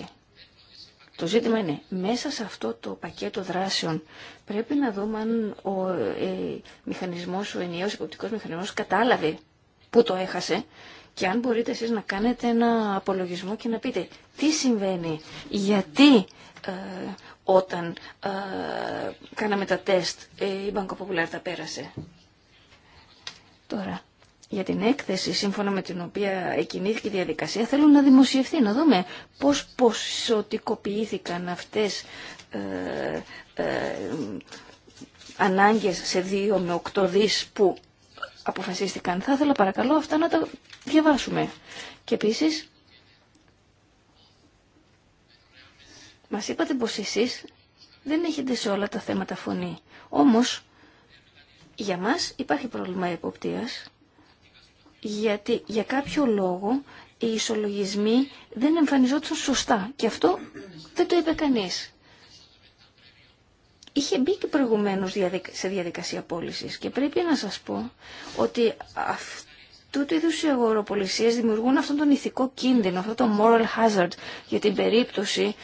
το ζήτημα είναι, μέσα σε αυτό το πακέτο δράσεων πρέπει να δούμε αν ο ε, μηχανισμός, ο ενιαίος υποπτικός μηχανισμός κατάλαβε πού το έχασε και αν μπορείτε εσείς να κάνετε ένα απολογισμό και να πείτε τι συμβαίνει, γιατί ε, όταν ε, κάναμε τα τεστ ε, η Banco τα πέρασε. Τώρα, για την έκθεση σύμφωνα με την οποία εκινήθηκε η διαδικασία θέλουν να δημοσιευθεί, να δούμε πώς ποσοτικοποιήθηκαν αυτές ε, ε ανάγκες σε 2 με 8 δις που αποφασίστηκαν. Θα ήθελα παρακαλώ αυτά να τα διαβάσουμε. Και επίσης μας είπατε πως εσείς δεν έχετε σε όλα τα θέματα φωνή. Όμως για μας υπάρχει πρόβλημα εποπτείας γιατί για κάποιο λόγο οι ισολογισμοί δεν εμφανιζόντουσαν σωστά και αυτό δεν το είπε κανείς. Είχε μπει και προηγουμένως σε διαδικασία πώληση και πρέπει να σας πω ότι αυτού του είδους οι αγοροπολισίες δημιουργούν αυτόν τον ηθικό κίνδυνο, αυτό το moral hazard για την περίπτωση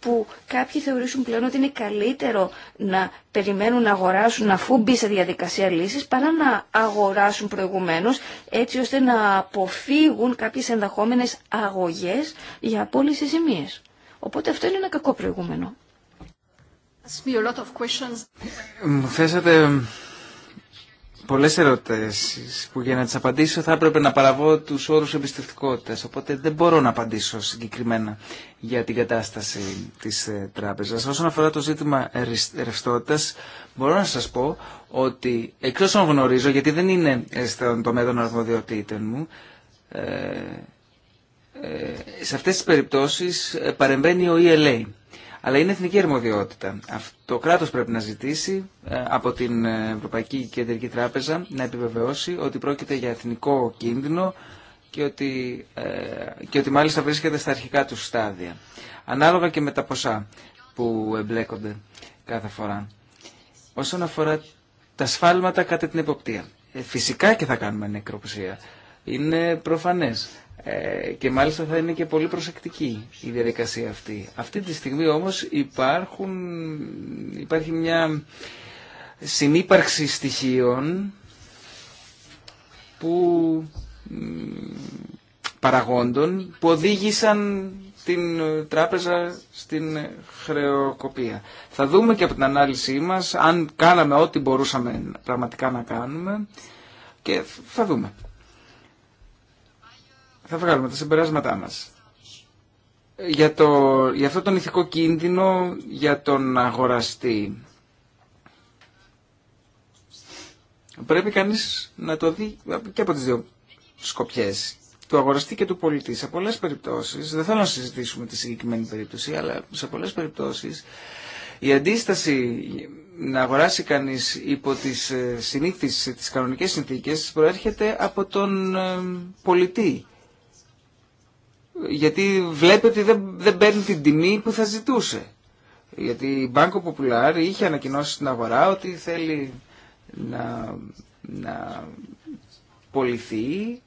που κάποιοι θεωρήσουν πλέον ότι είναι καλύτερο να περιμένουν να αγοράσουν αφού μπει σε διαδικασία λύσης παρά να αγοράσουν προηγουμένως έτσι ώστε να αποφύγουν κάποιες ενδεχόμενες αγωγές για απόλυση ζημίες. Οπότε αυτό είναι ένα κακό προηγούμενο. Ε, μου θέσατε πολλές ερωτήσεις που για να τις απαντήσω θα έπρεπε να παραβώ τους όρους εμπιστευτικότητας. Οπότε δεν μπορώ να απαντήσω συγκεκριμένα για την κατάσταση της ε, τράπεζας. Όσον αφορά το ζήτημα ρευστότητα, μπορώ να σας πω ότι εκτός όσων γνωρίζω, γιατί δεν είναι ε, στον τομέα των αρμοδιοτήτων μου, ε, σε αυτές τις περιπτώσεις παρεμβαίνει ο ELA αλλά είναι εθνική αρμοδιότητα. Το κράτος πρέπει να ζητήσει ε, από την Ευρωπαϊκή Κεντρική Τράπεζα να επιβεβαιώσει ότι πρόκειται για εθνικό κίνδυνο και ότι, ε, και ότι μάλιστα βρίσκεται στα αρχικά του στάδια. Ανάλογα και με τα ποσά που εμπλέκονται κάθε φορά. Όσον αφορά τα σφάλματα κατά την εποπτεία. Ε, φυσικά και θα κάνουμε νεκροψία. Είναι προφανές. Ε, και μάλιστα θα είναι και πολύ προσεκτική η διαδικασία αυτή. Αυτή τη στιγμή όμως υπάρχουν, υπάρχει μια συνύπαρξη στοιχείων που παραγόντων που οδήγησαν την τράπεζα στην χρεοκοπία. Θα δούμε και από την ανάλυση μας αν κάναμε ό,τι μπορούσαμε πραγματικά να κάνουμε και θα δούμε θα βγάλουμε τα συμπεράσματά μας. Για, το, για αυτό τον ηθικό κίνδυνο για τον αγοραστή πρέπει κανείς να το δει και από τις δύο σκοπιές του αγοραστή και του πολιτή. Σε πολλές περιπτώσεις, δεν θέλω να συζητήσουμε τη συγκεκριμένη περίπτωση, αλλά σε πολλές περιπτώσεις η αντίσταση να αγοράσει κανείς υπό τις ε, συνήθεις, τις κανονικές συνθήκες προέρχεται από τον ε, πολιτή γιατί βλέπει ότι δεν, δεν παίρνει την τιμή που θα ζητούσε. Γιατί η Banco Popular είχε ανακοινώσει στην αγορά ότι θέλει να, να πολιθεί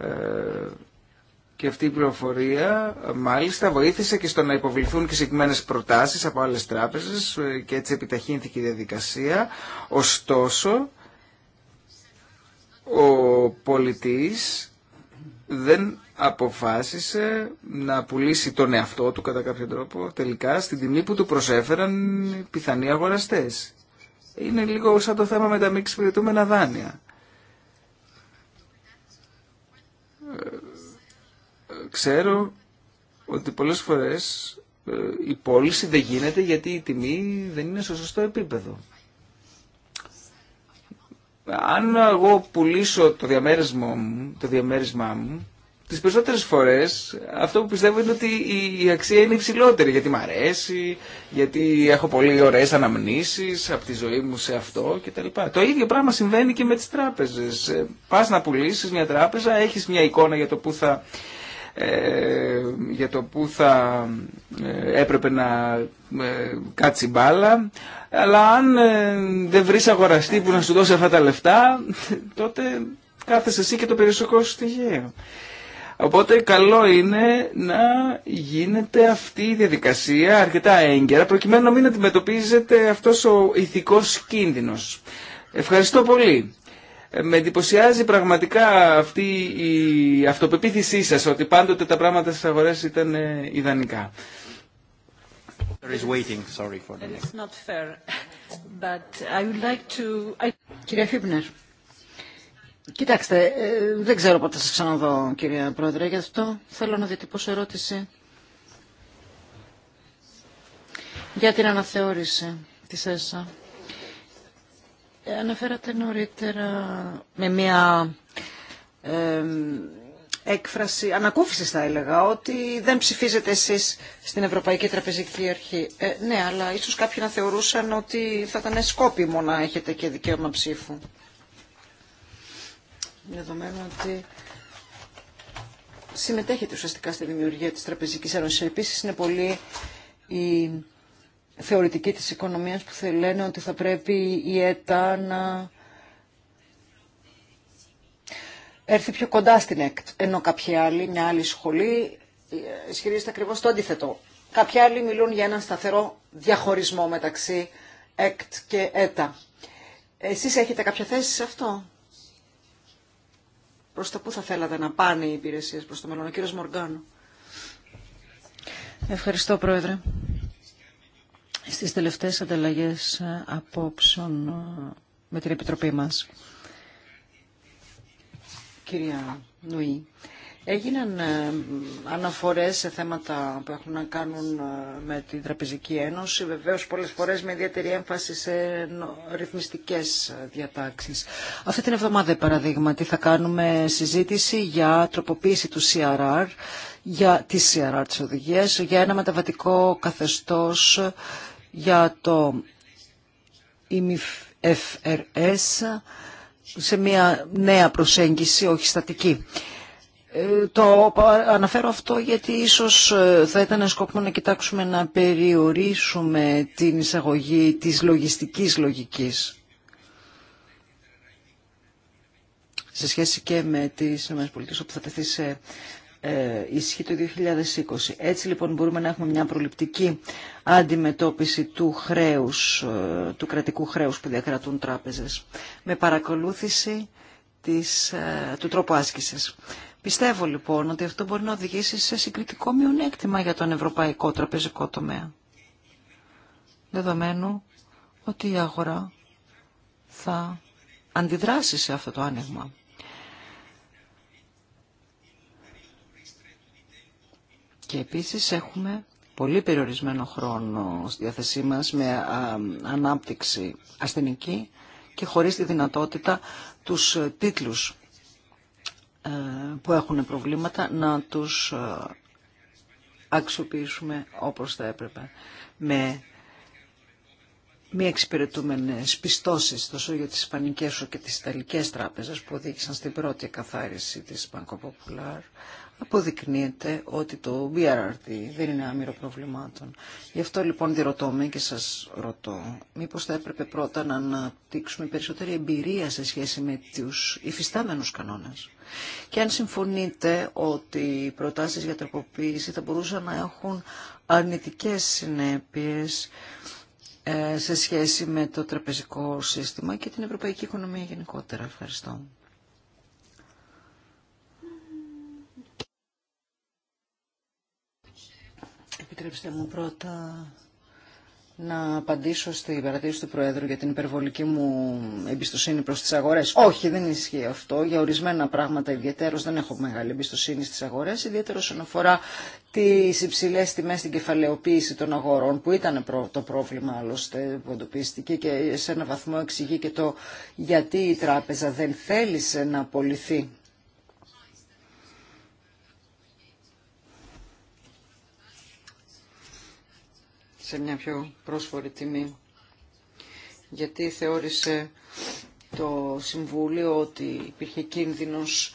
ε, και αυτή η πληροφορία ε, μάλιστα βοήθησε και στο να υποβληθούν και συγκεκριμένε προτάσεις από άλλες τράπεζες ε, και έτσι επιταχύνθηκε η διαδικασία. Ωστόσο, ο πολιτής δεν αποφάσισε να πουλήσει τον εαυτό του κατά κάποιο τρόπο τελικά στην τιμή που του προσέφεραν οι πιθανοί αγοραστές. Είναι λίγο σαν το θέμα με τα μη εξυπηρετούμενα δάνεια. Ε, ξέρω ότι πολλές φορές ε, η πώληση δεν γίνεται γιατί η τιμή δεν είναι στο σωστό επίπεδο. Αν εγώ πουλήσω το διαμέρισμά μου, το διαμέρισμά μου τις περισσότερες φορές αυτό που πιστεύω είναι ότι η αξία είναι υψηλότερη γιατί μου αρέσει, γιατί έχω πολύ ωραίες αναμνήσεις από τη ζωή μου σε αυτό κτλ. Το ίδιο πράγμα συμβαίνει και με τις τράπεζες. Ε, πας να πουλήσεις μια τράπεζα, έχεις μια εικόνα για το που θα, ε, για το που θα ε, έπρεπε να ε, κάτσει μπάλα αλλά αν δεν βρεις αγοραστή που να σου δώσει αυτά τα λεφτά τότε κάθεσαι εσύ και το περισσοκό σου στοιχείο. Οπότε καλό είναι να γίνεται αυτή η διαδικασία αρκετά έγκαιρα προκειμένου να μην αντιμετωπίζεται αυτός ο ηθικός κίνδυνος. Ευχαριστώ πολύ. Ε, με εντυπωσιάζει πραγματικά αυτή η αυτοπεποίθησή σας ότι πάντοτε τα πράγματα στις αγορές ήταν ε, ιδανικά. Κύριε Φίπνερ, Κοιτάξτε, ε, δεν ξέρω πότε θα σας ξαναδώ, κυρία Πρόεδρε, γι' αυτό θέλω να διατυπώσω ερώτηση για την αναθεώρηση της ΕΣΑ. Ε, αναφέρατε νωρίτερα με μια ε, έκφραση, ανακούφιση θα έλεγα, ότι δεν ψηφίζετε εσείς στην Ευρωπαϊκή Τραπεζική Αρχή. Ε, ναι, αλλά ίσως κάποιοι να θεωρούσαν ότι θα ήταν σκόπιμο να έχετε και δικαίωμα ψήφου δεδομένου ότι συμμετέχετε ουσιαστικά στη δημιουργία της Τραπεζικής Ένωσης. Επίσης είναι πολύ η θεωρητική της οικονομίας που θα λένε ότι θα πρέπει η ΕΤΑ να έρθει πιο κοντά στην ΕΚΤ, ενώ κάποια άλλη μια άλλη σχολή, ισχυρίζεται ακριβώς το αντίθετο. Κάποιοι άλλοι μιλούν για έναν σταθερό διαχωρισμό μεταξύ ΕΚΤ και ΕΤΑ. Εσείς έχετε κάποια θέση σε αυτό προς τα πού θα θέλατε να πάνε οι υπηρεσίες προς το μέλλον. Ο Μοργκάνο. Ευχαριστώ, Πρόεδρε. Στις τελευταίες ανταλλαγέ απόψεων ε, με την Επιτροπή μας, κυρία Νουή, Έγιναν ε, αναφορές σε θέματα που έχουν να κάνουν ε, με την Τραπεζική Ένωση, βεβαίως πολλές φορές με ιδιαίτερη έμφαση σε ρυθμιστικές ε, διατάξεις. Αυτή την εβδομάδα, παραδείγματι, θα κάνουμε συζήτηση για τροποποίηση του CRR, για τις CRR της οδηγίας, για ένα μεταβατικό καθεστώς για το IMIFRS e σε μια νέα προσέγγιση, όχι στατική. Ε, το αναφέρω αυτό γιατί ίσως ε, θα ήταν σκόπιμο να κοιτάξουμε να περιορίσουμε την εισαγωγή της λογιστικής λογικής σε σχέση και με τις ΗΠΑ που θα τεθεί σε ε, ισχύ το 2020. Έτσι λοιπόν μπορούμε να έχουμε μια προληπτική αντιμετώπιση του χρέους, του κρατικού χρέους που διακρατούν τράπεζες με παρακολούθηση της, του τρόπου άσκησης. Πιστεύω λοιπόν ότι αυτό μπορεί να οδηγήσει σε συγκριτικό μειονέκτημα για τον ευρωπαϊκό τραπεζικό τομέα. Δεδομένου ότι η αγορά θα αντιδράσει σε αυτό το άνοιγμα. Και επίσης έχουμε πολύ περιορισμένο χρόνο στη διάθεσή μας με ανάπτυξη ασθενική και χωρίς τη δυνατότητα τους τίτλους ε, που έχουν προβλήματα να τους ε, αξιοποιήσουμε όπως θα έπρεπε. Με μη εξυπηρετούμενες πιστώσεις τόσο για τις Ισπανικές και τις Ιταλικές τράπεζες που οδήγησαν στην πρώτη εκαθάριση της Banco Popular αποδεικνύεται ότι το BRRD δεν είναι άμυρο προβλημάτων. Γι' αυτό λοιπόν τη με και σας ρωτώ, μήπως θα έπρεπε πρώτα να αναπτύξουμε περισσότερη εμπειρία σε σχέση με τους υφιστάμενους κανόνες. Και αν συμφωνείτε ότι οι προτάσεις για τροποποίηση θα μπορούσαν να έχουν αρνητικές συνέπειες ε, σε σχέση με το τραπεζικό σύστημα και την ευρωπαϊκή οικονομία γενικότερα. Ευχαριστώ. Επιτρέψτε μου πρώτα να απαντήσω στην παρατήρηση του Προέδρου για την υπερβολική μου εμπιστοσύνη προς τις αγορές. Όχι, δεν ισχύει αυτό. Για ορισμένα πράγματα ιδιαίτερος δεν έχω μεγάλη εμπιστοσύνη στις αγορές, ιδιαίτερα όσον αφορά τις υψηλές τιμές στην κεφαλαιοποίηση των αγορών, που ήταν το πρόβλημα άλλωστε που εντοπίστηκε και σε ένα βαθμό εξηγεί και το γιατί η τράπεζα δεν θέλησε να απολυθεί σε μια πιο πρόσφορη τιμή. Γιατί θεώρησε το Συμβούλιο ότι υπήρχε κίνδυνος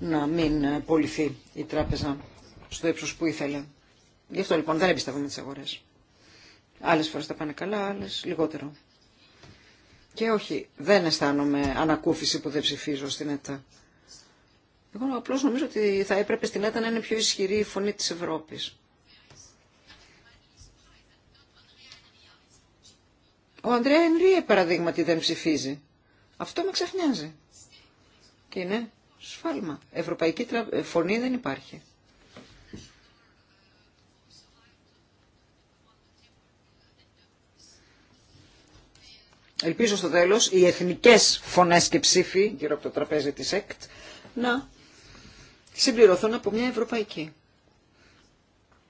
να μην πολυθεί η τράπεζα στο ύψος που ήθελε. Γι' αυτό λοιπόν δεν εμπιστεύομαι τις αγορές. Άλλες φορές τα πάνε καλά, άλλες λιγότερο. Και όχι, δεν αισθάνομαι ανακούφιση που δεν ψηφίζω στην ΕΤΑ. Εγώ απλώς νομίζω ότι θα έπρεπε στην ΕΤΑ να είναι πιο ισχυρή η φωνή της Ευρώπης. Ο Ανδρέα Ενρίε παραδείγματι δεν ψηφίζει. Αυτό με ξεχνιάζει. Και είναι σφάλμα. Ευρωπαϊκή ε, φωνή δεν υπάρχει. Ελπίζω στο τέλος οι εθνικές φωνές και ψήφοι γύρω από το τραπέζι της ΕΚΤ να συμπληρωθούν από μια ευρωπαϊκή.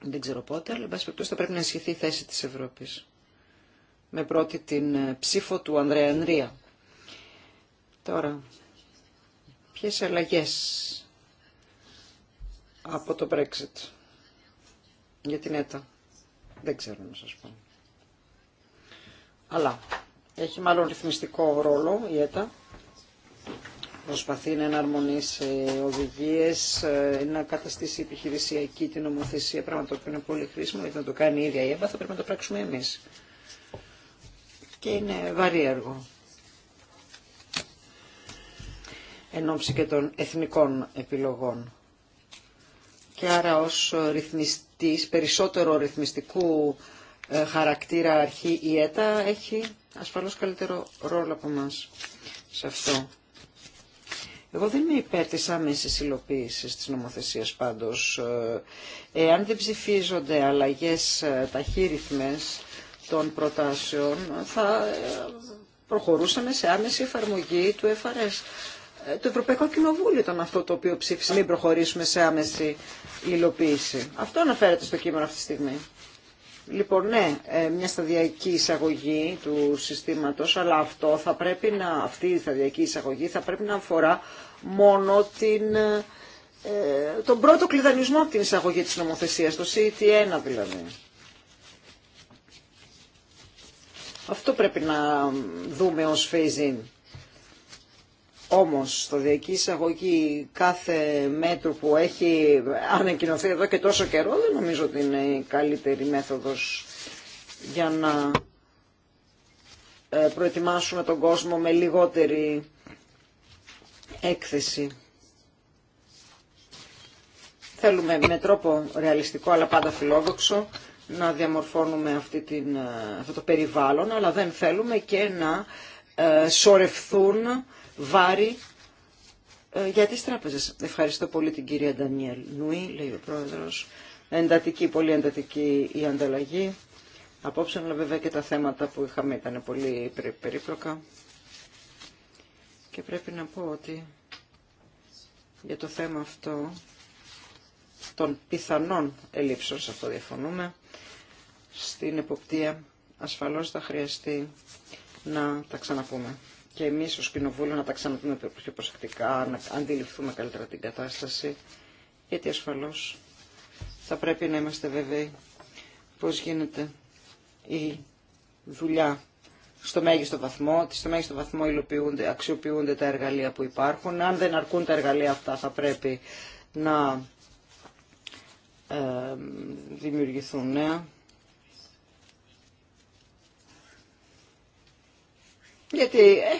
Δεν ξέρω πότε, αλλά εν θα πρέπει να ισχυθεί η θέση της Ευρώπης με πρώτη την ε, ψήφο του Ανδρέα Ενρία. Τώρα, ποιες αλλαγές από το Brexit για την ΕΤΑ. Δεν ξέρω να σας πω. Αλλά έχει μάλλον ρυθμιστικό ρόλο η ΕΤΑ. Προσπαθεί να εναρμονίσει οδηγίες, ε, να καταστήσει επιχειρησιακή την νομοθεσία, πράγμα το οποίο είναι πολύ χρήσιμο, γιατί να το κάνει η ίδια η ΕΜΠΑ, θα πρέπει να το πράξουμε εμείς και είναι βαρύ έργο. Εν και των εθνικών επιλογών. Και άρα ως ρυθμιστής, περισσότερο ρυθμιστικού ε, χαρακτήρα αρχή η ΕΤΑ έχει ασφαλώς καλύτερο ρόλο από μας σε αυτό. Εγώ δεν είμαι υπέρ της άμεσης υλοποίησης της νομοθεσίας πάντως. Ε, εάν δεν ψηφίζονται αλλαγές ε, ταχύρυθμες, των προτάσεων θα ε, προχωρούσαμε σε άμεση εφαρμογή του ΕΦΑΡΕΣ. Το Ευρωπαϊκό Κοινοβούλιο ήταν αυτό το οποίο ψήφισε μην προχωρήσουμε σε άμεση υλοποίηση. Αυτό αναφέρεται στο κείμενο αυτή τη στιγμή. Λοιπόν, ναι, ε, μια σταδιακή εισαγωγή του συστήματος, αλλά αυτό θα πρέπει να, αυτή η σταδιακή εισαγωγή θα πρέπει να αφορά μόνο την, ε, τον πρώτο κλειδανισμό από την εισαγωγή της νομοθεσίας, το CT1 δηλαδή. Αυτό πρέπει να δούμε ως phase-in. Όμως, στο διακή εισαγωγή κάθε μέτρο που έχει ανακοινωθεί εδώ και τόσο καιρό δεν νομίζω ότι είναι η καλύτερη μέθοδος για να ε, προετοιμάσουμε τον κόσμο με λιγότερη έκθεση. Θέλουμε με τρόπο ρεαλιστικό αλλά πάντα φιλόδοξο να διαμορφώνουμε αυτή την, ε, αυτό το περιβάλλον, αλλά δεν θέλουμε και να ε, σορευθούν βάρη ε, για τις τράπεζες. Ευχαριστώ πολύ την κυρία Ντανιέλ Νουή, λέει ο πρόεδρος. Εντατική, πολύ εντατική η ανταλλαγή. Απόψε, αλλά βέβαια και τα θέματα που είχαμε ήταν πολύ περίπλοκα. Και πρέπει να πω ότι για το θέμα αυτό των πιθανών ελλείψεων, σε αυτό διαφωνούμε, στην εποπτεία ασφαλώς θα χρειαστεί να τα ξαναπούμε. Και εμείς ως Κοινοβούλιο να τα ξαναπούμε πιο προσεκτικά, να αντιληφθούμε καλύτερα την κατάσταση, γιατί ασφαλώς θα πρέπει να είμαστε βέβαιοι πώς γίνεται η δουλειά στο μέγιστο βαθμό, ότι στο μέγιστο βαθμό αξιοποιούνται τα εργαλεία που υπάρχουν. Αν δεν αρκούν τα εργαλεία αυτά θα πρέπει να ε, δημιουργηθούν νέα. γιατί ε,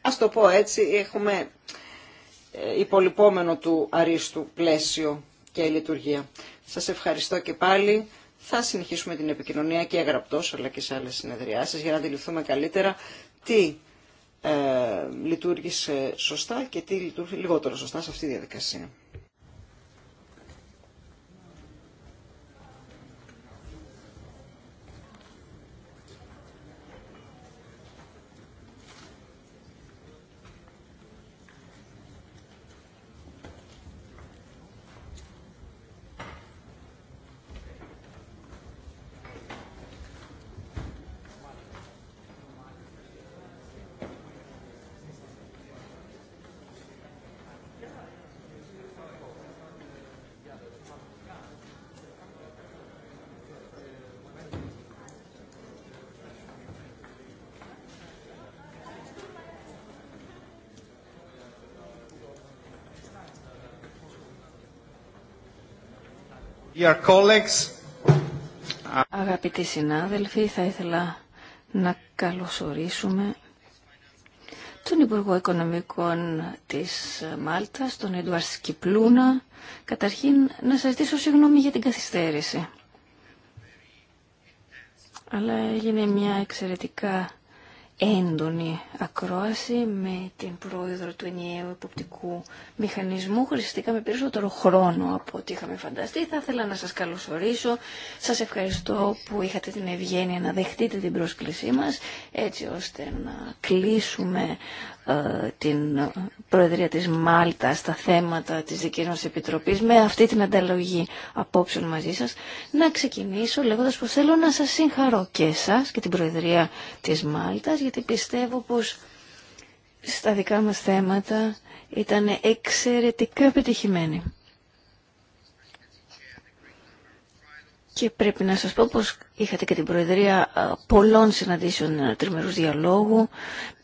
ας το πω έτσι έχουμε ε, υπολοιπόμενο του αρίστου πλαίσιο και λειτουργία. Σας ευχαριστώ και πάλι. Θα συνεχίσουμε την επικοινωνία και γραπτός αλλά και σε άλλες συνεδριάσεις για να αντιληφθούμε καλύτερα τι ε, λειτουργήσε σωστά και τι λειτουργήσε λιγότερο σωστά σε αυτή τη διαδικασία. Αγαπητοί συνάδελφοι, θα ήθελα να καλωσορίσουμε τον Υπουργό Οικονομικών της Μάλτας, τον Εντουάρ Σκυπλούνα. Καταρχήν, να σας δείσω συγγνώμη για την καθυστέρηση. Αλλά έγινε μια εξαιρετικά έντονη ακρόαση με την πρόεδρο του ενιαίου υποπτικού μηχανισμού. Χρησιστήκαμε περισσότερο χρόνο από ό,τι είχαμε φανταστεί. Θα ήθελα να σας καλωσορίσω. Σας ευχαριστώ που είχατε την ευγένεια να δεχτείτε την πρόσκλησή μας έτσι ώστε να κλείσουμε ε, την Προεδρία της Μάλτα, στα θέματα της δικής Επιτροπής με αυτή την ανταλλαγή απόψεων μαζί σας να ξεκινήσω λέγοντας πως θέλω να σας συγχαρώ και εσάς και την Προεδρία της Μάλτας γιατί πιστεύω πως στα δικά μας θέματα ήταν εξαιρετικά επιτυχημένη. Και πρέπει να σας πω πως είχατε και την προεδρία ε, πολλών συναντήσεων ε, τριμερούς διαλόγου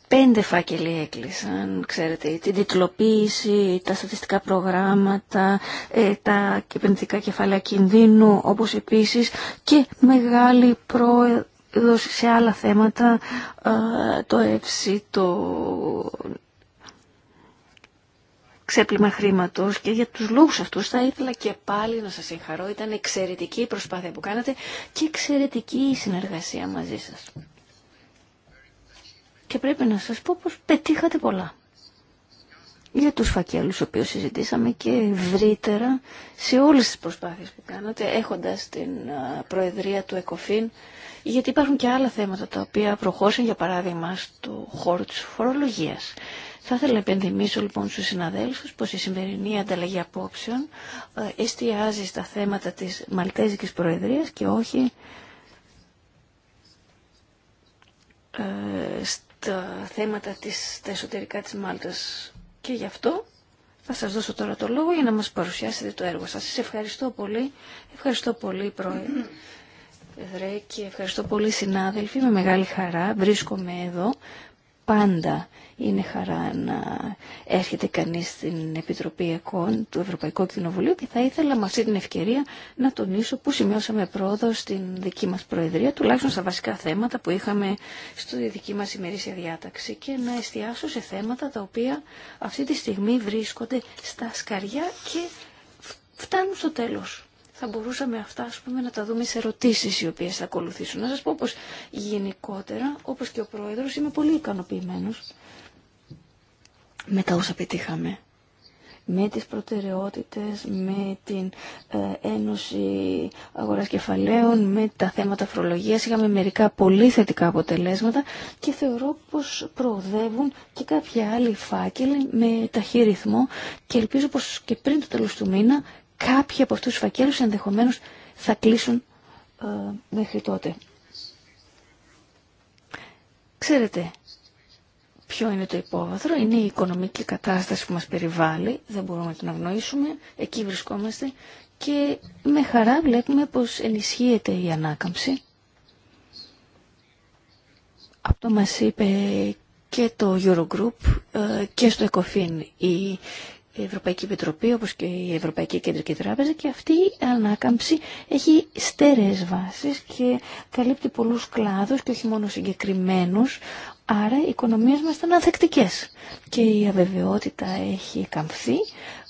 Πέντε φάκελοι έκλεισαν, ξέρετε, την τιτλοποίηση, τα στατιστικά προγράμματα, ε, τα επενδυτικά κεφάλαια κινδύνου, όπως επίσης και μεγάλη πρόεδρος σε άλλα θέματα, ε, το ΕΦΣΥ, το ξέπλυμα χρήματος. και για τους λόγους αυτούς θα ήθελα και πάλι να σας συγχαρώ. Ήταν εξαιρετική η προσπάθεια που κάνατε και εξαιρετική η συνεργασία μαζί σα και πρέπει να σας πω πως πετύχατε πολλά για τους φακέλους, ο οποίους συζητήσαμε και ευρύτερα σε όλες τις προσπάθειες που κάνατε, έχοντας την Προεδρία του ΕΚΟΦΗΝ, γιατί υπάρχουν και άλλα θέματα τα οποία προχώρησαν, για παράδειγμα, στο χώρο της φορολογίας. Θα ήθελα να επενδυμίσω λοιπόν στους συναδέλφους πως η σημερινή ανταλλαγή απόψεων εστιάζει στα θέματα της Μαλτέζικης Προεδρίας και όχι ε, τα θέματα της, τα εσωτερικά της Μάλτας. Και γι' αυτό θα σας δώσω τώρα το λόγο για να μας παρουσιάσετε το έργο σας. Σας ευχαριστώ πολύ. Ευχαριστώ πολύ, Πρόεδρε. Και ευχαριστώ πολύ συνάδελφοι, με μεγάλη χαρά βρίσκομαι εδώ πάντα είναι χαρά να έρχεται κανείς στην Επιτροπή ΕΚΟΝ του Ευρωπαϊκού Κοινοβουλίου και θα ήθελα με αυτή την ευκαιρία να τονίσω που σημειώσαμε πρόοδο στην δική μας Προεδρία, τουλάχιστον στα βασικά θέματα που είχαμε στη δική μας ημερήσια διάταξη και να εστιάσω σε θέματα τα οποία αυτή τη στιγμή βρίσκονται στα σκαριά και φτάνουν στο τέλος θα μπορούσαμε αυτά ας πούμε, να τα δούμε σε ερωτήσει οι οποίε θα ακολουθήσουν. Να σα πω πω γενικότερα, όπω και ο πρόεδρο, είμαι πολύ ικανοποιημένο. με τα όσα πετύχαμε με τις προτεραιότητες, με την ε, Ένωση Αγοράς Κεφαλαίων, με τα θέματα φρολογίας. Είχαμε μερικά πολύ θετικά αποτελέσματα και θεωρώ πως προοδεύουν και κάποια άλλη φάκελοι με ταχύ ρυθμό και ελπίζω πως και πριν το τέλος του μήνα κάποιοι από αυτούς τους φακέλους ενδεχομένως θα κλείσουν ε, μέχρι τότε. Ξέρετε ποιο είναι το υπόβαθρο, είναι η οικονομική κατάσταση που μας περιβάλλει, δεν μπορούμε να την αγνοήσουμε, εκεί βρισκόμαστε και με χαρά βλέπουμε πως ενισχύεται η ανάκαμψη. Αυτό μας είπε και το Eurogroup ε, και στο ECOFIN η η Ευρωπαϊκή Επιτροπή όπως και η Ευρωπαϊκή Κεντρική Τράπεζα και αυτή η ανάκαμψη έχει στέρεες βάσεις και καλύπτει πολλούς κλάδους και όχι μόνο συγκεκριμένους άρα οι οικονομίες μας ήταν ανθεκτικές και η αβεβαιότητα έχει καμφθεί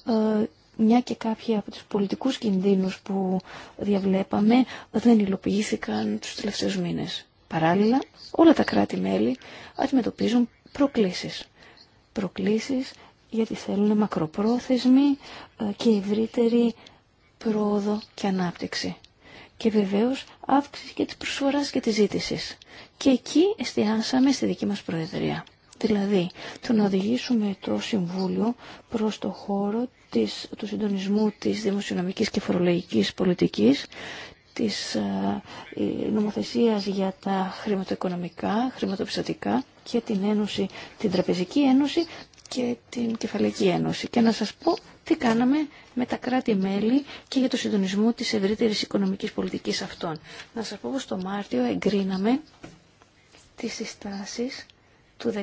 ε, μια και κάποιοι από τους πολιτικούς κινδύνους που διαβλέπαμε δεν υλοποιήθηκαν τους τελευταίους μήνες. Παράλληλα, όλα τα κράτη-μέλη αντιμετωπίζουν προκλήσεις. Προκλήσεις γιατί θέλουν μακροπρόθεσμη ε, και ευρύτερη πρόοδο και ανάπτυξη. Και βεβαίως αύξηση και της προσφοράς και της ζήτησης. Και εκεί εστιάσαμε στη δική μας Προεδρία. Δηλαδή, το να οδηγήσουμε το Συμβούλιο προς το χώρο της, του συντονισμού της δημοσιονομικής και φορολογικής πολιτικής, της ε, νομοθεσίας για τα χρηματοοικονομικά, χρηματοπιστωτικά και την Ένωση, την Τραπεζική Ένωση, και την Κεφαλική Ένωση και να σας πω τι κάναμε με τα κράτη-μέλη και για το συντονισμό της ευρύτερης οικονομικής πολιτικής αυτών. Να σας πω πως το Μάρτιο εγκρίναμε τις συστάσεις του 17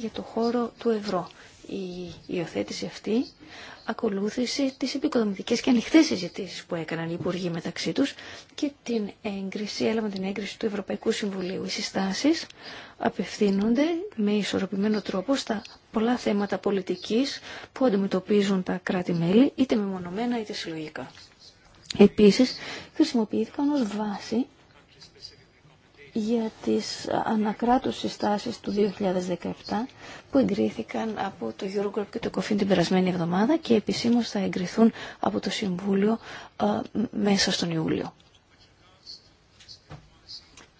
για το χώρο του ευρώ. Η υιοθέτηση αυτή ακολούθησε τις επικοδομητικές και ανοιχτές συζητήσει που έκαναν οι υπουργοί μεταξύ τους και την έγκριση, έλαβαν την έγκριση του Ευρωπαϊκού Συμβουλίου. Οι συστάσεις απευθύνονται με ισορροπημένο τρόπο στα πολλά θέματα πολιτικής που αντιμετωπίζουν τα κράτη-μέλη, είτε μεμονωμένα είτε συλλογικά. Επίσης, χρησιμοποιήθηκαν ως βάση για τις ανακράτους συστάσεις του 2017 που εγκρίθηκαν από το Eurogroup και το COFIN την περασμένη εβδομάδα και επισήμως θα εγκριθούν από το Συμβούλιο μέσα στον Ιούλιο.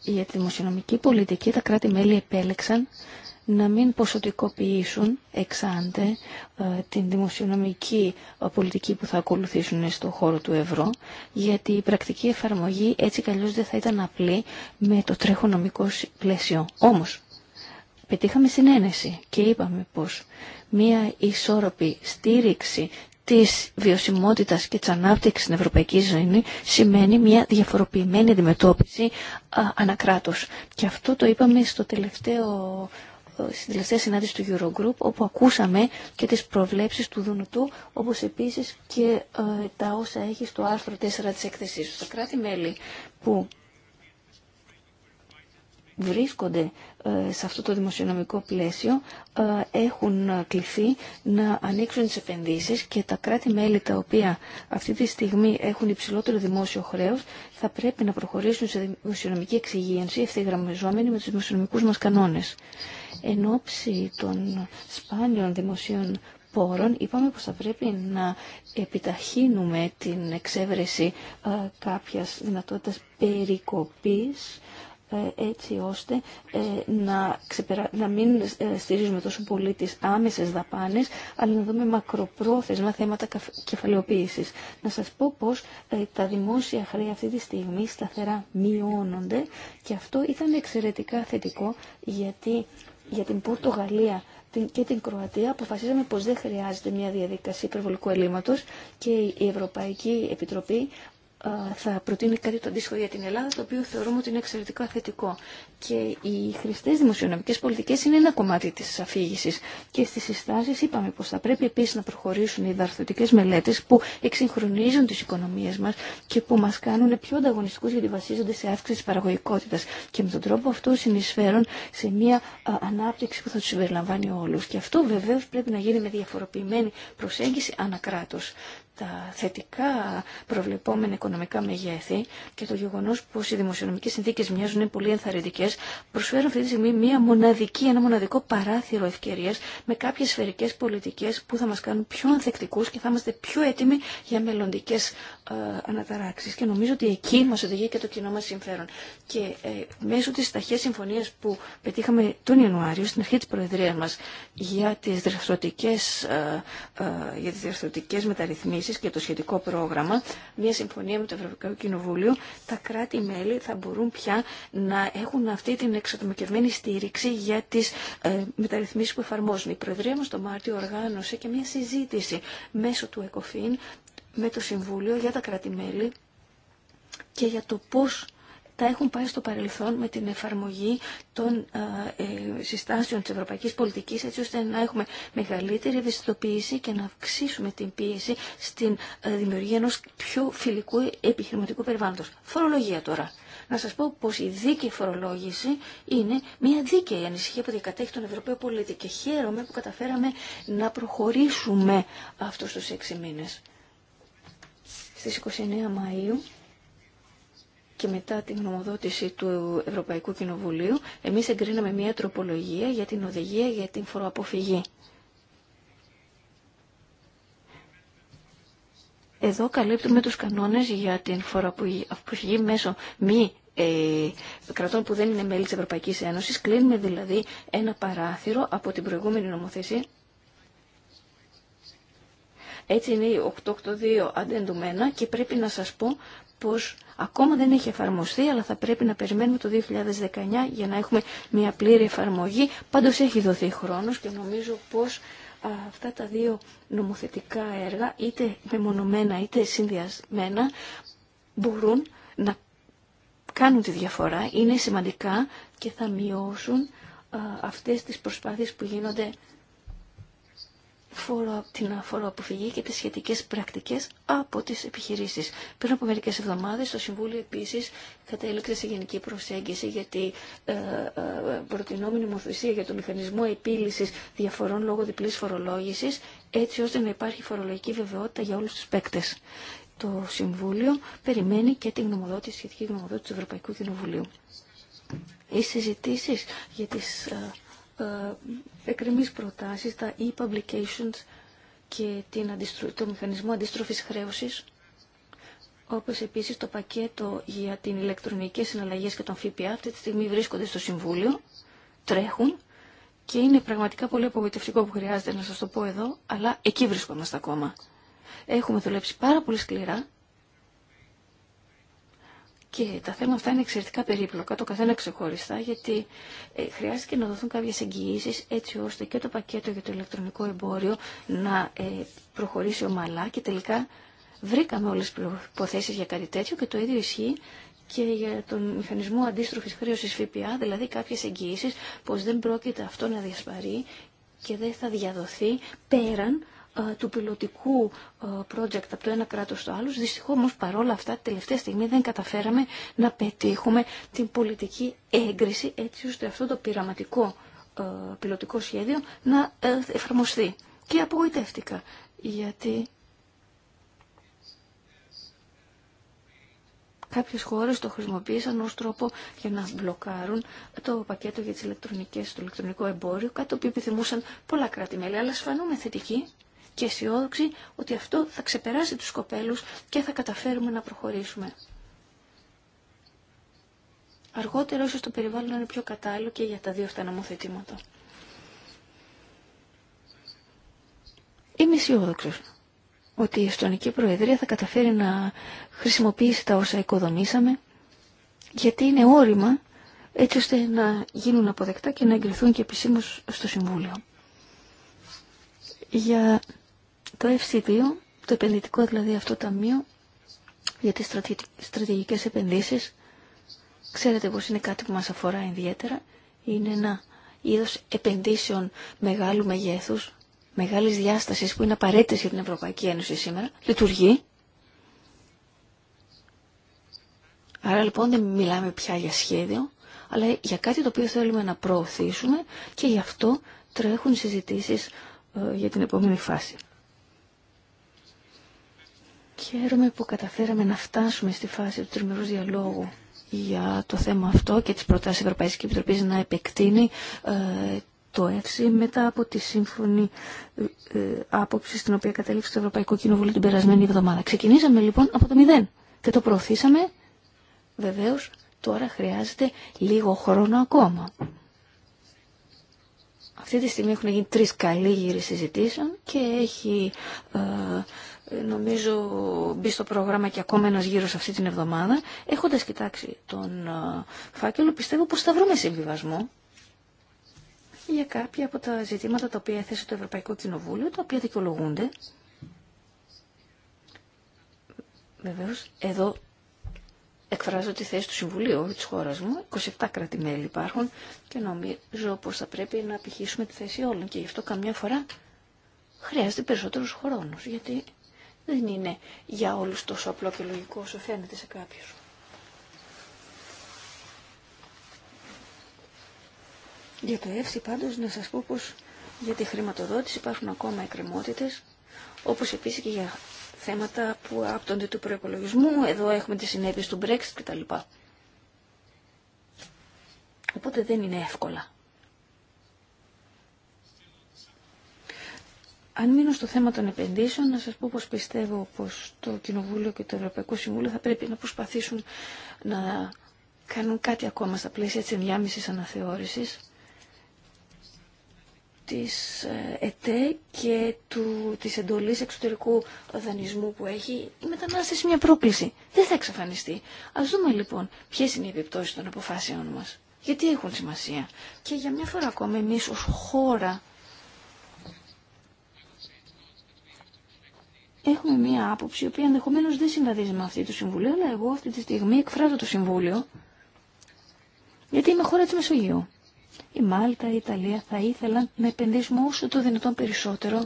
Για τη δημοσιονομική πολιτική τα κράτη-μέλη επέλεξαν να μην ποσοτικοποιήσουν εξάντε ε, την δημοσιονομική ε, πολιτική που θα ακολουθήσουν στο χώρο του ευρώ, γιατί η πρακτική εφαρμογή έτσι καλώς δεν θα ήταν απλή με το τρέχον νομικό πλαίσιο. Όμως, πετύχαμε συνένεση και είπαμε πως μία ισόρροπη στήριξη της βιωσιμότητας και της ανάπτυξης στην ευρωπαϊκή ζωή σημαίνει μια διαφοροποιημένη αντιμετώπιση ανακράτως. Και αυτό το είπαμε στο τελευταίο στην τελευταία συνάντηση του Eurogroup όπου ακούσαμε και τις προβλέψεις του Δουνουτού όπως επίσης και ε, τα όσα έχει στο άρθρο 4 της εκθεσής του. Τα κράτη-μέλη που βρίσκονται ε, σε αυτό το δημοσιονομικό πλαίσιο ε, έχουν ε, κληθεί να ανοίξουν τις επενδύσεις και τα κράτη-μέλη τα οποία αυτή τη στιγμή έχουν υψηλότερο δημόσιο χρέος θα πρέπει να προχωρήσουν σε δημοσιονομική εξυγίανση ευθυγραμμιζόμενη με τους δημοσιονομικούς μας κανόνες εν ώψη των σπάνιων δημοσίων πόρων είπαμε πως θα πρέπει να επιταχύνουμε την εξέβρεση ε, κάποιας δυνατότητας περικοπής ε, έτσι ώστε ε, να, να μην στηρίζουμε τόσο πολύ τις άμεσες δαπάνες, αλλά να δούμε μακροπρόθεσμα θέματα κεφαλαιοποίησης. Να σας πω πως τα δημόσια χρέη αυτή τη στιγμή σταθερά μειώνονται και αυτό ήταν εξαιρετικά θετικό γιατί για την Πορτογαλία και την Κροατία αποφασίσαμε πως δεν χρειάζεται μια διαδικασία υπερβολικού ελλείμματος και η Ευρωπαϊκή Επιτροπή θα προτείνει κάτι το αντίστοιχο για την Ελλάδα, το οποίο θεωρούμε ότι είναι εξαιρετικά θετικό. Και οι χρηστέ δημοσιονομικέ πολιτικέ είναι ένα κομμάτι τη αφήγηση. Και στι συστάσει είπαμε πω θα πρέπει επίση να προχωρήσουν οι δαρθωτικέ μελέτε που εξυγχρονίζουν τι οικονομίε μα και που μα κάνουν πιο ανταγωνιστικούς γιατί βασίζονται σε αύξηση τη παραγωγικότητας. Και με τον τρόπο αυτό συνεισφέρουν σε μια ανάπτυξη που θα του συμπεριλαμβάνει όλου. Και αυτό βεβαίω πρέπει να γίνει με διαφοροποιημένη προσέγγιση ανακράτω τα θετικά προβλεπόμενα οικονομικά μεγέθη και το γεγονό πω οι δημοσιονομικέ συνθήκε μοιάζουν πολύ ενθαρρυντικέ, προσφέρουν αυτή τη στιγμή μια μοναδική, ένα μοναδικό παράθυρο ευκαιρία με κάποιε σφαιρικέ πολιτικέ που θα μα κάνουν πιο ανθεκτικού και θα είμαστε πιο έτοιμοι για μελλοντικέ ε, και νομίζω ότι εκεί μα οδηγεί και το κοινό μα συμφέρον. Και ε, μέσω τη ταχύα συμφωνία που πετύχαμε τον Ιανουάριο στην αρχή τη Προεδρία μα για τι διευθυντικέ ε, ε, και το σχετικό πρόγραμμα, μια συμφωνία με το Ευρωπαϊκό Κοινοβούλιο, τα κράτη-μέλη θα μπορούν πια να έχουν αυτή την εξατομικευμένη στήριξη για τις ε, μεταρρυθμίσεις που εφαρμόζουν. Η Προεδρία μας το Μάρτιο οργάνωσε και μια συζήτηση μέσω του ΕΚΟΦΗΝ με το Συμβούλιο για τα κράτη-μέλη και για το πώς τα έχουν πάει στο παρελθόν με την εφαρμογή των ε, ε, συστάσεων της ευρωπαϊκής πολιτικής έτσι ώστε να έχουμε μεγαλύτερη ευαισθητοποίηση και να αυξήσουμε την πίεση στην ε, δημιουργία ενός πιο φιλικού επιχειρηματικού περιβάλλοντος. Φορολογία τώρα. Να σας πω πως η δίκαιη φορολόγηση είναι μια δίκαιη ανησυχία που διακατέχει τον Ευρωπαίο πολίτη και χαίρομαι που καταφέραμε να προχωρήσουμε αυτούς τους έξι μήνες. Στις 29 Μαΐου και μετά την γνωμοδότηση του Ευρωπαϊκού Κοινοβουλίου, εμείς εγκρίναμε μια τροπολογία για την οδηγία για την φοροαποφυγή. Εδώ καλύπτουμε τους κανόνες για την φοροαποφυγή μέσω μη ε, κρατών που δεν είναι μέλη της Ευρωπαϊκής Ένωσης. Κλείνουμε δηλαδή ένα παράθυρο από την προηγούμενη νομοθεσία έτσι είναι η 882 αντεντουμένα και πρέπει να σας πω πως ακόμα δεν έχει εφαρμοστεί, αλλά θα πρέπει να περιμένουμε το 2019 για να έχουμε μια πλήρη εφαρμογή. Πάντως έχει δοθεί χρόνος και νομίζω πως αυτά τα δύο νομοθετικά έργα, είτε μεμονωμένα είτε συνδυασμένα, μπορούν να κάνουν τη διαφορά, είναι σημαντικά και θα μειώσουν αυτές τις προσπάθειες που γίνονται φορο, την αφοροαποφυγή και τις σχετικές πρακτικές από τις επιχειρήσεις. Πριν από μερικές εβδομάδες το Συμβούλιο επίσης κατέληξε σε γενική προσέγγιση για την ε, ε, προτινόμενη για το μηχανισμό επίλυσης διαφορών λόγω διπλής φορολόγησης έτσι ώστε να υπάρχει φορολογική βεβαιότητα για όλους τους παίκτες. Το Συμβούλιο περιμένει και την γνωμοδότηση, σχετική γνωμοδότηση του Ευρωπαϊκού Κοινοβουλίου. Οι συζητήσει για τις ε, ε, εκκρεμής προτάσεις, τα e-publications και το μηχανισμό αντίστροφης χρέωσης, όπως επίσης το πακέτο για την ηλεκτρονική συναλλαγή και τον ΦΠΑ, αυτή τη στιγμή βρίσκονται στο Συμβούλιο, τρέχουν και είναι πραγματικά πολύ απογοητευτικό που χρειάζεται να σας το πω εδώ, αλλά εκεί βρισκόμαστε ακόμα. Έχουμε δουλέψει πάρα πολύ σκληρά και τα θέματα αυτά είναι εξαιρετικά περίπλοκα, το καθένα ξεχωριστά, γιατί ε, χρειάστηκε να δοθούν κάποιες εγγυήσεις έτσι ώστε και το πακέτο για το ηλεκτρονικό εμπόριο να ε, προχωρήσει ομαλά και τελικά βρήκαμε όλες τις προϋποθέσεις για κάτι τέτοιο και το ίδιο ισχύει και για τον μηχανισμό αντίστροφης χρέωσης ΦΠΑ, δηλαδή κάποιες εγγυήσεις πως δεν πρόκειται αυτό να διασπαρεί και δεν θα διαδοθεί πέραν ε, του πιλωτικού ε, project από το ένα κράτος στο άλλο. Δυστυχώς όμως παρόλα αυτά τη τελευταία στιγμή δεν καταφέραμε να πετύχουμε την πολιτική έγκριση έτσι ώστε αυτό το πειραματικό ε, πιλωτικό σχέδιο να εφαρμοστεί. Και απογοητεύτηκα γιατί κάποιες χώρες το χρησιμοποίησαν ως τρόπο για να μπλοκάρουν το πακέτο για τις ηλεκτρονικές, το ηλεκτρονικό εμπόριο, κάτι το οποίο επιθυμούσαν πολλά κράτη-μέλη. Αλλά σφανούμε θετικοί και αισιόδοξη ότι αυτό θα ξεπεράσει τους κοπέλους και θα καταφέρουμε να προχωρήσουμε. Αργότερα ίσως το περιβάλλον είναι πιο κατάλληλο και για τα δύο αυτά νομοθετήματα. Είμαι αισιόδοξο ότι η Εστονική Προεδρία θα καταφέρει να χρησιμοποιήσει τα όσα οικοδομήσαμε, γιατί είναι όριμα έτσι ώστε να γίνουν αποδεκτά και να εγκριθούν και επισήμως στο Συμβούλιο. Για το FC2, το επενδυτικό δηλαδή αυτό το ταμείο για τις στρατηγικές επενδύσεις, ξέρετε πως είναι κάτι που μας αφορά ιδιαίτερα, είναι ένα είδος επενδύσεων μεγάλου μεγέθους, μεγάλης διάστασης που είναι απαραίτητες για την Ευρωπαϊκή Ένωση σήμερα, λειτουργεί. Άρα λοιπόν δεν μιλάμε πια για σχέδιο, αλλά για κάτι το οποίο θέλουμε να προωθήσουμε και γι' αυτό τρέχουν συζητήσεις ε, για την επόμενη φάση. Χαίρομαι που καταφέραμε να φτάσουμε στη φάση του τριμερούς διαλόγου για το θέμα αυτό και τις προτάσεις Ευρωπαϊκής Επιτροπής να επεκτείνει ε, το ΕΦΣΥ μετά από τη σύμφωνη ε, ε, άποψη στην οποία κατέληξε το Ευρωπαϊκό Κοινοβούλιο την περασμένη εβδομάδα. Ξεκινήσαμε λοιπόν από το μηδέν και το προωθήσαμε. Βεβαίως τώρα χρειάζεται λίγο χρόνο ακόμα. Αυτή τη στιγμή έχουν γίνει τρεις καλή συζητήσεων και έχει ε, νομίζω μπει στο πρόγραμμα και ακόμα ένας γύρος αυτή την εβδομάδα. Έχοντας κοιτάξει τον ε, φάκελο, πιστεύω πως θα βρούμε συμβιβασμό για κάποια από τα ζητήματα τα οποία έθεσε το Ευρωπαϊκό Κοινοβούλιο, τα οποία δικαιολογούνται. Βεβαίως, εδώ εκφράζω τη θέση του Συμβουλίου της χώρας μου. 27 κράτη-μέλη υπάρχουν και νομίζω πως θα πρέπει να απηχήσουμε τη θέση όλων και γι' αυτό καμιά φορά χρειάζεται περισσότερος χρόνος, γιατί δεν είναι για όλους τόσο απλό και λογικό όσο φαίνεται σε κάποιους. Για το ΕΦΣΙ πάντως να σας πω πως για τη χρηματοδότηση υπάρχουν ακόμα εκκρεμότητες, όπως επίσης και για θέματα που άπτονται του προπολογισμού. Εδώ έχουμε τις συνέπειες του Brexit κτλ. Οπότε δεν είναι εύκολα. Αν μείνω στο θέμα των επενδύσεων, να σας πω πως πιστεύω πως το Κοινοβούλιο και το Ευρωπαϊκό Συμβούλιο θα πρέπει να προσπαθήσουν να κάνουν κάτι ακόμα στα πλαίσια της ενδιάμεσης αναθεώρησης της ε, ΕΤΕ και του, της εντολής εξωτερικού δανεισμού που έχει η μετανάστευση μια πρόκληση. Δεν θα εξαφανιστεί. Ας δούμε λοιπόν ποιες είναι οι επιπτώσεις των αποφάσεων μας. Γιατί έχουν σημασία. Και για μια φορά ακόμα εμείς ως χώρα έχουμε μία άποψη, η οποία ενδεχομένω δεν συμβαδίζει με αυτή του Συμβουλίου, αλλά εγώ αυτή τη στιγμή εκφράζω το Συμβούλιο, γιατί είμαι χώρα τη Μεσογείου. Η Μάλτα, η Ιταλία θα ήθελαν να επενδύσουμε όσο το δυνατόν περισσότερο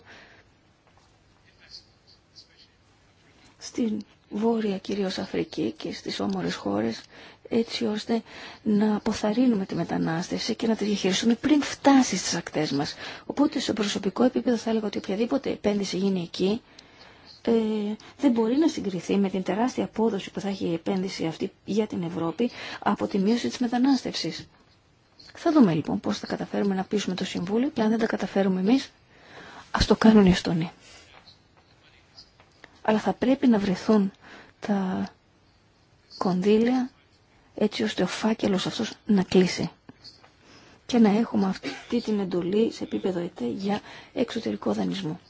στην Βόρεια κυρίως Αφρική και στις όμορες χώρες έτσι ώστε να αποθαρρύνουμε τη μετανάστευση και να τη διαχειριστούμε πριν φτάσει στις ακτές μας. Οπότε σε προσωπικό επίπεδο θα έλεγα ότι οποιαδήποτε επένδυση γίνει εκεί ε, δεν μπορεί να συγκριθεί με την τεράστια απόδοση που θα έχει η επένδυση αυτή για την Ευρώπη από τη μείωση της μετανάστευσης. Θα δούμε λοιπόν πώς θα καταφέρουμε να πείσουμε το Συμβούλιο και αν δεν τα καταφέρουμε εμείς, ας το κάνουν οι Εστονοί. Αλλά θα πρέπει να βρεθούν τα κονδύλια έτσι ώστε ο φάκελος αυτός να κλείσει και να έχουμε αυτή την εντολή σε επίπεδο ΕΤΕ για εξωτερικό δανεισμό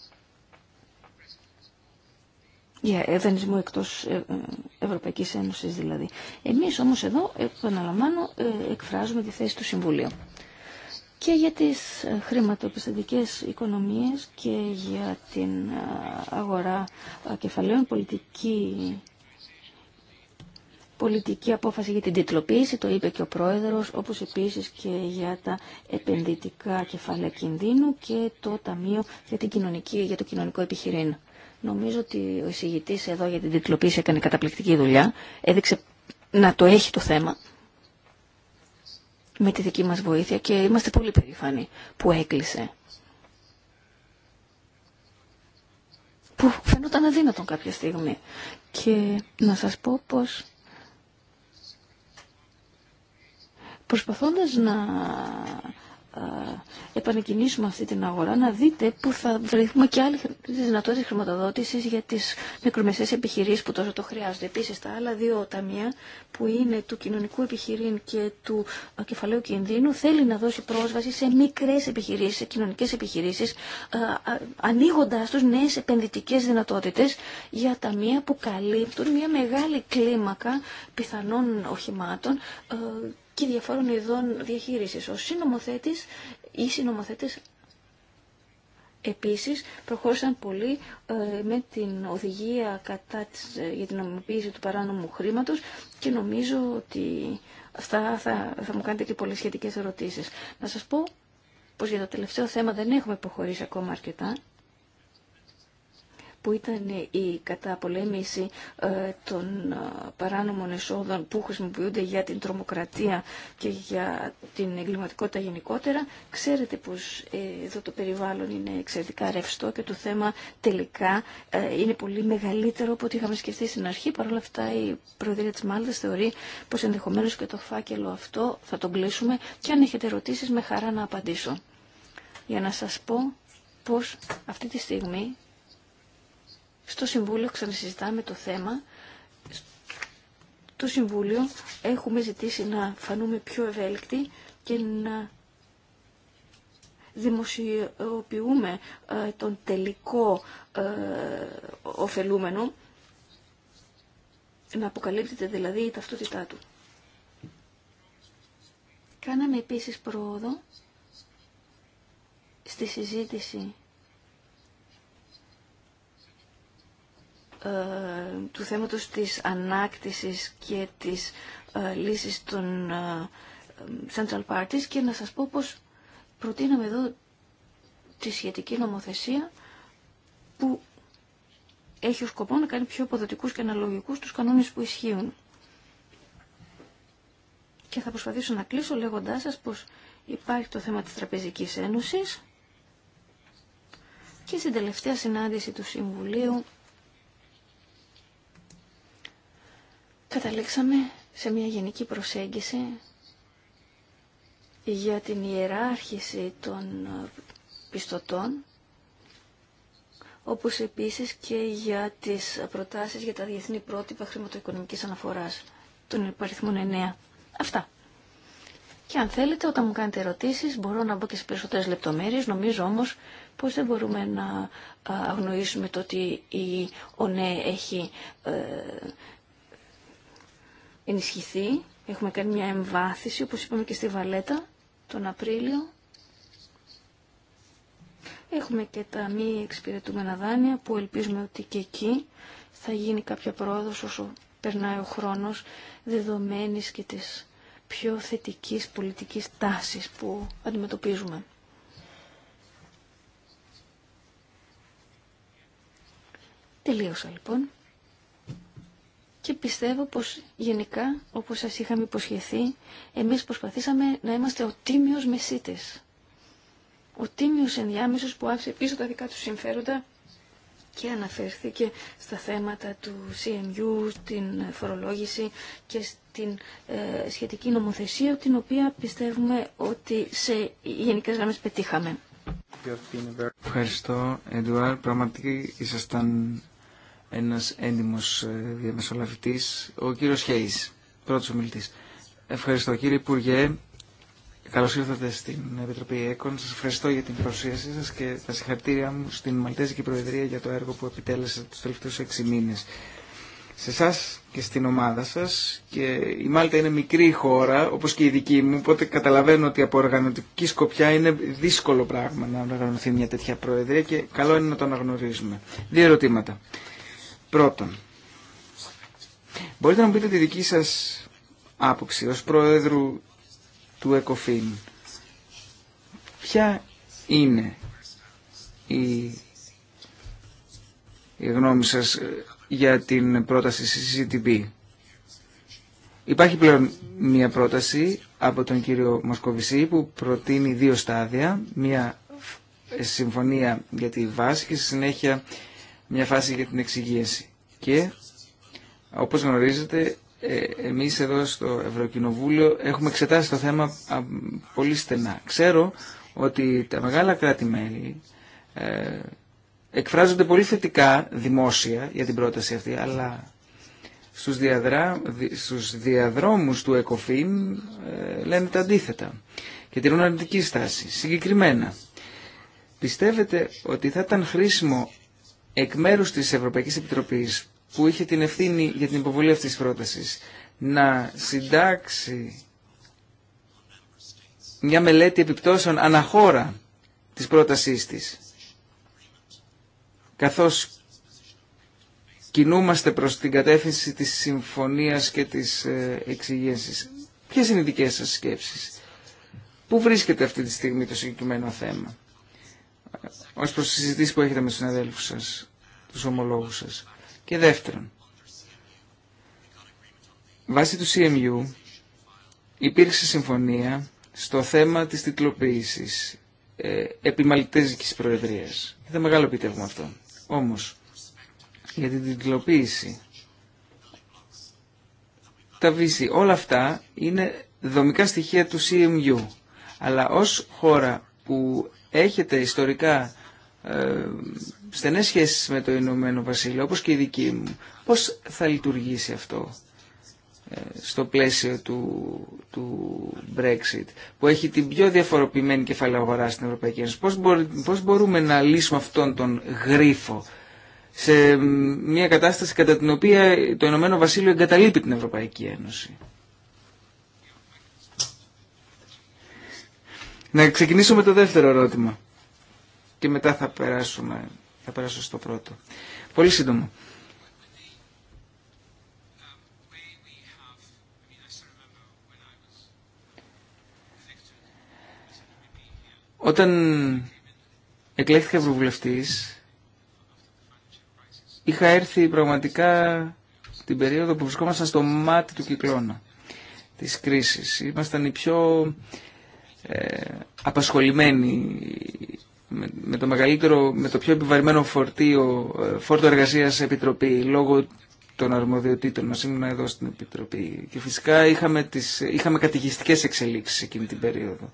για δανεισμό εκτός ε, ε, Ευρωπαϊκής Ένωσης δηλαδή. Εμείς όμως εδώ, επαναλαμβάνω, ε, εκφράζουμε τη θέση του Συμβουλίου. Και για τις χρηματοπιστωτικές οικονομίες και για την αγορά κεφαλαίων πολιτική πολιτική απόφαση για την τιτλοποίηση, το είπε και ο πρόεδρος, όπως επίσης και για τα επενδυτικά κεφάλαια κινδύνου και το Ταμείο για, την κοινωνική, για το κοινωνικό επιχειρήν. Νομίζω ότι ο εισηγητή εδώ για την τυπλοποίηση έκανε καταπληκτική δουλειά. Έδειξε να το έχει το θέμα με τη δική μας βοήθεια και είμαστε πολύ περήφανοι που έκλεισε. Που φαινόταν αδύνατον κάποια στιγμή. Και να σας πω πως προσπαθώντας να ε, επανεκκινήσουμε αυτή την αγορά, να δείτε που θα βρεθούμε και άλλες δυνατότητες χρηματοδότησης για τις μικρομεσαίες επιχειρήσεις που τόσο το χρειάζονται. Επίσης, τα άλλα δύο ταμεία που είναι του κοινωνικού επιχειρήν και του ε, κεφαλαίου κινδύνου θέλει να δώσει πρόσβαση σε μικρές επιχειρήσεις, σε κοινωνικές επιχειρήσεις, ε, ανοίγοντά του νέες επενδυτικές δυνατότητες για ταμεία που καλύπτουν μια μεγάλη κλίμακα πιθανών οχημάτων και διαφόρων ειδών διαχείρισης. Οι συνομοθέτης ή συνομοθέτες Επίσης, προχώρησαν πολύ ε, με την οδηγία κατά της, ε, για την νομιμοποίηση του παράνομου χρήματος και νομίζω ότι αυτά θα, θα μου κάνετε και πολλές σχετικές ερωτήσεις. Να σας πω πως για το τελευταίο θέμα δεν έχουμε προχωρήσει ακόμα αρκετά που ήταν η καταπολέμηση ε, των ε, παράνομων εσόδων που χρησιμοποιούνται για την τρομοκρατία και για την εγκληματικότητα γενικότερα. Ξέρετε πως ε, εδώ το περιβάλλον είναι εξαιρετικά ρευστό και το θέμα τελικά είναι πολύ μεγαλύτερο από ό,τι είχαμε σκεφτεί στην αρχή. Παρ' όλα αυτά η Προεδρία της Μάλτας θεωρεί πως ενδεχομένως και το φάκελο αυτό θα τον κλείσουμε και αν έχετε ερωτήσεις με χαρά να απαντήσω. Για να σας πω πως αυτή τη στιγμή στο Συμβούλιο ξανασυζητάμε το θέμα. Στο Συμβούλιο έχουμε ζητήσει να φανούμε πιο ευέλικτοι και να δημοσιοποιούμε ε, τον τελικό ε, ωφελούμενο, να αποκαλύπτεται δηλαδή η ταυτότητά του. Κάναμε επίσης πρόοδο στη συζήτηση Ε, του θέματος της ανάκτησης και της ε, λύσης των ε, Central Parties και να σας πω πως προτείναμε εδώ τη σχετική νομοθεσία που έχει ως σκοπό να κάνει πιο αποδοτικούς και αναλογικούς τους κανόνες που ισχύουν. Και θα προσπαθήσω να κλείσω λέγοντάς σας πως υπάρχει το θέμα της Τραπεζικής Ένωσης και στην τελευταία συνάντηση του Συμβουλίου καταλήξαμε σε μια γενική προσέγγιση για την ιεράρχηση των πιστωτών, όπως επίσης και για τις προτάσεις για τα διεθνή πρότυπα χρηματοοικονομικής αναφοράς των υπαριθμών 9. Αυτά. Και αν θέλετε, όταν μου κάνετε ερωτήσεις, μπορώ να μπω και σε περισσότερες λεπτομέρειες. Νομίζω όμως πως δεν μπορούμε να αγνοήσουμε το ότι η ΟΝΕ έχει ε, ενισχυθεί. Έχουμε κάνει μια εμβάθυση, όπως είπαμε και στη Βαλέτα, τον Απρίλιο. Έχουμε και τα μη εξυπηρετούμενα δάνεια που ελπίζουμε ότι και εκεί θα γίνει κάποια πρόοδος όσο περνάει ο χρόνος δεδομένης και της πιο θετικής πολιτικής τάσης που αντιμετωπίζουμε. Τελείωσα λοιπόν και πιστεύω πως γενικά, όπως σας είχαμε υποσχεθεί, εμείς προσπαθήσαμε να είμαστε ο τίμιος μεσίτης. Ο τίμιος ενδιάμεσος που άφησε πίσω τα δικά του συμφέροντα και αναφέρθηκε στα θέματα του CMU, την φορολόγηση και στην ε, σχετική νομοθεσία, την οποία πιστεύουμε ότι σε γενικές γραμμές πετύχαμε. Ευχαριστώ, Εντουάρ. Πραγματικά ήσασταν ένας έντιμος ε, διαμεσολαβητής, ο κύριος Χέις, πρώτος ομιλητής. Ευχαριστώ κύριε Υπουργέ. Καλώ ήρθατε στην Επιτροπή ΕΚΟΝ. Σα ευχαριστώ για την παρουσίασή σα και τα συγχαρητήριά μου στην Μαλτέζικη Προεδρία για το έργο που επιτέλεσε του τελευταίου έξι μήνε. Σε εσά και στην ομάδα σα, και η Μάλτα είναι μικρή χώρα, όπω και η δική μου, οπότε καταλαβαίνω ότι από οργανωτική σκοπιά είναι δύσκολο πράγμα να οργανωθεί μια τέτοια Προεδρία και καλό είναι να το αναγνωρίζουμε. Δύο ερωτήματα. Πρώτον, μπορείτε να μου πείτε τη δική σας άποψη ως πρόεδρου του ΕΚΟΦΗΝ. Ποια είναι η, γνώμη σας ε, για την πρόταση CCTV. Υπάρχει πλέον μια πρόταση από τον κύριο Μοσκοβισή που προτείνει δύο στάδια. Μια ε, συμφωνία για τη βάση και στη συνέχεια μια φάση για την εξυγίαση. Και όπως γνωρίζετε ε, εμείς εδώ στο Ευρωκοινοβούλιο έχουμε εξετάσει το θέμα πολύ στενά. Ξέρω ότι τα μεγάλα κράτη-μέλη ε, εκφράζονται πολύ θετικά δημόσια για την πρόταση αυτή, αλλά στους, διαδρά, στους διαδρόμους του ΕΚΟΦΗΜ ε, λένε τα αντίθετα και τηρούν αρνητική στάση. Συγκεκριμένα, πιστεύετε ότι θα ήταν χρήσιμο εκ μέρους της Ευρωπαϊκής Επιτροπής που είχε την ευθύνη για την υποβολή αυτής της πρότασης να συντάξει μια μελέτη επιπτώσεων αναχώρα της πρότασής της καθώς κινούμαστε προς την κατεύθυνση της συμφωνίας και της ε, εξηγήσεις. Ποιες είναι οι δικές σας σκέψεις. Πού βρίσκεται αυτή τη στιγμή το συγκεκριμένο θέμα ως προς τις συζητήσεις που έχετε με τους συναδέλφους σας, τους ομολόγους σας. Και δεύτερον, βάσει του CMU υπήρξε συμφωνία στο θέμα της τιτλοποίησης ε, επί Προεδρίας. Είναι μεγάλο επιτεύγμα αυτό. Όμως, για την τυκλοποίηση τα βύση, όλα αυτά είναι δομικά στοιχεία του CMU. Αλλά ως χώρα που έχετε ιστορικά ε, στενές σχέσεις με το Ηνωμένο Βασίλειο, όπως και η δική μου. Πώς θα λειτουργήσει αυτό ε, στο πλαίσιο του, του Brexit, που έχει την πιο διαφοροποιημένη κεφαλαία αγορά στην Ευρωπαϊκή Ένωση. Πώς, πώς μπορούμε να λύσουμε αυτόν τον γρίφο σε μια κατάσταση κατά την οποία το Ηνωμένο Βασίλειο εγκαταλείπει την Ευρωπαϊκή Ένωση. Να ξεκινήσουμε με το δεύτερο ερώτημα και μετά θα, περάσουμε, θα περάσω στο πρώτο. Πολύ σύντομα. Όταν εκλέχθηκα ευρωβουλευτής, είχα έρθει πραγματικά την περίοδο που βρισκόμασταν στο μάτι του κυκλώνα της κρίσης. Ήμασταν οι πιο ε, απασχολημένοι με το μεγαλύτερο, με το πιο επιβαρημένο φορτίο, ε, φόρτο εργασίας επιτροπή λόγω των αρμοδιοτήτων μας. Ήμουν εδώ στην επιτροπή και φυσικά είχαμε, τις, είχαμε εξελίξεις εκείνη την περίοδο.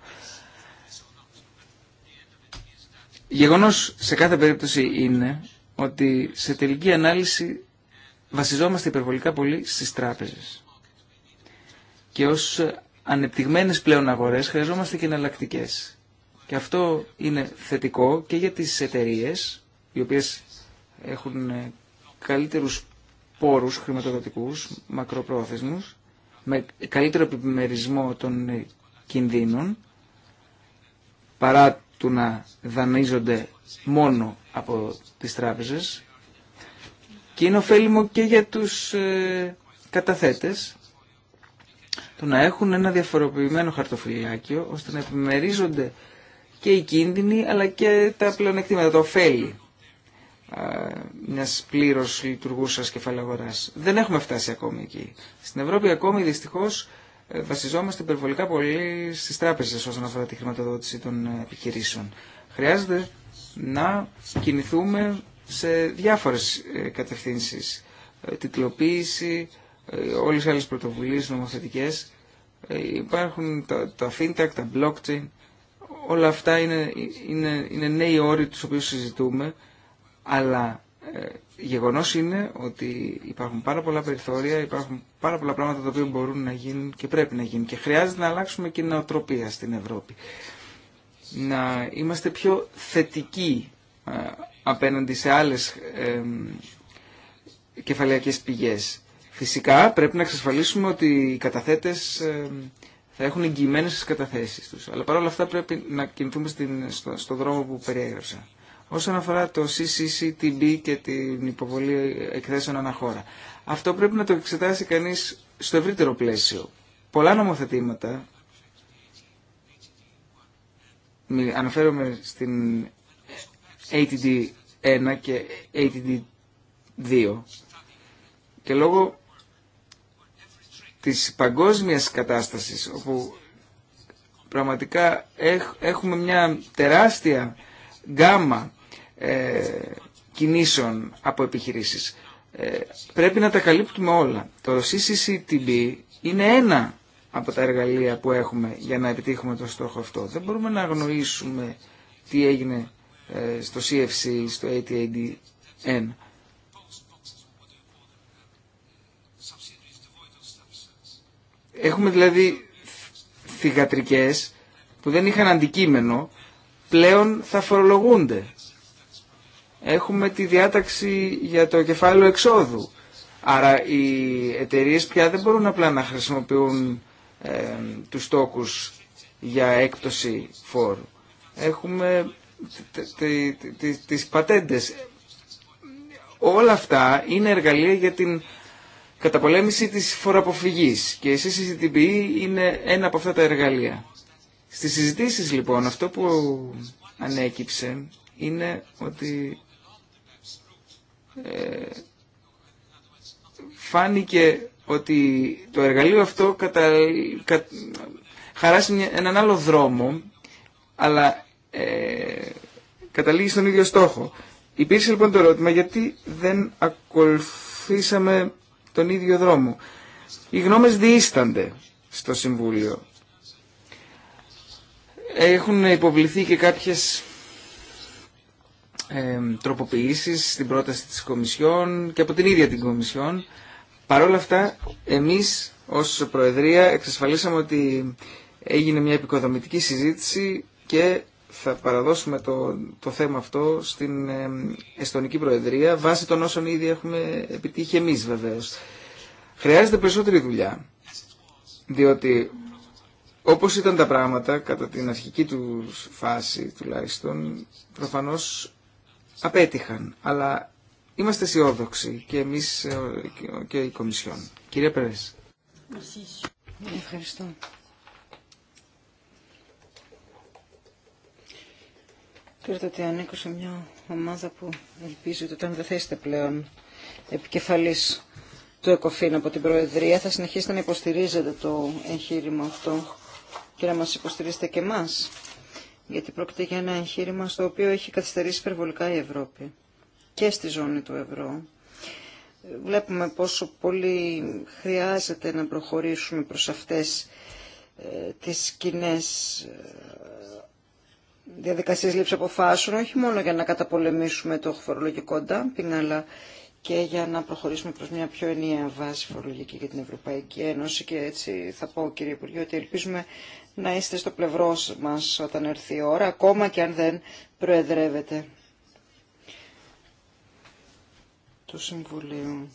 Γεγονός σε κάθε περίπτωση είναι ότι σε τελική ανάλυση βασιζόμαστε υπερβολικά πολύ στις τράπεζες. Και ως ανεπτυγμένες πλέον αγορές χρειαζόμαστε και εναλλακτικέ. Και αυτό είναι θετικό και για τις εταιρείε, οι οποίες έχουν ε, καλύτερους πόρους χρηματοδοτικούς, μακροπρόθεσμους, με καλύτερο επιμερισμό των ε, κινδύνων, παρά του να δανείζονται μόνο από τις τράπεζες. Και είναι ωφέλιμο και για τους ε, καταθέτες, το να έχουν ένα διαφοροποιημένο χαρτοφυλάκιο ώστε να επιμερίζονται και οι κίνδυνοι αλλά και τα πλεονεκτήματα, το ωφέλη μια πλήρω λειτουργούσα κεφαλαγορά. Δεν έχουμε φτάσει ακόμη εκεί. Στην Ευρώπη ακόμη δυστυχώ ε, βασιζόμαστε υπερβολικά πολύ στι τράπεζε όσον αφορά τη χρηματοδότηση των ε, επιχειρήσεων. Χρειάζεται να κινηθούμε σε διάφορες ε, κατευθύνσεις. Τιτλοποίηση, ε, όλες οι άλλες πρωτοβουλίες νομοθετικές. Ε, υπάρχουν τα, τα fintech, τα blockchain, όλα αυτά είναι, είναι, είναι νέοι όροι τους οποίους συζητούμε, αλλά ε, γεγονός είναι ότι υπάρχουν πάρα πολλά περιθώρια, υπάρχουν πάρα πολλά πράγματα τα οποία μπορούν να γίνουν και πρέπει να γίνουν και χρειάζεται να αλλάξουμε και νοοτροπία στην Ευρώπη. Να είμαστε πιο θετικοί ε, απέναντι σε άλλες ε, κεφαλαιακές πηγές Φυσικά πρέπει να εξασφαλίσουμε ότι οι καταθέτες θα έχουν εγγυημένε τι καταθέσει τους. Αλλά παρόλα αυτά πρέπει να κινηθούμε στον στο, δρόμο που περιέγραψα. Όσον αφορά το CCCTB και την υποβολή εκθέσεων αναχώρα. Αυτό πρέπει να το εξετάσει κανεί στο ευρύτερο πλαίσιο. Πολλά νομοθετήματα, αναφέρομαι στην ATD1 και ATD2, και λόγω της παγκόσμιας κατάστασης όπου πραγματικά έχουμε μια τεράστια γκάμα ε, κινήσεων από επιχειρήσεις. Ε, πρέπει να τα καλύπτουμε όλα. Το CCCTB είναι ένα από τα εργαλεία που έχουμε για να επιτύχουμε τον στόχο αυτό. Δεν μπορούμε να γνωρίσουμε τι έγινε ε, στο CFC, στο ATADN. Έχουμε δηλαδή θυγατρικές που δεν είχαν αντικείμενο, πλέον θα φορολογούνται. Έχουμε τη διάταξη για το κεφάλαιο εξόδου. Άρα οι εταιρείες πια δεν μπορούν απλά να χρησιμοποιούν ε, τους τόκους για έκπτωση φόρου. Έχουμε τις πατέντες. Όλα αυτά είναι εργαλεία για την Καταπολέμηση της φοροαποφυγής και η CCTV είναι ένα από αυτά τα εργαλεία. Στις συζητήσεις λοιπόν αυτό που ανέκυψε είναι ότι ε, φάνηκε ότι το εργαλείο αυτό κατα, χαράσει έναν άλλο δρόμο αλλά ε, καταλήγει στον ίδιο στόχο. Υπήρξε λοιπόν το ερώτημα γιατί δεν ακολουθήσαμε τον ίδιο δρόμο. Οι γνώμες διήστανται στο Συμβούλιο. Έχουν υποβληθεί και κάποιες ε, τροποποιήσεις στην πρόταση της Κομισιόν και από την ίδια την Κομισιόν. Παρ' όλα αυτά, εμείς ως Προεδρία εξασφαλίσαμε ότι έγινε μια επικοδομητική συζήτηση και θα παραδώσουμε το, το θέμα αυτό στην ε, Εστονική Προεδρία βάσει των όσων ήδη έχουμε επιτύχει εμείς βεβαίως. Χρειάζεται περισσότερη δουλειά, διότι όπως ήταν τα πράγματα κατά την αρχική του φάση τουλάχιστον, προφανώς απέτυχαν, αλλά είμαστε αισιόδοξοι και εμείς ε, και η Κομισιόν. Κυρία Περές. Ευχαριστώ. Ξέρετε ότι ανήκω σε μια ομάδα που ελπίζει ότι όταν δεν θα πλέον επικεφαλής του ΕΚΟΦΗΝ από την Προεδρία θα συνεχίσετε να υποστηρίζετε το εγχείρημα αυτό και να μας υποστηρίζετε και εμάς γιατί πρόκειται για ένα εγχείρημα στο οποίο έχει καθυστερήσει περιβολικά η Ευρώπη και στη ζώνη του ευρώ. Βλέπουμε πόσο πολύ χρειάζεται να προχωρήσουμε προς αυτές ε, τις κοινέ ε, διαδικασίες λήψη αποφάσεων, όχι μόνο για να καταπολεμήσουμε το φορολογικό ντάμπινγκ, αλλά και για να προχωρήσουμε προς μια πιο ενιαία βάση φορολογική για την Ευρωπαϊκή Ένωση. Και έτσι θα πω, κύριε Υπουργέ, ότι ελπίζουμε να είστε στο πλευρό μας όταν έρθει η ώρα, ακόμα και αν δεν προεδρεύετε του Συμβουλίου.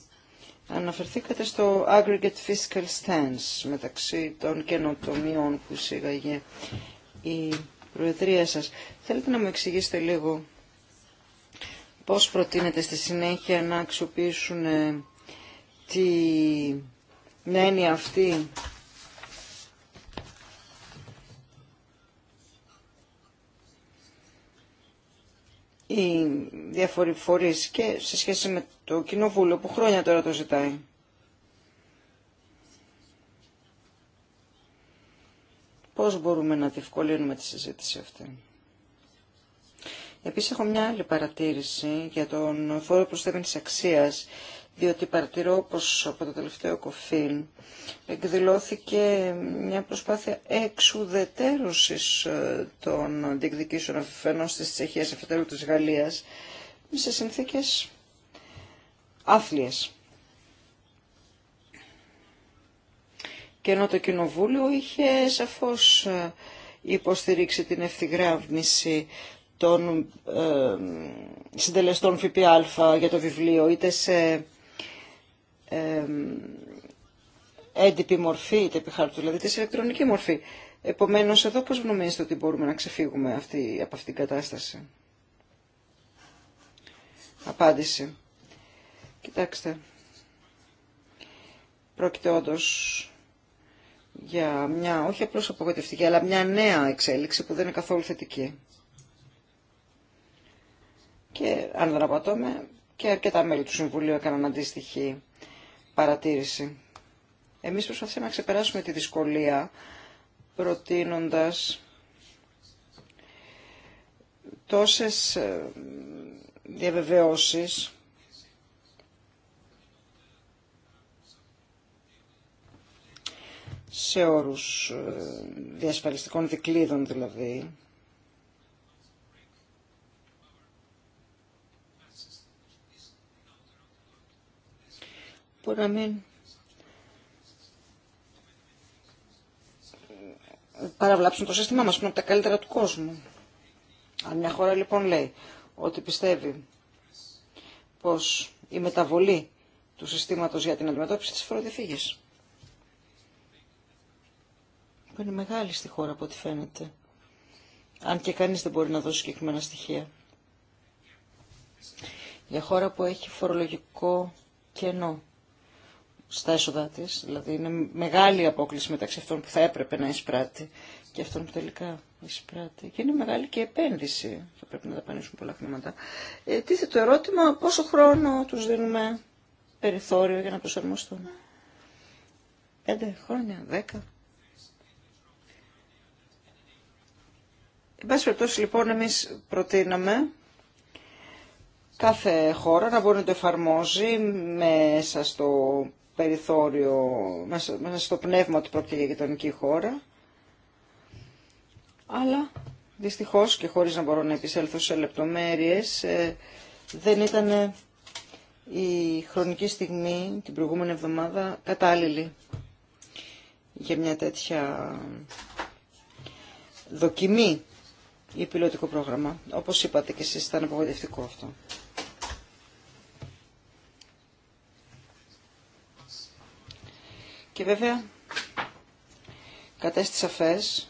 Αναφερθήκατε στο aggregate fiscal stance μεταξύ των καινοτομιών που εισήγαγε η Προεδρία σας. Θέλετε να μου εξηγήσετε λίγο πώς προτείνετε στη συνέχεια να αξιοποιήσουν ε, τη έννοια αυτή οι διαφοροί και σε σχέση με το κοινοβούλιο που χρόνια τώρα το ζητάει. πώς μπορούμε να διευκολύνουμε τη συζήτηση αυτή. Επίσης έχω μια άλλη παρατήρηση για τον φόρο προσθέμενης αξίας, διότι παρατηρώ πως από το τελευταίο κοφήν εκδηλώθηκε μια προσπάθεια εξουδετέρωσης ε, των διεκδικήσεων αφενός της Τσεχίας, αφετέρου της Γαλλίας, σε συνθήκες άθλιες. Και ενώ το Κοινοβούλιο είχε σαφώς ε, υποστηρίξει την ευθυγράμμιση των ε, συντελεστών ΦΠΑ για το βιβλίο, είτε σε ε, έντυπη μορφή, είτε επί χάρτου, δηλαδή είτε σε ηλεκτρονική μορφή. Επομένως, εδώ πώς νομίζετε ότι μπορούμε να ξεφύγουμε αυτή, από αυτήν την κατάσταση. Απάντηση. Κοιτάξτε. Πρόκειται όντως για μια όχι απλώς απογοητευτική, αλλά μια νέα εξέλιξη που δεν είναι καθόλου θετική. Και αν δεν απατώμε, και αρκετά μέλη του Συμβουλίου έκαναν αντίστοιχη παρατήρηση. Εμείς προσπαθήσαμε να ξεπεράσουμε τη δυσκολία προτείνοντας τόσες ε, διαβεβαιώσεις σε όρους ε, διασφαλιστικών δικλείδων δηλαδή. Μπορεί να μην ε, παραβλάψουν το σύστημά μας, που είναι από τα καλύτερα του κόσμου. Αν μια χώρα λοιπόν λέει ότι πιστεύει πως η μεταβολή του συστήματος για την αντιμετώπιση της φοροδιαφύγης που είναι μεγάλη στη χώρα από ό,τι φαίνεται. Αν και κανείς δεν μπορεί να δώσει συγκεκριμένα στοιχεία. Για χώρα που έχει φορολογικό κενό στα έσοδά τη, δηλαδή είναι μεγάλη η απόκληση μεταξύ αυτών που θα έπρεπε να εισπράττει και αυτών που τελικά εισπράττει. Και είναι μεγάλη και επένδυση, θα πρέπει να δαπανίσουν πολλά χρήματα. Ε, τίθε το ερώτημα πόσο χρόνο τους δίνουμε περιθώριο για να προσαρμοστούν. Πέντε χρόνια, δέκα. Εν πάση περιπτώσει λοιπόν εμείς προτείναμε κάθε χώρα να μπορεί να το εφαρμόζει μέσα στο περιθώριο, μέσα, στο πνεύμα του πρόκειται για γειτονική χώρα. Αλλά δυστυχώς και χωρίς να μπορώ να επισέλθω σε λεπτομέρειες ε, δεν ήταν η χρονική στιγμή την προηγούμενη εβδομάδα κατάλληλη για μια τέτοια δοκιμή ή πιλωτικό πρόγραμμα. Όπως είπατε και εσείς ήταν απογοητευτικό αυτό. Και βέβαια κατέστησα φες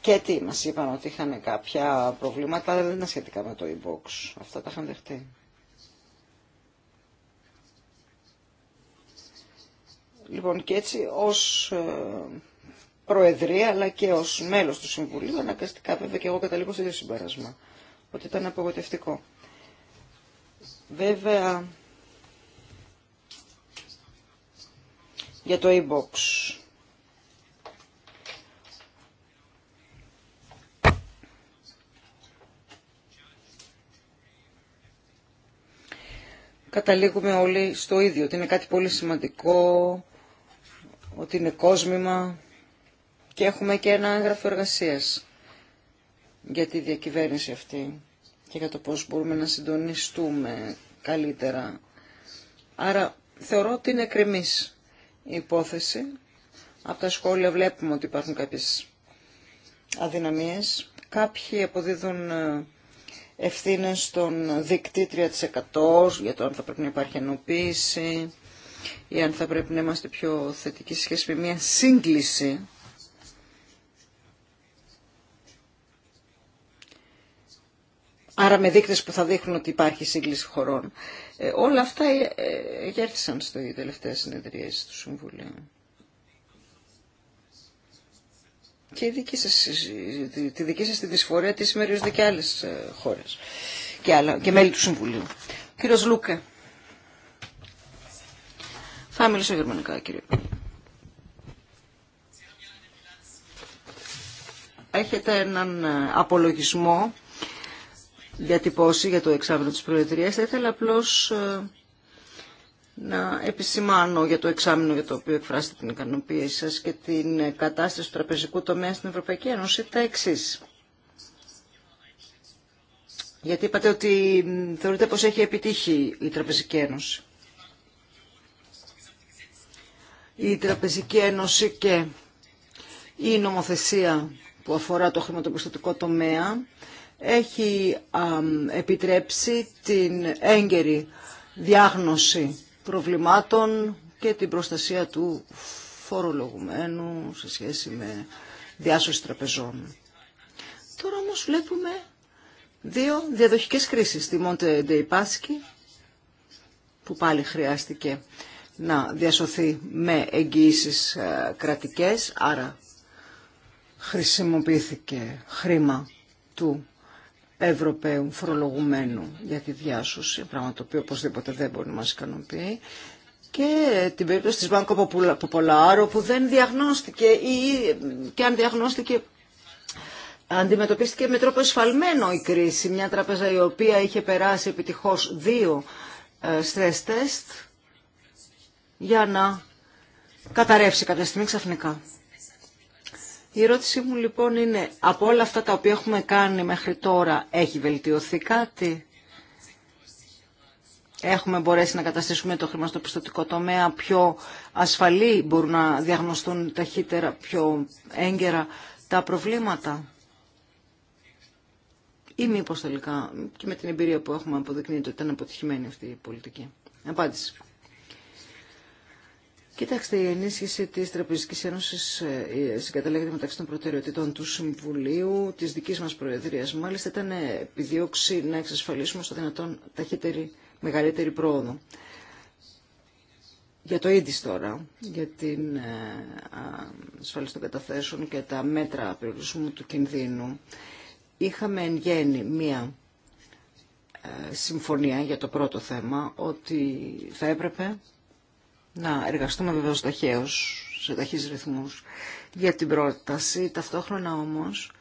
και τι μας είπαν ότι είχαν κάποια προβλήματα αλλά δεν είναι σχετικά με το e-box. Αυτά τα είχαν δεχτεί. Λοιπόν και έτσι ως ε, Προεδρία αλλά και ω μέλο του Συμβουλίου αναγκαστικά βέβαια και εγώ καταλήγω στο ίδιο συμπέρασμα ότι ήταν απογοητευτικό. Βέβαια για το e-box καταλήγουμε όλοι στο ίδιο, ότι είναι κάτι πολύ σημαντικό, ότι είναι κόσμημα, και έχουμε και ένα έγγραφο εργασία για τη διακυβέρνηση αυτή και για το πώς μπορούμε να συντονιστούμε καλύτερα. Άρα θεωρώ ότι είναι κρεμής η υπόθεση. Από τα σχόλια βλέπουμε ότι υπάρχουν κάποιες αδυναμίες. Κάποιοι αποδίδουν ε, ευθύνε στον δικτή 3% για το αν θα πρέπει να υπάρχει ενοποίηση ή αν θα πρέπει να είμαστε πιο θετικοί σχέση με μια σύγκληση άρα με δείκτες που θα δείχνουν ότι υπάρχει σύγκληση χωρών. Ε, όλα αυτά ε, ε, γέρθησαν στο τελευταία συνεδρίες του Συμβουλίου. Και η δική τη δική σας τη δυσφορία τη συμμερίζονται και άλλες χώρες και, άλλα, και μέλη του Συμβουλίου. κύριος Λούκα. Θα μιλήσω γερμανικά, κύριε. Έχετε έναν απολογισμό διατυπώσει για το εξάμεινο της Προεδρίας. Θα ήθελα απλώς ε, να επισημάνω για το εξάμεινο για το οποίο εκφράσετε την ικανοποίηση σας και την κατάσταση του τραπεζικού τομέα στην Ευρωπαϊκή Ένωση τα εξή. Γιατί είπατε ότι θεωρείτε πως έχει επιτύχει η Τραπεζική Ένωση. Η Τραπεζική Ένωση και η νομοθεσία που αφορά το χρηματοπιστωτικό τομέα έχει επιτρέψει την έγκαιρη διάγνωση προβλημάτων και την προστασία του φορολογουμένου σε σχέση με διάσωση τραπεζών. Τώρα όμως βλέπουμε δύο διαδοχικές κρίσεις. Τη Μόντε Ντεϊπάσκι που πάλι χρειάστηκε να διασωθεί με εγγύησεις ε, κρατικές, άρα χρησιμοποιήθηκε χρήμα του Ευρωπαίου φορολογουμένου για τη διάσωση, πράγμα το οποίο οπωσδήποτε δεν μπορεί να μας ικανοποιεί και την περίπτωση της Μπάνκο Ποπολάρο που δεν διαγνώστηκε ή και αν διαγνώστηκε αντιμετωπίστηκε με τρόπο εσφαλμένο η κρίση. Μια τράπεζα η οποία είχε περάσει επιτυχώς δύο ε, stress test για να καταρρεύσει κάποια στιγμή ξαφνικά. Η ερώτησή μου λοιπόν είναι, από όλα αυτά τα οποία έχουμε κάνει μέχρι τώρα, έχει βελτιωθεί κάτι? Έχουμε μπορέσει να καταστήσουμε το χρηματοπιστωτικό τομέα πιο ασφαλή, μπορούν να διαγνωστούν ταχύτερα, πιο έγκαιρα τα προβλήματα. Ή μήπως τελικά και με την εμπειρία που έχουμε αποδεικνύεται ότι ήταν αποτυχημένη αυτή η πολιτική. Απάντηση. Κοιτάξτε, η ενίσχυση της Τραπεζικής Ένωσης ε, ε, συγκαταλέγεται μεταξύ των προτεραιοτήτων του Συμβουλίου, της δικής μας Προεδρίας. Μάλιστα ήταν επιδίωξη να εξασφαλίσουμε στο δυνατόν ταχύτερη, μεγαλύτερη πρόοδο. Για το ίδις τώρα, για την ε, ασφάλιση των καταθέσεων και τα μέτρα περιορισμού του κινδύνου, είχαμε εν γέννη μία συμφωνία για το πρώτο θέμα, ότι θα έπρεπε να εργαστούμε βεβαίως ταχαίως, σε ταχύς ρυθμούς, για την πρόταση. Ταυτόχρονα όμως,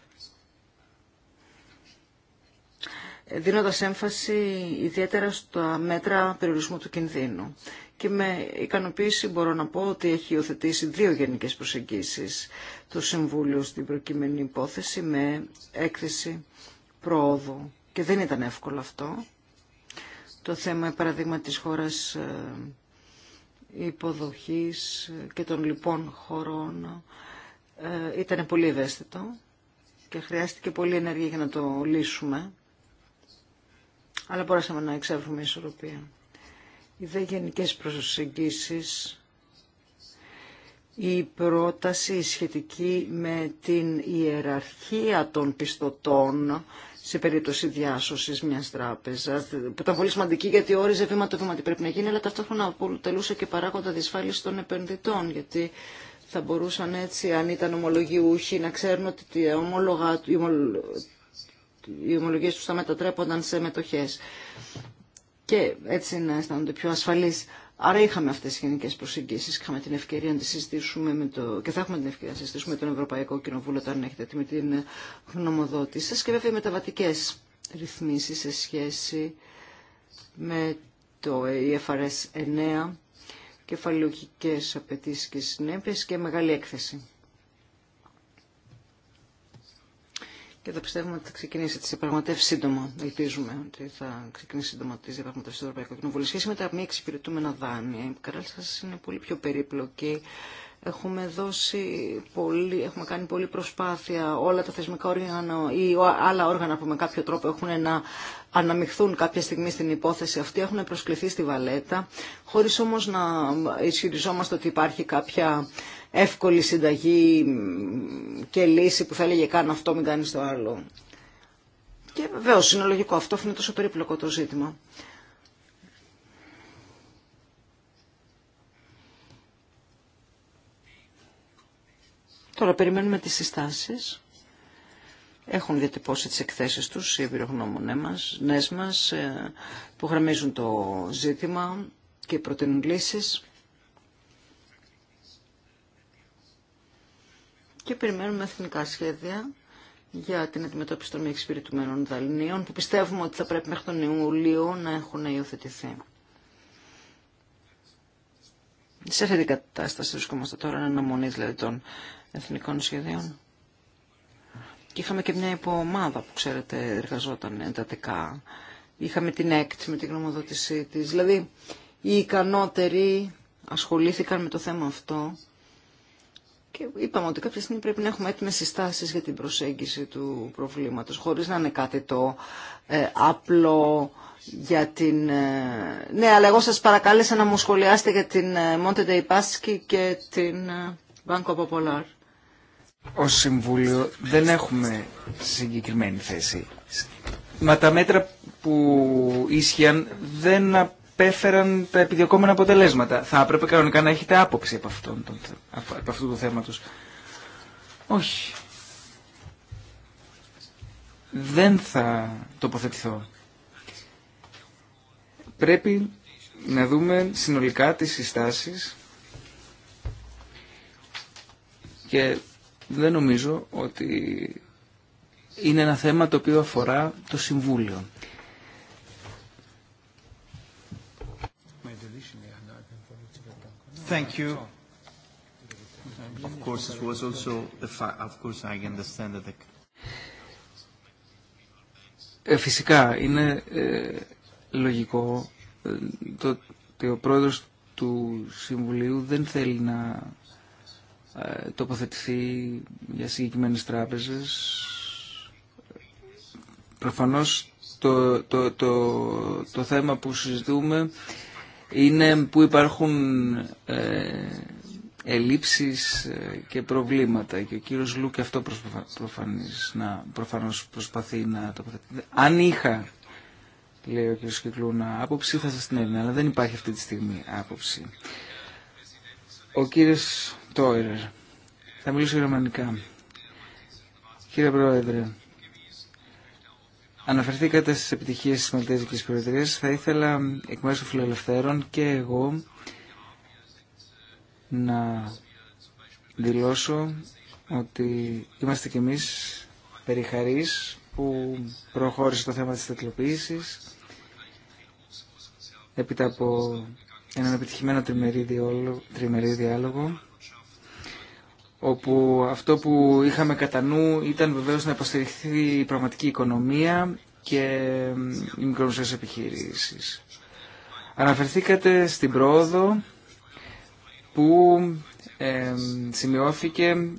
δίνοντας έμφαση ιδιαίτερα στα μέτρα περιορισμού του κινδύνου. Και με ικανοποίηση μπορώ να πω ότι έχει υιοθετήσει δύο γενικές προσεγγίσεις το Συμβούλιο στην προκειμένη υπόθεση με έκθεση προόδου. Και δεν ήταν εύκολο αυτό. Το θέμα, παραδείγμα της χώρας ε, υποδοχής και των λοιπών χωρών ε, ήταν πολύ ευαίσθητο και χρειάστηκε πολύ ενέργεια για να το λύσουμε. Αλλά μπορέσαμε να εξεύρουμε ισορροπία. Οι δε γενικές προσεγγίσεις, η πρόταση σχετική με την ιεραρχία των πιστωτών σε περίπτωση διάσωση μια τράπεζα, που ήταν πολύ σημαντική γιατί όριζε βήμα το βήμα τι πρέπει να γίνει, αλλά ταυτόχρονα αποτελούσε και παράγοντα δυσφάλιση των επενδυτών, γιατί θα μπορούσαν έτσι, αν ήταν ομολογιούχοι, να ξέρουν ότι ομόλογα, οι ομολογίες τους θα μετατρέπονταν σε μετοχές και έτσι να αισθάνονται πιο ασφαλείς. Άρα είχαμε αυτές τι γενικέ προσεγγίσεις, είχαμε την ευκαιρία να συζητήσουμε με το, και θα έχουμε την ευκαιρία να συζητήσουμε με τον Ευρωπαϊκό Κοινοβούλιο όταν έχετε με την γνωμοδότηση σα και βέβαια μεταβατικές ρυθμίσεις σε σχέση με το EFRS 9, κεφαλαιοκικές απαιτήσει και συνέπειες και μεγάλη έκθεση. και θα πιστεύουμε ότι θα ξεκινήσει τι διαπραγματεύσει σύντομα. Ελπίζουμε ότι θα ξεκινήσει σύντομα τι διαπραγματεύσει του Ευρωπαϊκού Κοινοβουλίου. Σχέση με τα μη εξυπηρετούμενα δάνεια, η κατάσταση είναι πολύ πιο περίπλοκη. Έχουμε, δώσει πολύ, έχουμε κάνει πολλή προσπάθεια όλα τα θεσμικά όργανα ή άλλα όργανα που με κάποιο τρόπο έχουν να αναμειχθούν κάποια στιγμή στην υπόθεση αυτή, έχουν προσκληθεί στη Βαλέτα, χωρίς όμως να ισχυριζόμαστε ότι υπάρχει κάποια εύκολη συνταγή και λύση που θα έλεγε καν αυτό μην κάνεις το άλλο. Και βεβαίως είναι λογικό αυτό, είναι τόσο περίπλοκο το ζήτημα. Τώρα περιμένουμε τις συστάσεις. Έχουν διατυπώσει τις εκθέσεις τους οι εμπειρογνώμονες μας ε, που γραμμίζουν το ζήτημα και προτείνουν λύσεις. και περιμένουμε εθνικά σχέδια για την αντιμετώπιση των μη εξυπηρετουμένων δαλνίων που πιστεύουμε ότι θα πρέπει μέχρι τον Ιούλιο να έχουν υιοθετηθεί. Σε αυτή την κατάσταση βρισκόμαστε τώρα, αναμονή δηλαδή των εθνικών σχεδίων. Και είχαμε και μια υποομάδα που ξέρετε εργαζόταν εντατικά. Είχαμε την ΕΚΤ με την γνωμοδότησή της. Δηλαδή οι ικανότεροι ασχολήθηκαν με το θέμα αυτό και είπαμε ότι κάποια στιγμή πρέπει να έχουμε έτοιμες συστάσεις για την προσέγγιση του προβλήματος, χωρίς να είναι κάτι το ε, απλό για την... Ε, ναι, αλλά εγώ σας παρακάλεσα να μου σχολιάσετε για την μόντε Monte dei και την ε, Banco Popular. Συμβούλιο δεν έχουμε συγκεκριμένη θέση. Μα τα μέτρα που ίσχυαν δεν τα επιδιωκόμενα αποτελέσματα. Θα έπρεπε κανονικά να έχετε άποψη από, αυτόν τον, από αυτού του θέματος. Όχι. Δεν θα τοποθετηθώ. Πρέπει να δούμε συνολικά τις συστάσεις και δεν νομίζω ότι είναι ένα θέμα το οποίο αφορά το Συμβούλιο. φυσικά είναι ε, λογικό ε, το ότι ο πρόεδρος του Συμβουλίου δεν θέλει να ε, τοποθετηθεί για συγκεκριμένες τράπεζες. Προφανώς το θέμα που συζητούμε είναι που υπάρχουν ε, ελλείψεις ε, και προβλήματα και ο κύριος Λούκ αυτό προφανής να, προφανώς προσπαθεί να τοποθετεί. Αν είχα, λέει ο κύριος Κυκλούνα, άποψη θα σας την έλεγα, αλλά δεν υπάρχει αυτή τη στιγμή άποψη. Ο κύριος Τόιρερ, θα μιλήσω γερμανικά. Κύριε Πρόεδρε, Αναφερθήκατε στις επιτυχίες τη Μαλτέζικη Προεδρία. Θα ήθελα εκ μέρου των φιλελευθέρων και εγώ να δηλώσω ότι είμαστε κι εμεί περιχαρεί που προχώρησε το θέμα της τετλοποίηση έπειτα από έναν επιτυχημένο τριμερή διάλογο όπου αυτό που είχαμε κατά νου ήταν βεβαίως να υποστηριχθεί η πραγματική οικονομία και οι μικρομεσαίες επιχειρήσεις. Αναφερθήκατε στην πρόοδο που ε, σημειώθηκε ε,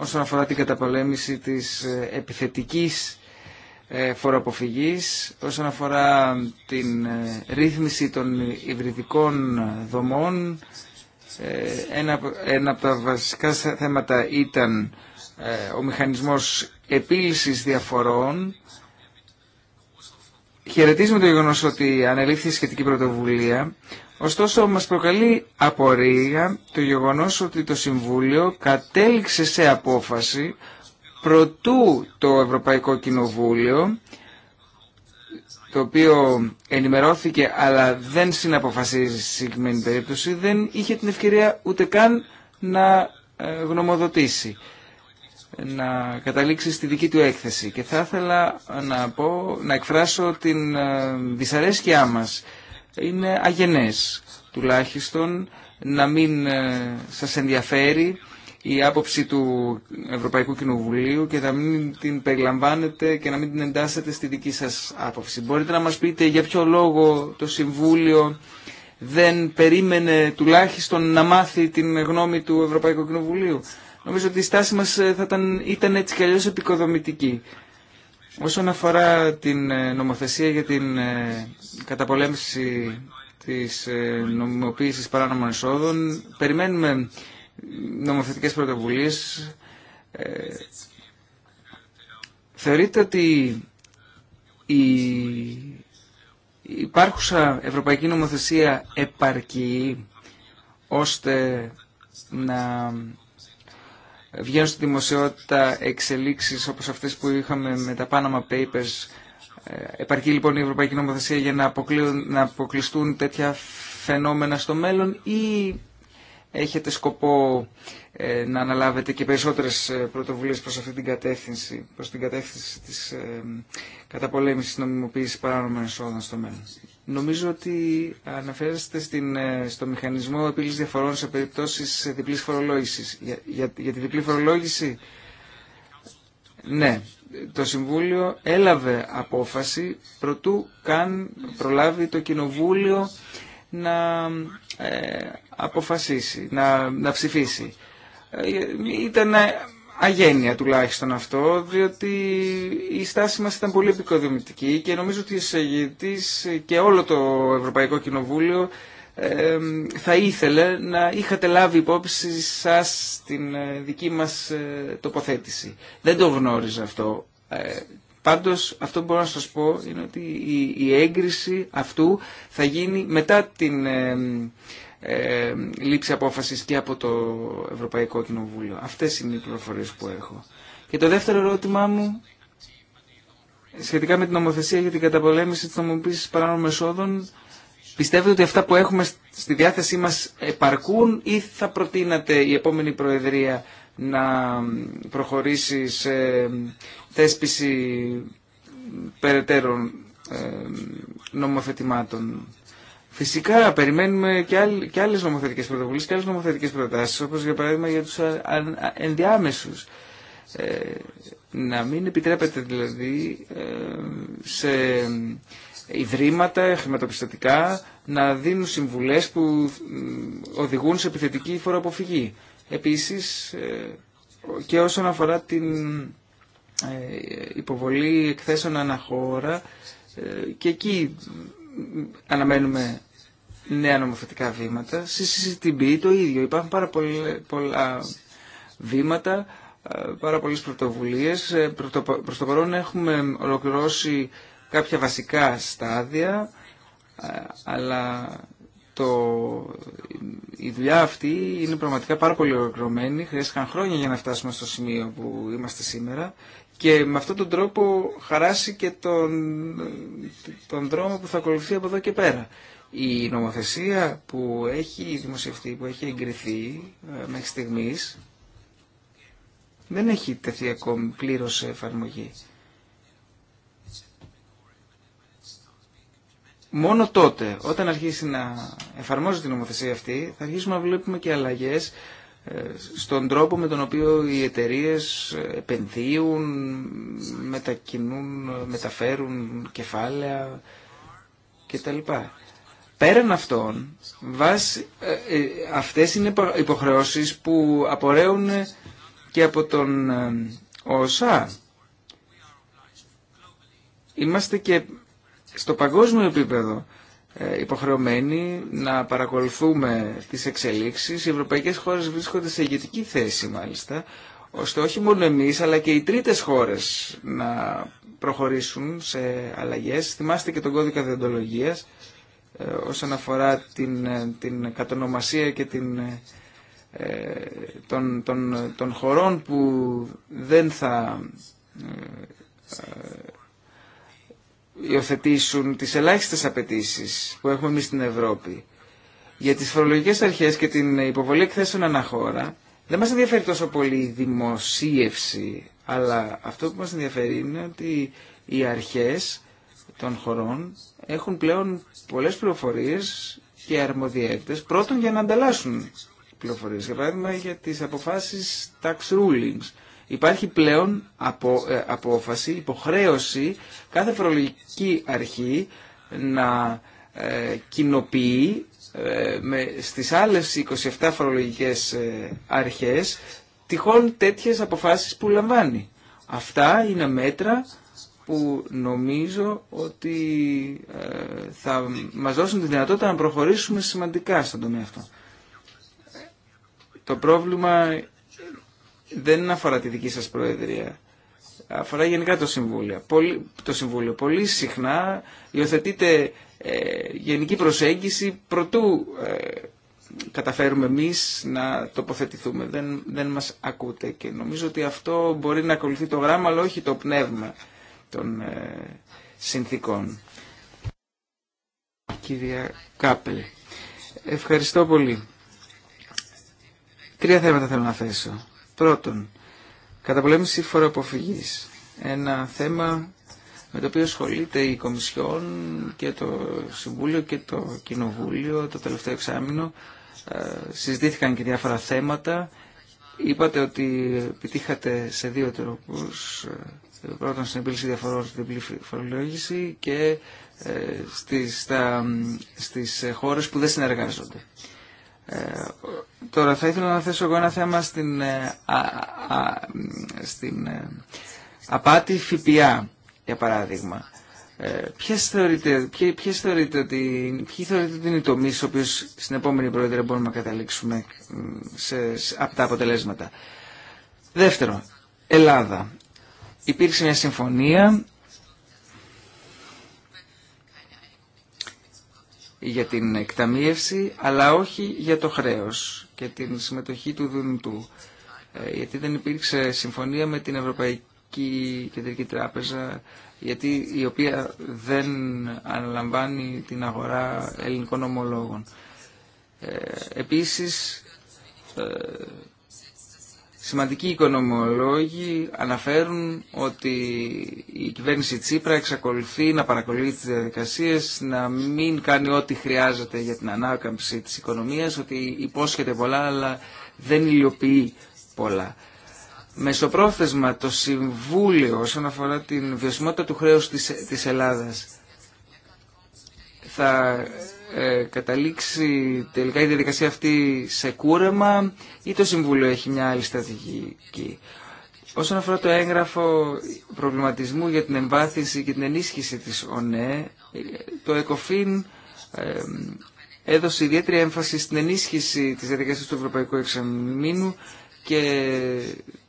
όσον αφορά την καταπολέμηση της ε, επιθετικής ε, φοροαποφυγής, όσον αφορά την ε, ρύθμιση των υβριδικών δομών ε, ένα, ένα από τα βασικά θέματα ήταν ε, ο μηχανισμός επίλυσης διαφορών. Χαιρετίζουμε το γεγονός ότι ανελήφθη σχετική πρωτοβουλία, ωστόσο μας προκαλεί απορία το γεγονός ότι το Συμβούλιο κατέληξε σε απόφαση προτού το Ευρωπαϊκό Κοινοβούλιο το οποίο ενημερώθηκε αλλά δεν συναποφασίζει στη συγκεκριμένη περίπτωση δεν είχε την ευκαιρία ούτε καν να ε, γνωμοδοτήσει να καταλήξει στη δική του έκθεση και θα ήθελα να, πω, να εκφράσω την ε, δυσαρέσκειά μας είναι αγενές τουλάχιστον να μην ε, σας ενδιαφέρει η άποψη του Ευρωπαϊκού Κοινοβουλίου και να μην την περιλαμβάνετε και να μην την εντάσσετε στη δική σας άποψη. Μπορείτε να μας πείτε για ποιο λόγο το Συμβούλιο δεν περίμενε τουλάχιστον να μάθει την γνώμη του Ευρωπαϊκού Κοινοβουλίου. Νομίζω ότι η στάση μας ε, θα ήταν, ήταν έτσι κι αλλιώς επικοδομητική. Όσον αφορά την ε, νομοθεσία για την ε, καταπολέμηση της νομιμοποίησης παράνομων εσόδων, περιμένουμε νομοθετικές πρωτοβουλίες ε, θεωρείτε ότι η υπάρχουσα ευρωπαϊκή νομοθεσία επαρκεί ώστε να βγαίνουν στη δημοσιότητα εξελίξεις όπως αυτές που είχαμε με τα Panama Papers. Ε, επαρκεί λοιπόν η Ευρωπαϊκή Νομοθεσία για να, να αποκλειστούν τέτοια φαινόμενα στο μέλλον ή έχετε σκοπό ε, να αναλάβετε και περισσότερες ε, πρωτοβουλίες προς αυτή την κατεύθυνση, προς την κατεύθυνση της ε, καταπολέμησης νομιμοποίησης παράνομων εσόδων στο μέλλον. Νομίζω ότι αναφέρεστε στην, στο μηχανισμό επίλυσης διαφορών σε περιπτώσεις διπλής φορολόγησης. Για, για, για τη διπλή φορολόγηση, ναι, το Συμβούλιο έλαβε απόφαση προτού καν προλάβει το Κοινοβούλιο να ε, αποφασίσει, να, να ψηφίσει. Ε, ήταν αγένεια τουλάχιστον αυτό, διότι η στάση μας ήταν πολύ επικοδομητική και νομίζω ότι ο και όλο το Ευρωπαϊκό Κοινοβούλιο ε, θα ήθελε να είχατε λάβει υπόψη σας την δική μας τοποθέτηση. Δεν το γνώριζα αυτό Πάντως αυτό που μπορώ να σας πω είναι ότι η, έγκριση αυτού θα γίνει μετά την ε, λήψη απόφαση και από το Ευρωπαϊκό Κοινοβούλιο. Αυτές είναι οι πληροφορίε που έχω. Και το δεύτερο ερώτημά μου σχετικά με την νομοθεσία για την καταπολέμηση τη νομοποίηση παράνομων εσόδων Πιστεύετε ότι αυτά που έχουμε στη διάθεσή μας επαρκούν ή θα προτείνατε η επόμενη Προεδρία να προχωρήσει σε θέσπιση περαιτέρω ε, νομοθετημάτων. Φυσικά περιμένουμε και, άλλ, και άλλες νομοθετικές πρωτοβουλίες και άλλες νομοθετικές προτάσεις, όπως για παράδειγμα για τους ενδιάμεσους. Ε, να μην επιτρέπεται δηλαδή ε, σε ιδρύματα χρηματοπιστωτικά να δίνουν συμβουλές που οδηγούν σε επιθετική φοροαποφυγή. Επίσης ε, και όσον αφορά την ε, υποβολή εκθέσεων αναχώρα ε, και εκεί αναμένουμε νέα νομοθετικά βήματα. Στη το ίδιο. Υπάρχουν πάρα πολλά βήματα, ε, πάρα πολλές πρωτοβουλίες. Προς το παρόν έχουμε ολοκληρώσει κάποια βασικά στάδια, αλλά το, η δουλειά αυτή είναι πραγματικά πάρα πολύ ολοκληρωμένη. Χρειάστηκαν χρόνια για να φτάσουμε στο σημείο που είμαστε σήμερα και με αυτόν τον τρόπο χαράσει και τον, τον δρόμο που θα ακολουθεί από εδώ και πέρα. Η νομοθεσία που έχει δημοσιευτεί, που έχει εγκριθεί ε, μέχρι στιγμής, δεν έχει τεθεί ακόμη πλήρως σε εφαρμογή. Μόνο τότε, όταν αρχίσει να εφαρμόζεται η νομοθεσία αυτή, θα αρχίσουμε να βλέπουμε και αλλαγές στον τρόπο με τον οποίο οι εταιρείε επενδύουν, μετακινούν, μεταφέρουν κεφάλαια κτλ. Πέραν αυτών, βάσει, ε, ε, αυτές είναι υποχρεώσεις που απορρέουν και από τον ε, ΟΣΑ. Είμαστε και στο παγκόσμιο επίπεδο ε, υποχρεωμένοι να παρακολουθούμε τις εξελίξεις. Οι ευρωπαϊκές χώρες βρίσκονται σε ηγετική θέση μάλιστα, ώστε όχι μόνο εμείς αλλά και οι τρίτες χώρες να προχωρήσουν σε αλλαγές. Θυμάστε και τον κώδικα διοντολογίας ε, όσον αφορά την, ε, την κατονομασία και την, των, των, των χωρών που δεν θα υιοθετήσουν τις ελάχιστες απαιτήσει που έχουμε εμείς στην Ευρώπη για τις φορολογικές αρχές και την υποβολή εκθέσεων αναχώρα δεν μας ενδιαφέρει τόσο πολύ η δημοσίευση αλλά αυτό που μας ενδιαφέρει είναι ότι οι αρχές των χωρών έχουν πλέον πολλές πληροφορίες και αρμοδιότητες πρώτον για να ανταλλάσσουν πληροφορίες για παράδειγμα για τις αποφάσεις tax rulings υπάρχει πλέον από, ε, απόφαση, υποχρέωση κάθε φορολογική αρχή να ε, κοινοποιεί ε, με, στις άλλες 27 φορολογικές αρχές τυχόν τέτοιες αποφάσεις που λαμβάνει. Αυτά είναι μέτρα που νομίζω ότι θα μας δώσουν τη δυνατότητα να προχωρήσουμε σημαντικά στον τομέα αυτό. Το πρόβλημα δεν αφορά τη δική σας Προεδρία. Αφορά γενικά το Συμβούλιο. Πολύ, το Συμβούλιο πολύ συχνά υιοθετείται ε, γενική προσέγγιση προτού ε, καταφέρουμε εμείς να τοποθετηθούμε. Δεν, δεν μας ακούτε και νομίζω ότι αυτό μπορεί να ακολουθεί το γράμμα αλλά όχι το πνεύμα των ε, συνθήκων. Κυρία Κάπελ, ευχαριστώ πολύ. Τρία θέματα θέλω να θέσω. Πρώτον, καταπολέμηση φοροαποφυγής. Ένα θέμα με το οποίο ασχολείται η Κομισιόν και το Συμβούλιο και το Κοινοβούλιο το τελευταίο εξάμεινο. Ε, συζητήθηκαν και διάφορα θέματα. Είπατε ότι επιτύχατε σε δύο τρόπους. Ε, πρώτον στην επίλυση διαφορών στην διπλή και ε, στις, στα, στις χώρες που δεν συνεργάζονται. Ε, τώρα θα ήθελα να θέσω εγώ ένα θέμα στην, ε, στην ε, απάτη ΦΠΑ, για παράδειγμα. Ε, ποιες θεωρείτε, ποιοι, ποιες θεωρείτε ότι, ποιοι θεωρείτε ότι είναι οι τομεί στην επόμενη πρόεδρε μπορούμε να καταλήξουμε σε, σε, τα αποτελέσματα. Δεύτερο, Ελλάδα. Υπήρξε μια συμφωνία για την εκταμίευση, αλλά όχι για το χρέος και την συμμετοχή του Δουνουτού. Ε, γιατί δεν υπήρξε συμφωνία με την Ευρωπαϊκή Κεντρική Τράπεζα, γιατί η οποία δεν αναλαμβάνει την αγορά ελληνικών ομολόγων. Ε, επίσης, ε, Σημαντικοί οικονομολόγοι αναφέρουν ότι η κυβέρνηση Τσίπρα εξακολουθεί να παρακολουθεί τις διαδικασίες, να μην κάνει ό,τι χρειάζεται για την ανάκαμψη της οικονομίας, ότι υπόσχεται πολλά αλλά δεν υλοποιεί πολλά. Μεσοπρόθεσμα το Συμβούλιο όσον αφορά την βιωσιμότητα του χρέους της, της Ελλάδας θα ε, καταλήξει τελικά η διαδικασία αυτή σε κούρεμα ή το Συμβούλιο έχει μια άλλη στρατηγική. Όσον αφορά το έγγραφο προβληματισμού για την εμβάθυνση και την ενίσχυση της ΟΝΕ, το ΕΚΟΦΗΝ έδωσε ιδιαίτερη έμφαση στην ενίσχυση της διαδικασίας του Ευρωπαϊκού Εξαμήνου και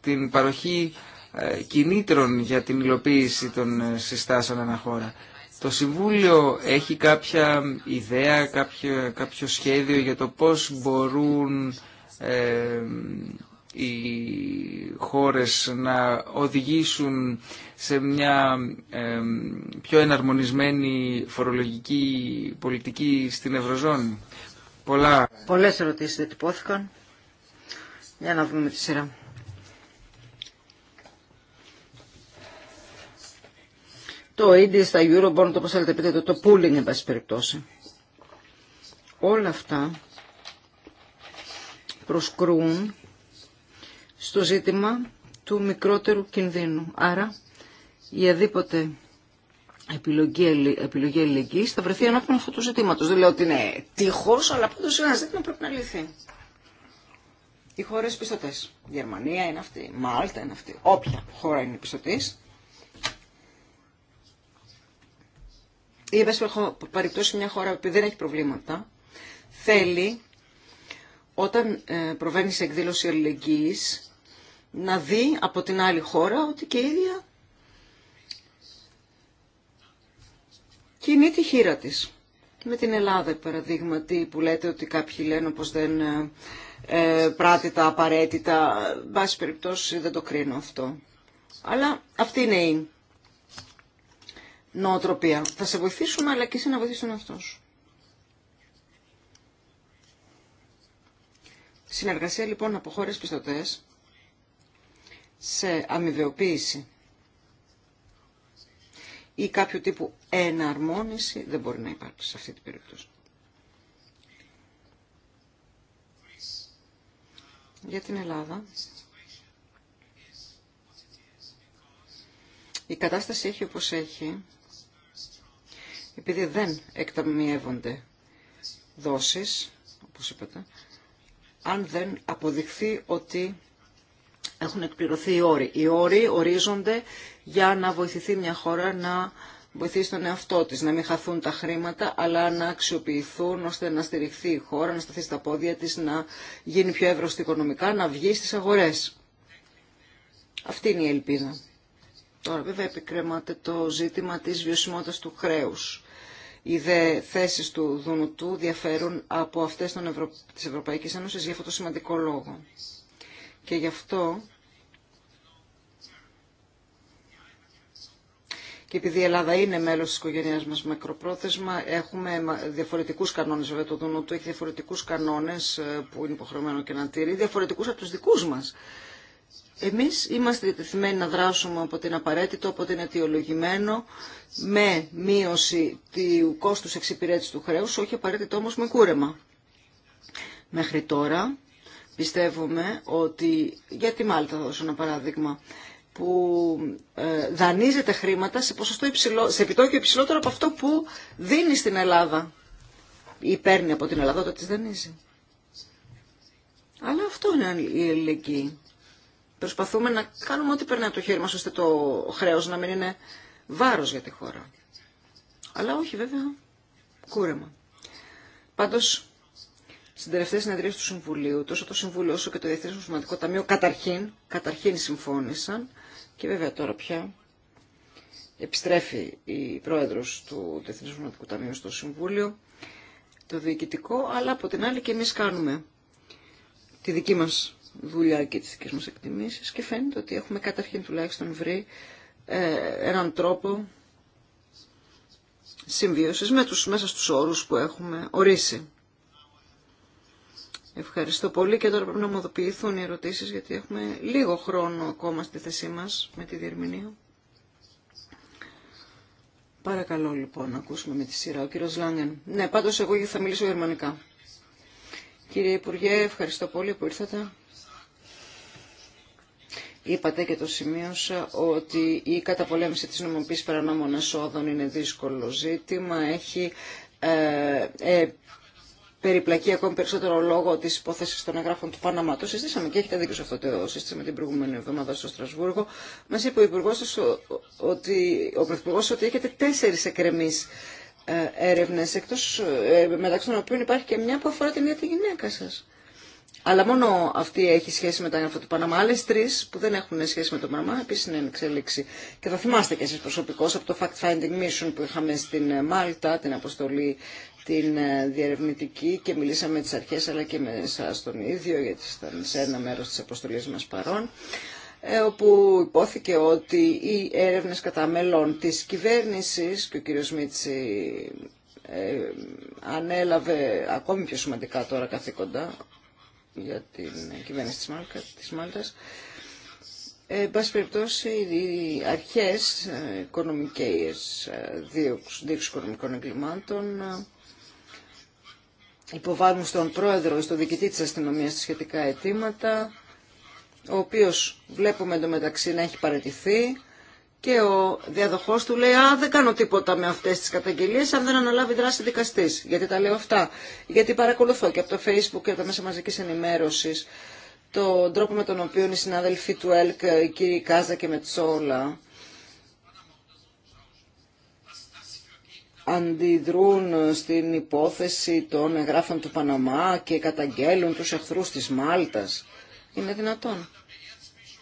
την παροχή ε, κινήτρων για την υλοποίηση των ε, συστάσεων αναχώρα. Το Συμβούλιο έχει κάποια ιδέα, κάποιο, κάποιο σχέδιο για το πώς μπορούν ε, οι χώρες να οδηγήσουν σε μια ε, πιο εναρμονισμένη φορολογική πολιτική στην Ευρωζώνη. Πολλά... Πολλές ερωτήσεις τυπώθηκαν. Για να δούμε τη σειρά. το ίδιο στα Eurobond, όπως θέλετε πείτε το, το pooling, εν πάση περιπτώσει. Όλα αυτά προσκρούν στο ζήτημα του μικρότερου κινδύνου. Άρα, η αδίποτε επιλογή, επιλογή θα βρεθεί ενώπιον αυτού του ζητήματος. Δεν λέω ότι είναι τείχος, αλλά πάντως είναι ένα ζήτημα που πρέπει να λυθεί. Οι χώρες πιστωτές. Γερμανία είναι αυτή, Μάλτα είναι αυτή, όποια χώρα είναι πιστωτής, ή εν περιπτώσει μια χώρα που δεν έχει προβλήματα, θέλει όταν ε, προβαίνει σε εκδήλωση αλληλεγγύης να δει από την άλλη χώρα ότι και η ίδια κινεί τη χείρα της. Με την Ελλάδα, παραδείγματι, που λέτε ότι κάποιοι λένε πως δεν ε, πράττει τα απαραίτητα, βάση περιπτώσει δεν το κρίνω αυτό. Αλλά αυτή είναι η νοοτροπία. Θα σε βοηθήσουμε αλλά και εσύ να βοηθήσεις τον εαυτό σου. Συνεργασία λοιπόν από χώρε πιστωτέ σε αμοιβαιοποίηση ή κάποιο τύπου εναρμόνιση δεν μπορεί να υπάρξει σε αυτή την περίπτωση. Για την Ελλάδα η κατάσταση έχει όπως έχει επειδή δεν εκταμιεύονται δόσεις, όπως είπατε, αν δεν αποδειχθεί ότι έχουν εκπληρωθεί οι όροι. Οι όροι ορίζονται για να βοηθηθεί μια χώρα να βοηθήσει τον εαυτό της, να μην χαθούν τα χρήματα, αλλά να αξιοποιηθούν ώστε να στηριχθεί η χώρα, να σταθεί στα πόδια της, να γίνει πιο εύρωστη οικονομικά, να βγει στις αγορές. Αυτή είναι η ελπίδα. Τώρα βέβαια επικρέμαται το ζήτημα της βιωσιμότητας του χρέους. Οι δε θέσεις του Δουνουτού διαφέρουν από αυτές των Ευρω... της Ευρωπαϊκής Ένωσης για αυτό το σημαντικό λόγο. Και γι' αυτό και επειδή η Ελλάδα είναι μέλο τη οικογένειά μα μακροπρόθεσμα, έχουμε διαφορετικού κανόνε. Βέβαια, το Δουνουτού έχει διαφορετικού κανόνε ε, που είναι υποχρεωμένο και να τηρεί, διαφορετικού από του δικού μα. Εμείς είμαστε διατεθειμένοι να δράσουμε από την απαραίτητο, από την αιτιολογημένο, με μείωση του κόστους εξυπηρέτησης του χρέους, όχι απαραίτητο όμως με κούρεμα. Μέχρι τώρα πιστεύουμε ότι, γιατί Μάλτα θα δώσω ένα παράδειγμα, που ε, δανείζεται χρήματα σε, ποσοστό υψηλό, σε επιτόκιο υψηλότερο από αυτό που δίνει στην Ελλάδα ή παίρνει από την Ελλάδα όταν τις δανείζει. Αλλά αυτό είναι η ελληνική. Προσπαθούμε να κάνουμε ό,τι περνάει από το χέρι μας ώστε το χρέος να μην είναι βάρος για τη χώρα. Αλλά όχι βέβαια κούρεμα. Πάντως, στην τελευταία συνεδρία του Συμβουλίου, τόσο το Συμβούλιο όσο και το Διεθνές Σωματικό Ταμείο καταρχήν, καταρχήν συμφώνησαν και βέβαια τώρα πια επιστρέφει η πρόεδρος του Διεθνού Σωματικού Ταμείου στο Συμβούλιο, το διοικητικό, αλλά από την άλλη και εμείς κάνουμε τη δική μας δουλειά και τις δικές μας εκτιμήσεις και φαίνεται ότι έχουμε καταρχήν τουλάχιστον βρει ε, έναν τρόπο συμβίωσης με τους, μέσα στους όρους που έχουμε ορίσει. Ευχαριστώ πολύ και τώρα πρέπει να ομοδοποιηθούν οι ερωτήσεις γιατί έχουμε λίγο χρόνο ακόμα στη θέση μας με τη διερμηνία. Παρακαλώ λοιπόν να ακούσουμε με τη σειρά ο κύριος Λάγκεν. Ναι, πάντως εγώ θα μιλήσω γερμανικά. Κύριε Υπουργέ, ευχαριστώ πολύ που ήρθατε. Είπατε και το σημείωσα ότι η καταπολέμηση της νομοποίησης παρανόμων εσόδων είναι δύσκολο ζήτημα. Έχει ε, ε, περιπλακεί ακόμη περισσότερο λόγο της υπόθεσης των εγγράφων του Παναμά. Το συζήτησαμε και έχετε δίκιο σε αυτό το σύστημα την προηγούμενη εβδομάδα στο Στρασβούργο. Μας είπε ο Υπουργός ότι, ο Πρωθυπουργός ότι έχετε τέσσερις εκκρεμείς ε, έρευνες, εκτός, ε, μεταξύ των οποίων υπάρχει και μια που αφορά την ίδια τη γυναίκα σας. Αλλά μόνο αυτή έχει σχέση με τα έγγραφα του Παναμά. Άλλε τρει που δεν έχουν σχέση με το Παναμά επίση είναι εξέλιξη. Και θα θυμάστε κι εσεί προσωπικώ από το Fact Finding Mission που είχαμε στην ε, Μάλτα, την αποστολή την ε, διαρευνητική και μιλήσαμε με τι αρχές αλλά και με εσά τον ίδιο γιατί ήταν σε ένα μέρο τη αποστολή μα παρόν ε, όπου υπόθηκε ότι οι έρευνες κατά μέλλον της κυβέρνησης και ο κύριος Μίτση ε, ανέλαβε ακόμη πιο σημαντικά τώρα καθήκοντα για την κυβέρνηση της, Μάλκα, της Μάλτας. Ε, εν πάση περιπτώσει, οι αρχές ε, οικονομικές ε, δίωξης οικονομικών εγκλημάτων υποβάλλουν στον πρόεδρο ή στον διοικητή της αστυνομίας σχετικά αιτήματα, ο οποίος βλέπουμε εντωμεταξύ να έχει παραιτηθεί, και ο διαδοχός του λέει «Α, δεν κάνω τίποτα με αυτές τις καταγγελίες αν δεν αναλάβει δράση δικαστή. Γιατί τα λέω αυτά. Γιατί παρακολουθώ και από το Facebook και από τα μέσα μαζική ενημέρωση, τον τρόπο με τον οποίο οι συνάδελφοί του ΕΛΚ, οι κύριοι Κάζα και Μετσόλα, αντιδρούν στην υπόθεση των εγγράφων του Παναμά και καταγγέλουν τους εχθρούς της Μάλτας. Είναι δυνατόν.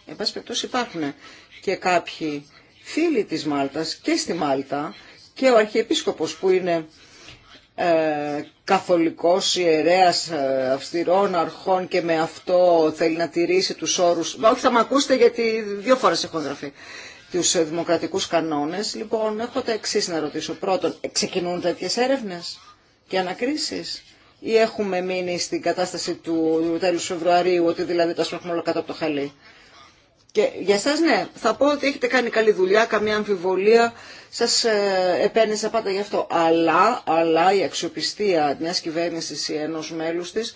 Εν πάση υπάρχουν και κάποιοι φίλοι της Μάλτας και στη Μάλτα και ο Αρχιεπίσκοπος που είναι ε, καθολικός ιερέας ε, αυστηρών αρχών και με αυτό θέλει να τηρήσει τους όρους. Μα, όχι θα με ακούσετε γιατί δύο φορές έχω γραφεί τους ε, δημοκρατικούς κανόνες. Λοιπόν, έχω τα εξή να ρωτήσω. Πρώτον, ε, ξεκινούν τέτοιε έρευνες και ανακρίσεις ή έχουμε μείνει στην κατάσταση του τέλους Φεβρουαρίου ότι δηλαδή το σπρώχνουμε όλο κάτω από το χαλί. Και για σας ναι, θα πω ότι έχετε κάνει καλή δουλειά, καμία αμφιβολία, σας ε, πάντα γι' αυτό. Αλλά, αλλά η αξιοπιστία μιας κυβέρνησης ή ενός μέλους της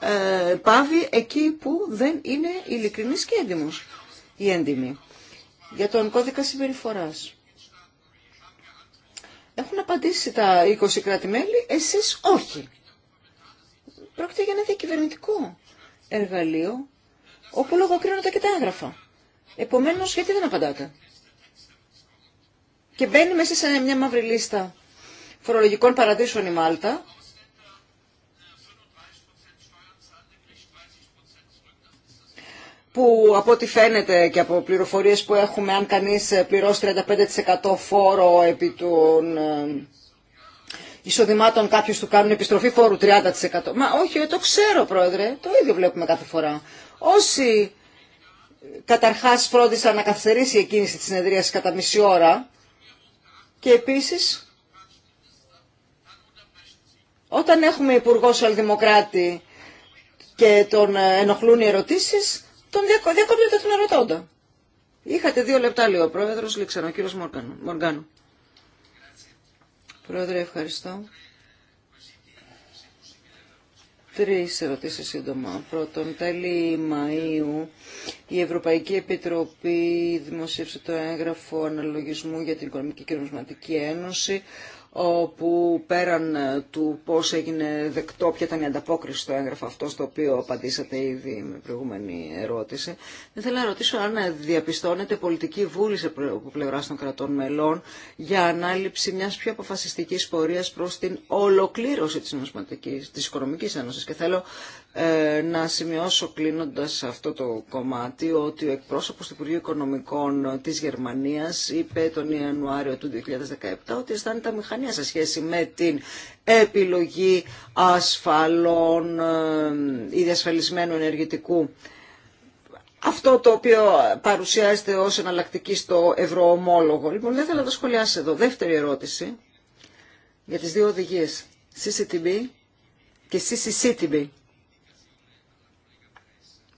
ε, πάβει εκεί που δεν είναι ειλικρινής και έντιμος ή έντιμη. Για τον κώδικα συμπεριφοράς. Έχουν απαντήσει τα 20 κράτη-μέλη, εσείς όχι. Πρόκειται για ένα διακυβερνητικό εργαλείο, όπου λογοκρίνονται και τα έγγραφα. Επομένως, γιατί δεν απαντάτε. Και μπαίνει μέσα σε μια μαύρη λίστα φορολογικών παραδείσων η Μάλτα, που από ό,τι φαίνεται και από πληροφορίες που έχουμε, αν κανείς πληρώσει 35% φόρο επί των ε, εισοδημάτων κάποιους του κάνουν επιστροφή φόρου 30%. Μα όχι, ε, το ξέρω πρόεδρε, το ίδιο βλέπουμε κάθε φορά. Όσοι καταρχάς φρόντισα να καθυστερήσει η εκκίνηση της συνεδρίας κατά μισή ώρα και επίσης όταν έχουμε υπουργό Σαλδημοκράτη και τον ε, ενοχλούν οι ερωτήσεις, τον διακόπτεται τον ερωτώντα. Είχατε δύο λεπτά, λέει ο πρόεδρος, ξανά, ο κύριος Μοργάνου. Πρόεδρε, ευχαριστώ. Τρεις ερωτήσεις σύντομα. Πρώτον, τέλη Μαΐου η Ευρωπαϊκή Επιτροπή δημοσίευσε το έγγραφο αναλογισμού για την Οικονομική και Νομισματική Ένωση όπου πέραν ε, του πώς έγινε δεκτό, ποια ήταν η ανταπόκριση στο έγγραφο αυτό, στο οποίο απαντήσατε ήδη με προηγούμενη ερώτηση, δεν θέλω να ρωτήσω αν ε, διαπιστώνεται πολιτική βούληση από πλευρά των κρατών μελών για ανάληψη μιας πιο αποφασιστικής πορείας προς την ολοκλήρωση της, της Οικονομικής Ένωσης. Και θέλω ε, να σημειώσω κλείνοντας αυτό το κομμάτι ότι ο εκπρόσωπος του Υπουργείου Οικονομικών της Γερμανίας είπε τον Ιανουάριο του 2017 ότι αισθάνεται αμηχανία σε σχέση με την επιλογή ασφαλών ε, ή διασφαλισμένου ενεργητικού. Αυτό το οποίο παρουσιάζεται ως εναλλακτική στο ευρωομόλογο. Λοιπόν, δεν θέλω να το σχολιάσω εδώ. Δεύτερη ερώτηση για τις δύο οδηγίες. CCTB και CCCTB.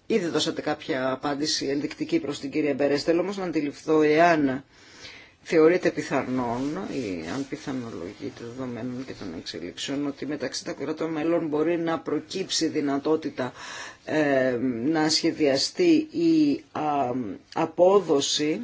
Ήδη δώσατε κάποια απάντηση ενδεικτική προς την κυρία Μπέρες. Θέλω όμως να αντιληφθώ εάν θεωρείται πιθανόν ή αν πιθανολογείται δεδομένων και των εξελίξεων ότι μεταξύ τα κρατών μελών μπορεί να προκύψει δυνατότητα ε, να σχεδιαστεί η απόδοση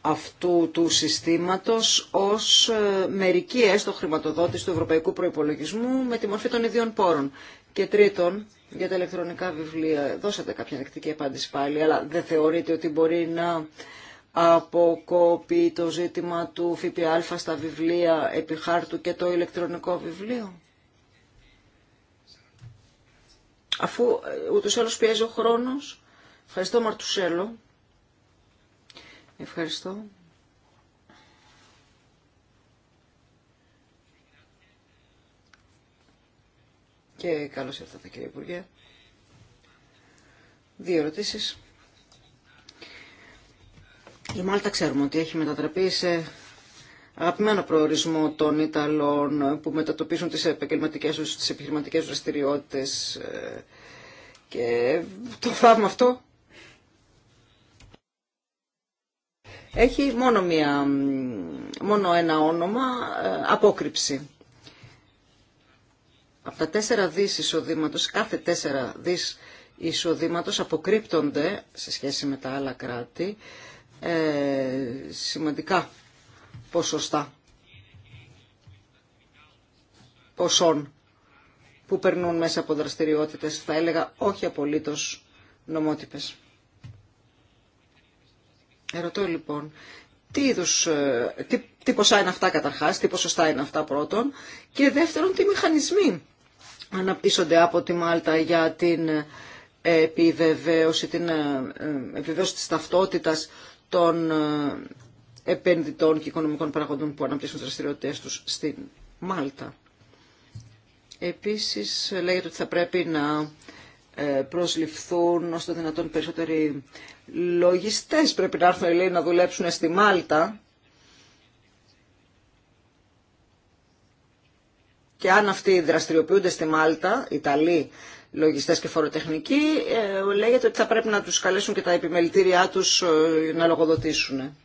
αυτού του συστήματος ως ε, μερική έστω χρηματοδότηση του ευρωπαϊκού προϋπολογισμού με τη μορφή των ιδιών πόρων. Και τρίτον, για τα ηλεκτρονικά βιβλία, δώσατε κάποια ανεκτική απάντηση πάλι, αλλά δεν θεωρείτε ότι μπορεί να αποκόπει το ζήτημα του ΦΠΑ στα βιβλία επί χάρτου και το ηλεκτρονικό βιβλίο. Αφού ε, ούτως ή άλλως πιέζει ο χρόνος, ευχαριστώ Μαρτουσέλο. Ευχαριστώ. Και καλώς ήρθατε κύριε Υπουργέ. Δύο ερωτήσει. Η Μάλτα ξέρουμε ότι έχει μετατραπεί σε αγαπημένο προορισμό των Ιταλών που μετατοπίζουν τις επαγγελματικές τους, τις επιχειρηματικές δραστηριότητες ε, και το θαύμα αυτό έχει μόνο, μία, μόνο ένα όνομα, ε, απόκρυψη από τα τέσσερα δις εισοδήματος, κάθε τέσσερα δις εισοδήματος αποκρύπτονται σε σχέση με τα άλλα κράτη ε, σημαντικά ποσοστά ποσών που περνούν μέσα από δραστηριότητες, θα έλεγα όχι απολύτως νομότυπες. Ερωτώ λοιπόν, τι, είδους, ε, τι, τι ποσά είναι αυτά καταρχάς, τι ποσοστά είναι αυτά πρώτον και δεύτερον τι μηχανισμοί αναπτύσσονται από τη Μάλτα για την επιβεβαίωση, την ε, ε, επιβεβαίωση της ταυτότητας των ε, επενδυτών και οικονομικών παραγόντων που αναπτύσσουν τις δραστηριότητε τους στην Μάλτα. Επίσης λέγεται ότι θα πρέπει να προσληφθούν όσο το δυνατόν περισσότεροι λογιστές πρέπει να έρθουν λέει, να δουλέψουν στη Μάλτα και αν αυτοί δραστηριοποιούνται στη Μάλτα, Ιταλοί, λογιστές και φοροτεχνικοί, ε, λέγεται ότι θα πρέπει να τους καλέσουν και τα επιμελητήριά τους ε, να λογοδοτήσουν.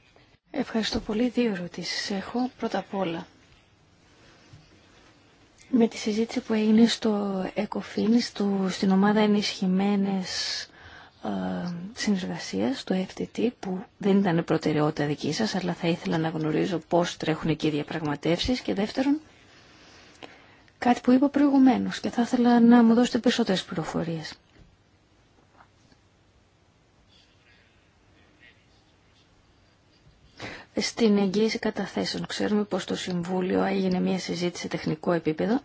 Ευχαριστώ πολύ. Δύο ερωτήσεις έχω. Πρώτα απ' όλα, με τη συζήτηση που έγινε στο ΕΚΟΦΗΝ, στην ομάδα ενισχυμένες ε, συνεργασίας, το FTT, που δεν ήταν προτεραιότητα δική σας, αλλά θα ήθελα να γνωρίζω πώς τρέχουν εκεί οι διαπραγματεύσεις. Και δεύτερον, Κάτι που είπα προηγουμένως και θα ήθελα να μου δώσετε περισσότερες πληροφορίες. Στην εγγύηση καταθέσεων ξέρουμε πως το Συμβούλιο έγινε μια συζήτηση σε τεχνικό επίπεδο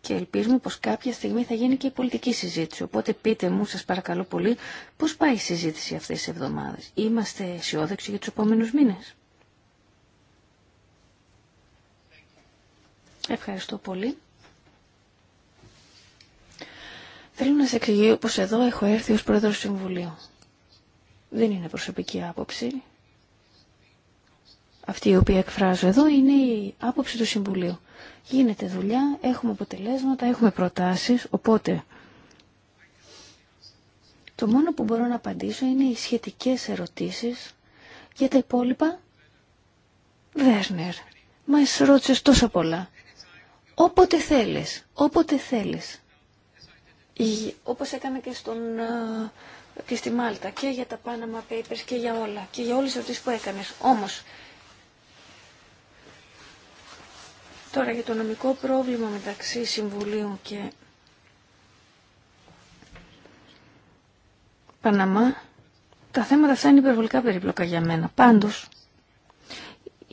και ελπίζουμε πως κάποια στιγμή θα γίνει και η πολιτική συζήτηση. Οπότε πείτε μου, σας παρακαλώ πολύ, πώς πάει η συζήτηση αυτές τις εβδομάδες. Είμαστε αισιόδοξοι για τους επόμενους μήνες. Ευχαριστώ πολύ. Θέλω να σε εξηγήσω πως εδώ έχω έρθει ως πρόεδρος του Συμβουλίου. Δεν είναι προσωπική άποψη. Αυτή η οποία εκφράζω εδώ είναι η άποψη του Συμβουλίου. Γίνεται δουλειά, έχουμε αποτελέσματα, έχουμε προτάσεις, οπότε το μόνο που μπορώ να απαντήσω είναι οι σχετικές ερωτήσεις για τα υπόλοιπα. Βέρνερ, μα εσύ ρώτησες τόσα πολλά. Όποτε θέλεις, όποτε θέλεις. Όπως έκανα και, στον, ε, και στη Μάλτα και για τα Panama Papers και για όλα και για όλες τις που έκανες. Όμως, τώρα για το νομικό πρόβλημα μεταξύ Συμβουλίου και Παναμά, τα θέματα αυτά είναι υπερβολικά περίπλοκα για μένα. Πάντως,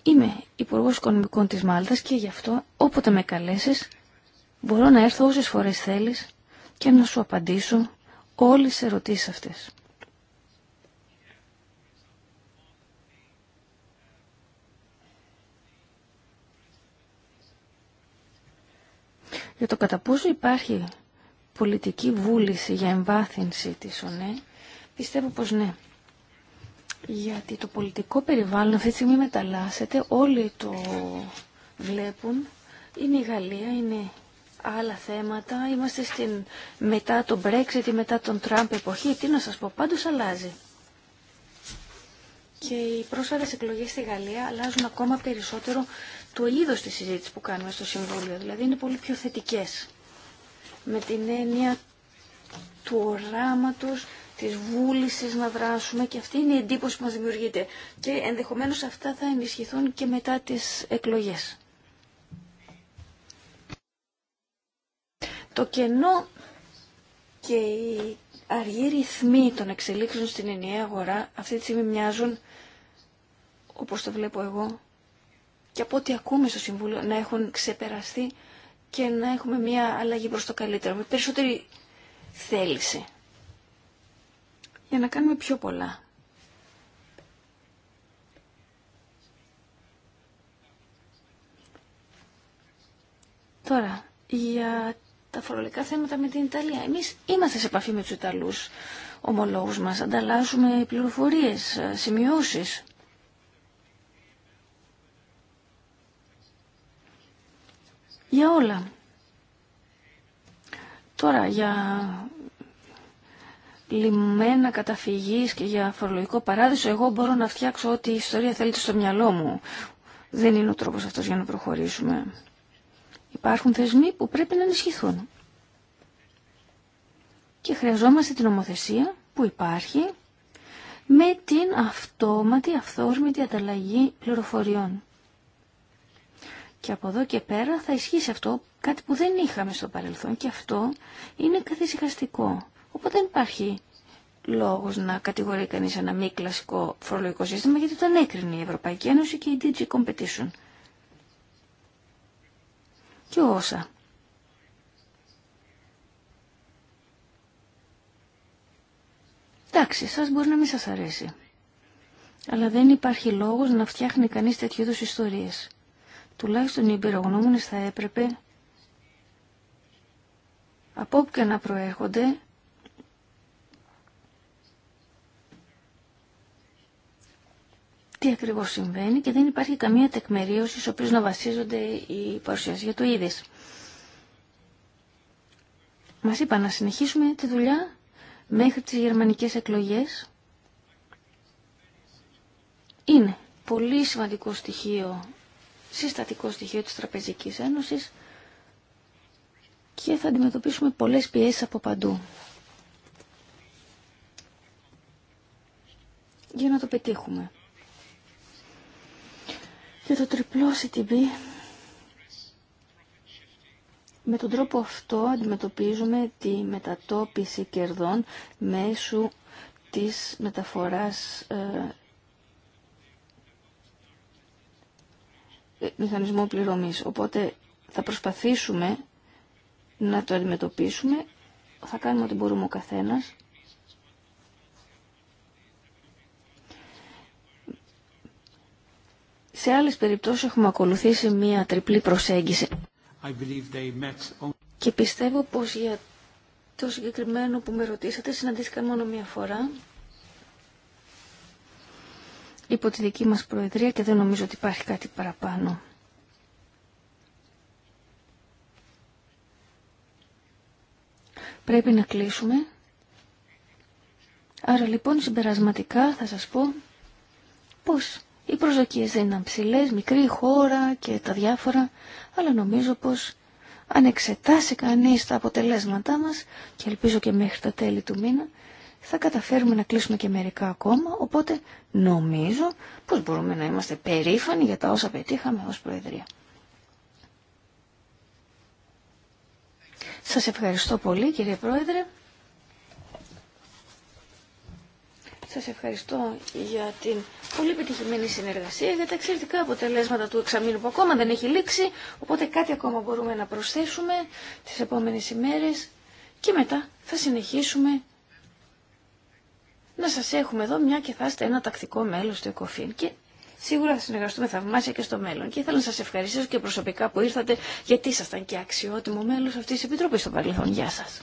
Είμαι υπουργό Οικονομικών τη Μάλτα και γι' αυτό όποτε με καλέσεις μπορώ να έρθω όσε φορές θέλεις και να σου απαντήσω όλες τι ερωτήσεις αυτές. Για το κατά πόσο υπάρχει πολιτική βούληση για εμβάθυνση της ΟΝΕ, πιστεύω πως ναι γιατί το πολιτικό περιβάλλον αυτή τη στιγμή μεταλλάσσεται, όλοι το βλέπουν. Είναι η Γαλλία, είναι άλλα θέματα. Είμαστε στην, μετά τον Brexit ή μετά τον Τραμπ εποχή. Τι να σας πω, πάντως αλλάζει. Και οι πρόσφατες εκλογές στη Γαλλία αλλάζουν ακόμα περισσότερο το είδο της συζήτηση που κάνουμε στο Συμβούλιο. Δηλαδή είναι πολύ πιο θετικές. Με την έννοια του οράματος, της βούλησης να δράσουμε και αυτή είναι η εντύπωση που μας δημιουργείται. Και ενδεχομένως αυτά θα ενισχυθούν και μετά τις εκλογές. Το κενό και οι αργοί ρυθμοί των εξελίξεων στην ενιαία αγορά αυτή τη στιγμή μοιάζουν, όπως το βλέπω εγώ, και από ό,τι ακούμε στο Συμβούλιο να έχουν ξεπεραστεί και να έχουμε μια αλλαγή προς το καλύτερο, με περισσότερη θέληση για να κάνουμε πιο πολλά. Τώρα, για τα φορολογικά θέματα με την Ιταλία. Εμείς είμαστε σε επαφή με τους Ιταλούς ομολόγους μας, ανταλλάσσουμε πληροφορίες, σημειώσεις. Για όλα. Τώρα, για λιμένα καταφυγής και για φορολογικό παράδεισο, εγώ μπορώ να φτιάξω ό,τι η ιστορία θέλετε στο μυαλό μου. Δεν είναι ο τρόπος αυτός για να προχωρήσουμε. Υπάρχουν θεσμοί που πρέπει να ενισχυθούν. Και χρειαζόμαστε την ομοθεσία που υπάρχει με την αυτόματη, αυθόρμητη ανταλλαγή πληροφοριών. Και από εδώ και πέρα θα ισχύσει αυτό κάτι που δεν είχαμε στο παρελθόν και αυτό είναι καθησυχαστικό. Οπότε δεν υπάρχει λόγος να κατηγορεί κανείς ένα μη κλασικό φορολογικό σύστημα γιατί το ανέκρινε η Ευρωπαϊκή Ένωση και η DG Competition. Και όσα. Εντάξει, σας μπορεί να μην σας αρέσει. Αλλά δεν υπάρχει λόγος να φτιάχνει κανείς τέτοιου είδους ιστορίες. Τουλάχιστον οι υπερογνώμονες θα έπρεπε από όπου και να προέρχονται τι ακριβώ συμβαίνει και δεν υπάρχει καμία τεκμερίωση στου οποίου να βασίζονται οι παρουσιάσει για το είδε. Μας είπα να συνεχίσουμε τη δουλειά μέχρι τις γερμανικές εκλογές. Είναι πολύ σημαντικό στοιχείο, συστατικό στοιχείο της Τραπεζικής Ένωσης και θα αντιμετωπίσουμε πολλές πιέσεις από παντού. Για να το πετύχουμε. Και το τριπλό CTB με τον τρόπο αυτό αντιμετωπίζουμε τη μετατόπιση κερδών μέσω της μεταφοράς ε, ε, μηχανισμού πληρωμής. Οπότε θα προσπαθήσουμε να το αντιμετωπίσουμε, θα κάνουμε ό,τι μπορούμε ο καθένας Σε άλλες περιπτώσεις έχουμε ακολουθήσει μία τριπλή προσέγγιση. Και πιστεύω πως για το συγκεκριμένο που με ρωτήσατε συναντήθηκα μόνο μία φορά υπό τη δική μας προεδρία και δεν νομίζω ότι υπάρχει κάτι παραπάνω. Πρέπει να κλείσουμε. Άρα λοιπόν συμπερασματικά θα σας πω πώς οι προσδοκίες δεν ήταν ψηλέ, μικρή χώρα και τα διάφορα, αλλά νομίζω πως αν εξετάσει κανείς τα αποτελέσματά μας, και ελπίζω και μέχρι τα τέλη του μήνα, θα καταφέρουμε να κλείσουμε και μερικά ακόμα, οπότε νομίζω πως μπορούμε να είμαστε περήφανοι για τα όσα πετύχαμε ως Προεδρία. Σας ευχαριστώ πολύ κύριε Πρόεδρε. Σας ευχαριστώ για την πολύ πετυχημένη συνεργασία, για τα εξαιρετικά αποτελέσματα του εξαμήνου που ακόμα δεν έχει λήξει, οπότε κάτι ακόμα μπορούμε να προσθέσουμε τις επόμενες ημέρες και μετά θα συνεχίσουμε να σας έχουμε εδώ μια και θα είστε ένα τακτικό μέλος του ΕΚΟΦΗΝ και σίγουρα θα συνεργαστούμε θαυμάσια και στο μέλλον. Και ήθελα να σας ευχαριστήσω και προσωπικά που ήρθατε γιατί ήσασταν και αξιότιμο μέλος αυτής της Επιτροπής στο παρελθόν. Γεια σας.